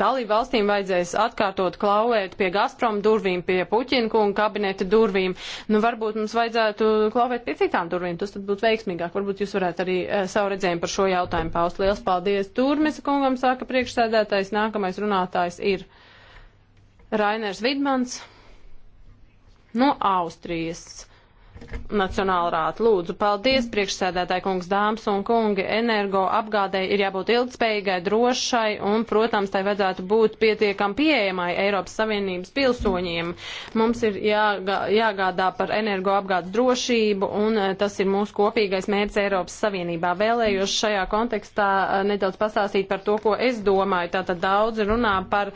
dalību valstīm vajadzēs atkārtot klauvēt pie Gazprom durvīm, pie Puķinku un kabineta durvīm, nu varbūt mums vajadzētu klauvēt pie citām durvīm, tas tad būtu veiksmīgāk, varbūt jūs varētu arī uh, savu redzējumu par šo jautājumu paust. Liels paldies Turmesa kungam, sāka priekšsēdētājs, nākamais runātājs ir Rainers Vidmans no Austrijas. Nacionālrāta. Lūdzu, paldies, priekšsēdētāji kungs, dāmas un kungi. Energo apgādēji ir jābūt ilgspējīgai, drošai un, protams, tai vajadzētu būt pietiekam pieejamai Eiropas Savienības pilsoņiem. Mums ir jāga, jāgādā par energo apgādes drošību un eh, tas ir mūsu kopīgais mērķis Eiropas Savienībā. Vēlējos šajā kontekstā eh, nedaudz pastāstīt par to, ko es domāju. Tātad daudzi runā par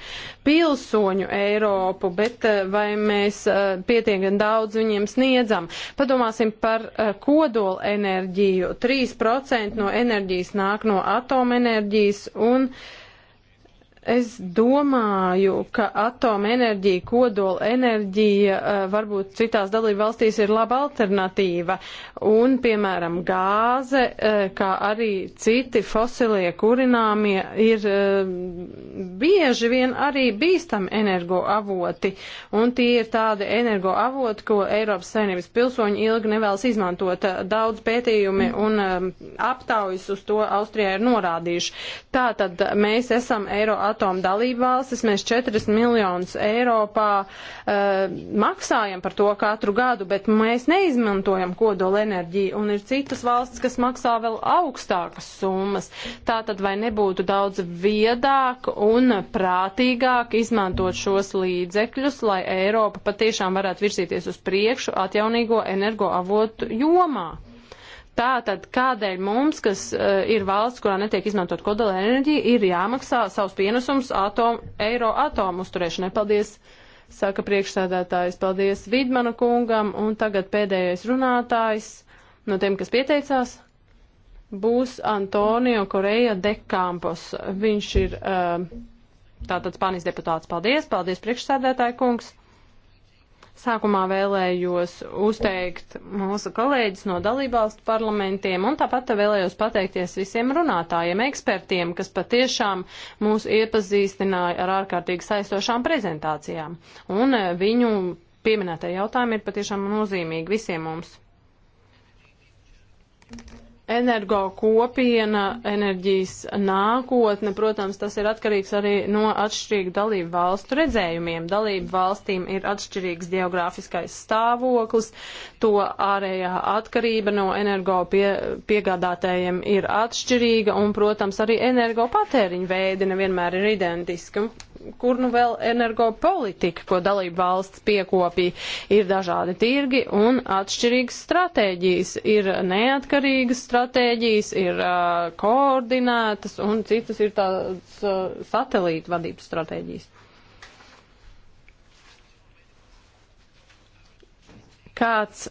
pilsoņu Eiropu, bet eh, vai mēs pietiekam daudz viņiem sniedzam? Padomāsim par uh, eh, kodola enerģiju. 3% no enerģijas nāk no atomenerģijas un uh, Es domāju, ka atomenerģija, kodola enerģija eh, varbūt citās dalību valstīs ir laba alternatīva. Un, piemēram, gāze, eh, kā arī citi fosilie kurināmie, ir eh, bieži vien arī bīstami energoavoti. Un tie ir tādi energoavoti, ko Eiropas Savienības pilsoņi ilgi nevēlas izmantot. Daudz pētījumi un aptaujas uz to Austrijā ir norādījuši. Tātad mēs esam Eiroatlantiskā atomu dalību valstis, mēs 40 miljonus Eiropā uh, maksājam par to katru gadu, bet mēs neizmantojam kodola enerģiju, un ir citas valstis, kas maksā vēl augstākas summas. Tātad vai nebūtu daudz viedāk un prātīgāk izmantot šos līdzekļus, lai Eiropa patiešām varētu virzīties uz priekšu atjaunīgo energoavotu jomā? Tātad, kādēļ mums, kas uh, ir valsts, kurā netiek izmantot kodola enerģija, ir jāmaksā savus pienesums atom, eiro atomu uzturēšanai? Paldies, saka priekšsēdētājs, paldies Vidmana kungam, un tagad pēdējais runātājs no tiem, kas pieteicās, būs Antonio Koreja de Campos. Viņš ir uh, tātad Spānijas deputāts. Paldies, paldies priekšsēdētāja kungs. Sākumā vēlējos uzteikt mūsu kolēģis no dalībvalstu parlamentiem un tāpat vēlējos pateikties visiem runātājiem, ekspertiem, kas patiešām mūs iepazīstināja ar ārkārtīgi saistošām prezentācijām. Un eh, viņu pieminētie jautājumi ir patiešām nozīmīgi visiem mums. Thank you. Energo kopiena, enerģijas nākotne, protams, tas ir atkarīgs arī no atšķirīgu dalību valstu redzējumiem. Dalību valstīm ir atšķirīgs geogrāfiskais stāvoklis, to ārējā atkarība no energo pie, piegādātējiem ir atšķirīga un, protams, arī energo patēriņu veidi nevienmēr ir identiski kur nu vēl energopolitika, ko dalība valsts piekopīja, ir dažādi tirgi un atšķirīgas stratēģijas, ir neatkarīgas stratēģijas, ir uh, koordinētas un citas ir tādas uh, satelīta vadības stratēģijas. Kāds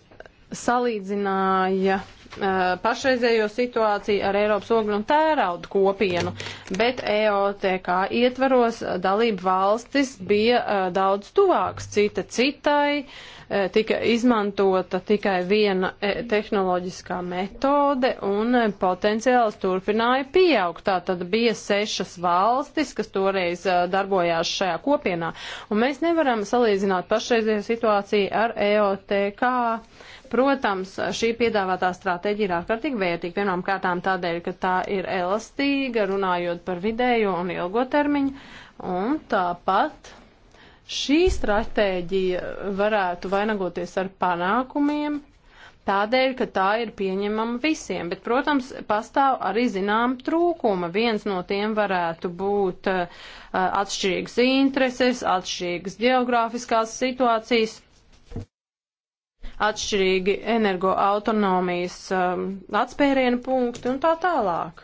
salīdzināja Uh, pašreizējo situāciju ar Eiropas ogļu un tērauda kopienu, bet EOTK ietvaros dalību valstis bija uh, daudz tuvāks cita citai, uh, tika izmantota tikai viena tehnoloģiskā metode un potenciāls turpināja pieaugt. Tā tad bija sešas valstis, kas toreiz darbojās šajā kopienā, un mēs nevaram salīdzināt pašreizējo situāciju ar EOTK. Protams, šī piedāvātā stratēģija ir ārkārtīgi vērtīga. Pirmām kārtām tādēļ, ka tā ir elastīga, runājot par vidējo un ilgo termiņu, un tāpat šī stratēģija varētu vainagoties ar panākumiem, tādēļ, ka tā ir pieņemama visiem, bet, protams, pastāv arī zinām trūkuma. Viens no tiem varētu būt uh, atšķirīgas intereses, atšķirīgas geogrāfiskās situācijas atšķirīgi energoautonomijas um, atspērienu punkti un tā tālāk.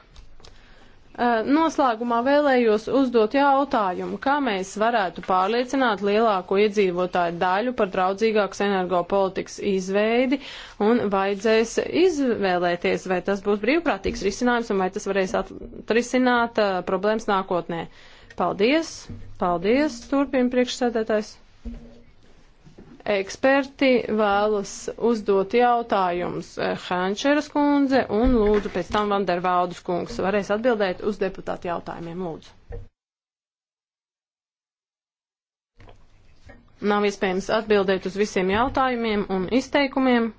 Uh, noslēgumā vēlējos uzdot jautājumu, kā mēs varētu pārliecināt lielāko iedzīvotāju daļu par draudzīgākas energopolitikas izveidi un vajadzēs izvēlēties, vai tas būs brīvprātīgs risinājums un vai tas varēs atrisināt uh, problēmas nākotnē. Paldies, paldies, turpina priekšsēdētājs. Eksperti vēlas uzdot jautājumus eh, Hančeras kundze un lūdzu pēc tam Vandervaldus kungs varēs atbildēt uz deputātu jautājumiem. Lūdzu. Nav iespējams atbildēt uz visiem jautājumiem un izteikumiem,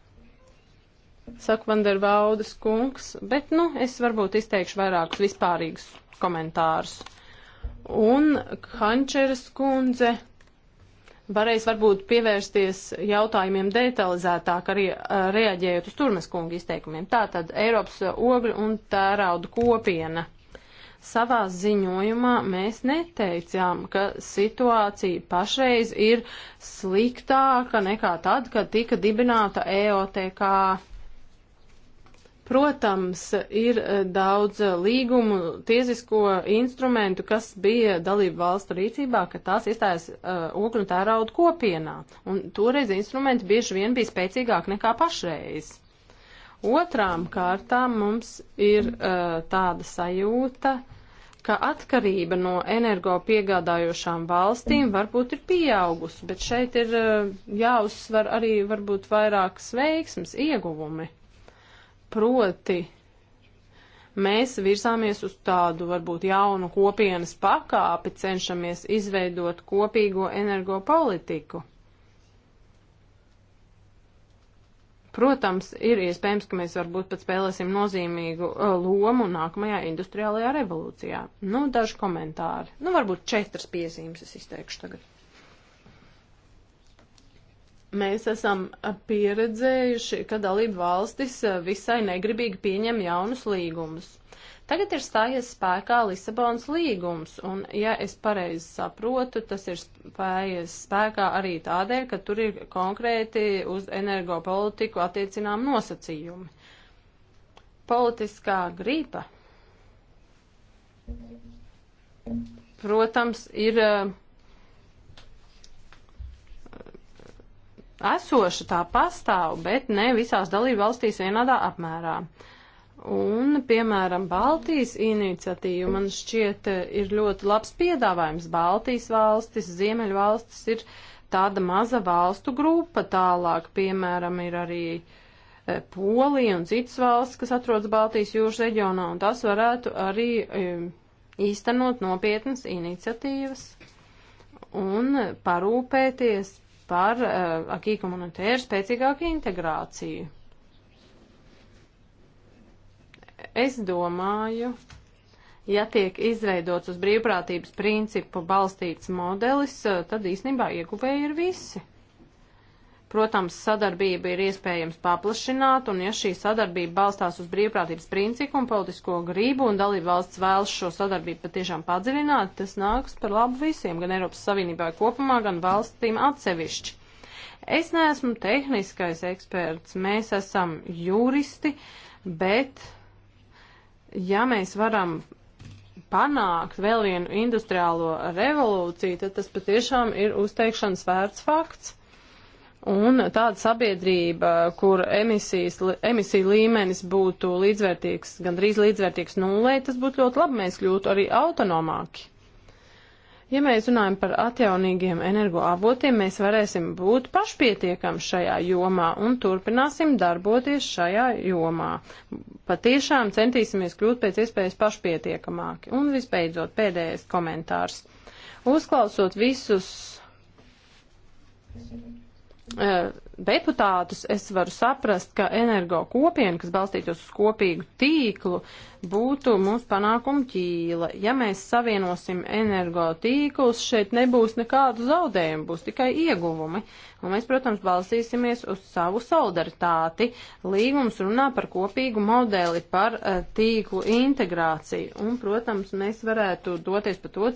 saka Vandervaldus kungs, bet nu es varbūt izteikšu vairākus vispārīgus komentārus. Un Hančeras kundze varēs varbūt pievērsties jautājumiem detalizētāk, arī reaģējot uz Turmes kunga izteikumiem. Tātad Eiropas ogļu un tērauda kopiena. Savā ziņojumā mēs neteicām, ka situācija pašreiz ir sliktāka nekā tad, kad tika dibināta EOTK Protams, ir eh, daudz eh, līgumu, tiesisko instrumentu, kas bija dalību valstu rīcībā, ka tās iestājas uh, ogļu tērauda kopienā. Un toreiz instrumenti bieži vien bija spēcīgāki nekā pašreiz. Otrām kārtām mums ir uh, tāda sajūta, ka atkarība no energo piegādājošām valstīm varbūt ir pieaugusi, bet šeit ir uh, jāuzsver arī varbūt vairākas veiksmes ieguvumi. Proti, mēs virzāmies uz tādu varbūt jaunu kopienas pakāpi, cenšamies izveidot kopīgo energopolitiku. Protams, ir iespējams, ka mēs varbūt pat spēlēsim nozīmīgu uh, lomu nākamajā industriālajā revolūcijā. Nu, daži komentāri. Nu, varbūt četras piezīmes es izteikšu tagad mēs esam pieredzējuši, ka dalību valstis visai negribīgi pieņem jaunus līgumus. Tagad ir stājies spēkā Lisabonas līgums, un, ja es pareizi saprotu, tas ir spējies spēkā arī tādēļ, ka tur ir konkrēti uz energopolitiku attiecinām nosacījumi. Politiskā grīpa, protams, ir uh, esoša, tā pastāv, bet ne visās dalību valstīs vienādā apmērā. Un, piemēram, Baltijas iniciatīva man šķiet eh, ir ļoti labs piedāvājums. Baltijas valstis, Ziemeļvalstis ir tāda maza valstu grupa, tālāk, piemēram, ir arī eh, Polija un citas valsts, kas atrodas Baltijas jūras reģionā, un tas varētu arī eh, īstenot nopietnas iniciatīvas un parūpēties par uh, eh, akī komunitāru spēcīgāku integrāciju. Es domāju, ja tiek izveidots uz brīvprātības principu balstīts modelis, eh, tad īstenībā ieguvēji ir visi. Protams, sadarbība ir iespējams paplašināt, un ja šī sadarbība balstās uz brīvprātības principu un politisko gribu, un dalību valsts vēlas šo sadarbību patiešām padziļināt, tas nāks par labu visiem, gan Eiropas Savienībai kopumā, gan valstīm atsevišķi. Es neesmu tehniskais eksperts, mēs esam juristi, bet ja mēs varam panākt vēl vienu industriālo revolūciju, tad tas patiešām ir uzteikšanas vērts fakts. Un tāda sabiedrība, kur emisijas, emisija līmenis būtu līdzvērtīgs, gandrīz līdzvērtīgs nulē, tas būtu ļoti labi, mēs kļūtu arī autonomāki. Ja mēs runājam par atjaunīgiem energoavotiem, mēs varēsim būt pašpietiekami šajā jomā un turpināsim darboties šajā jomā. Patiešām centīsimies kļūt pēc iespējas pašpietiekamāki. Un visbeidzot, pēdējais komentārs. Uzklausot visus. Thank you Eh, deputātus, es varu saprast, ka energo kopiena, kas balstītos uz kopīgu tīklu, būtu mūsu panākumu ķīla. Ja mēs savienosim energo tīklus, šeit nebūs nekādu zaudējumu, būs tikai ieguvumi. Un mēs, protams, balstīsimies uz savu solidaritāti. Līgums runā par kopīgu modeli, par eh, tīklu integrāciju. Un, protams, mēs varētu doties pa to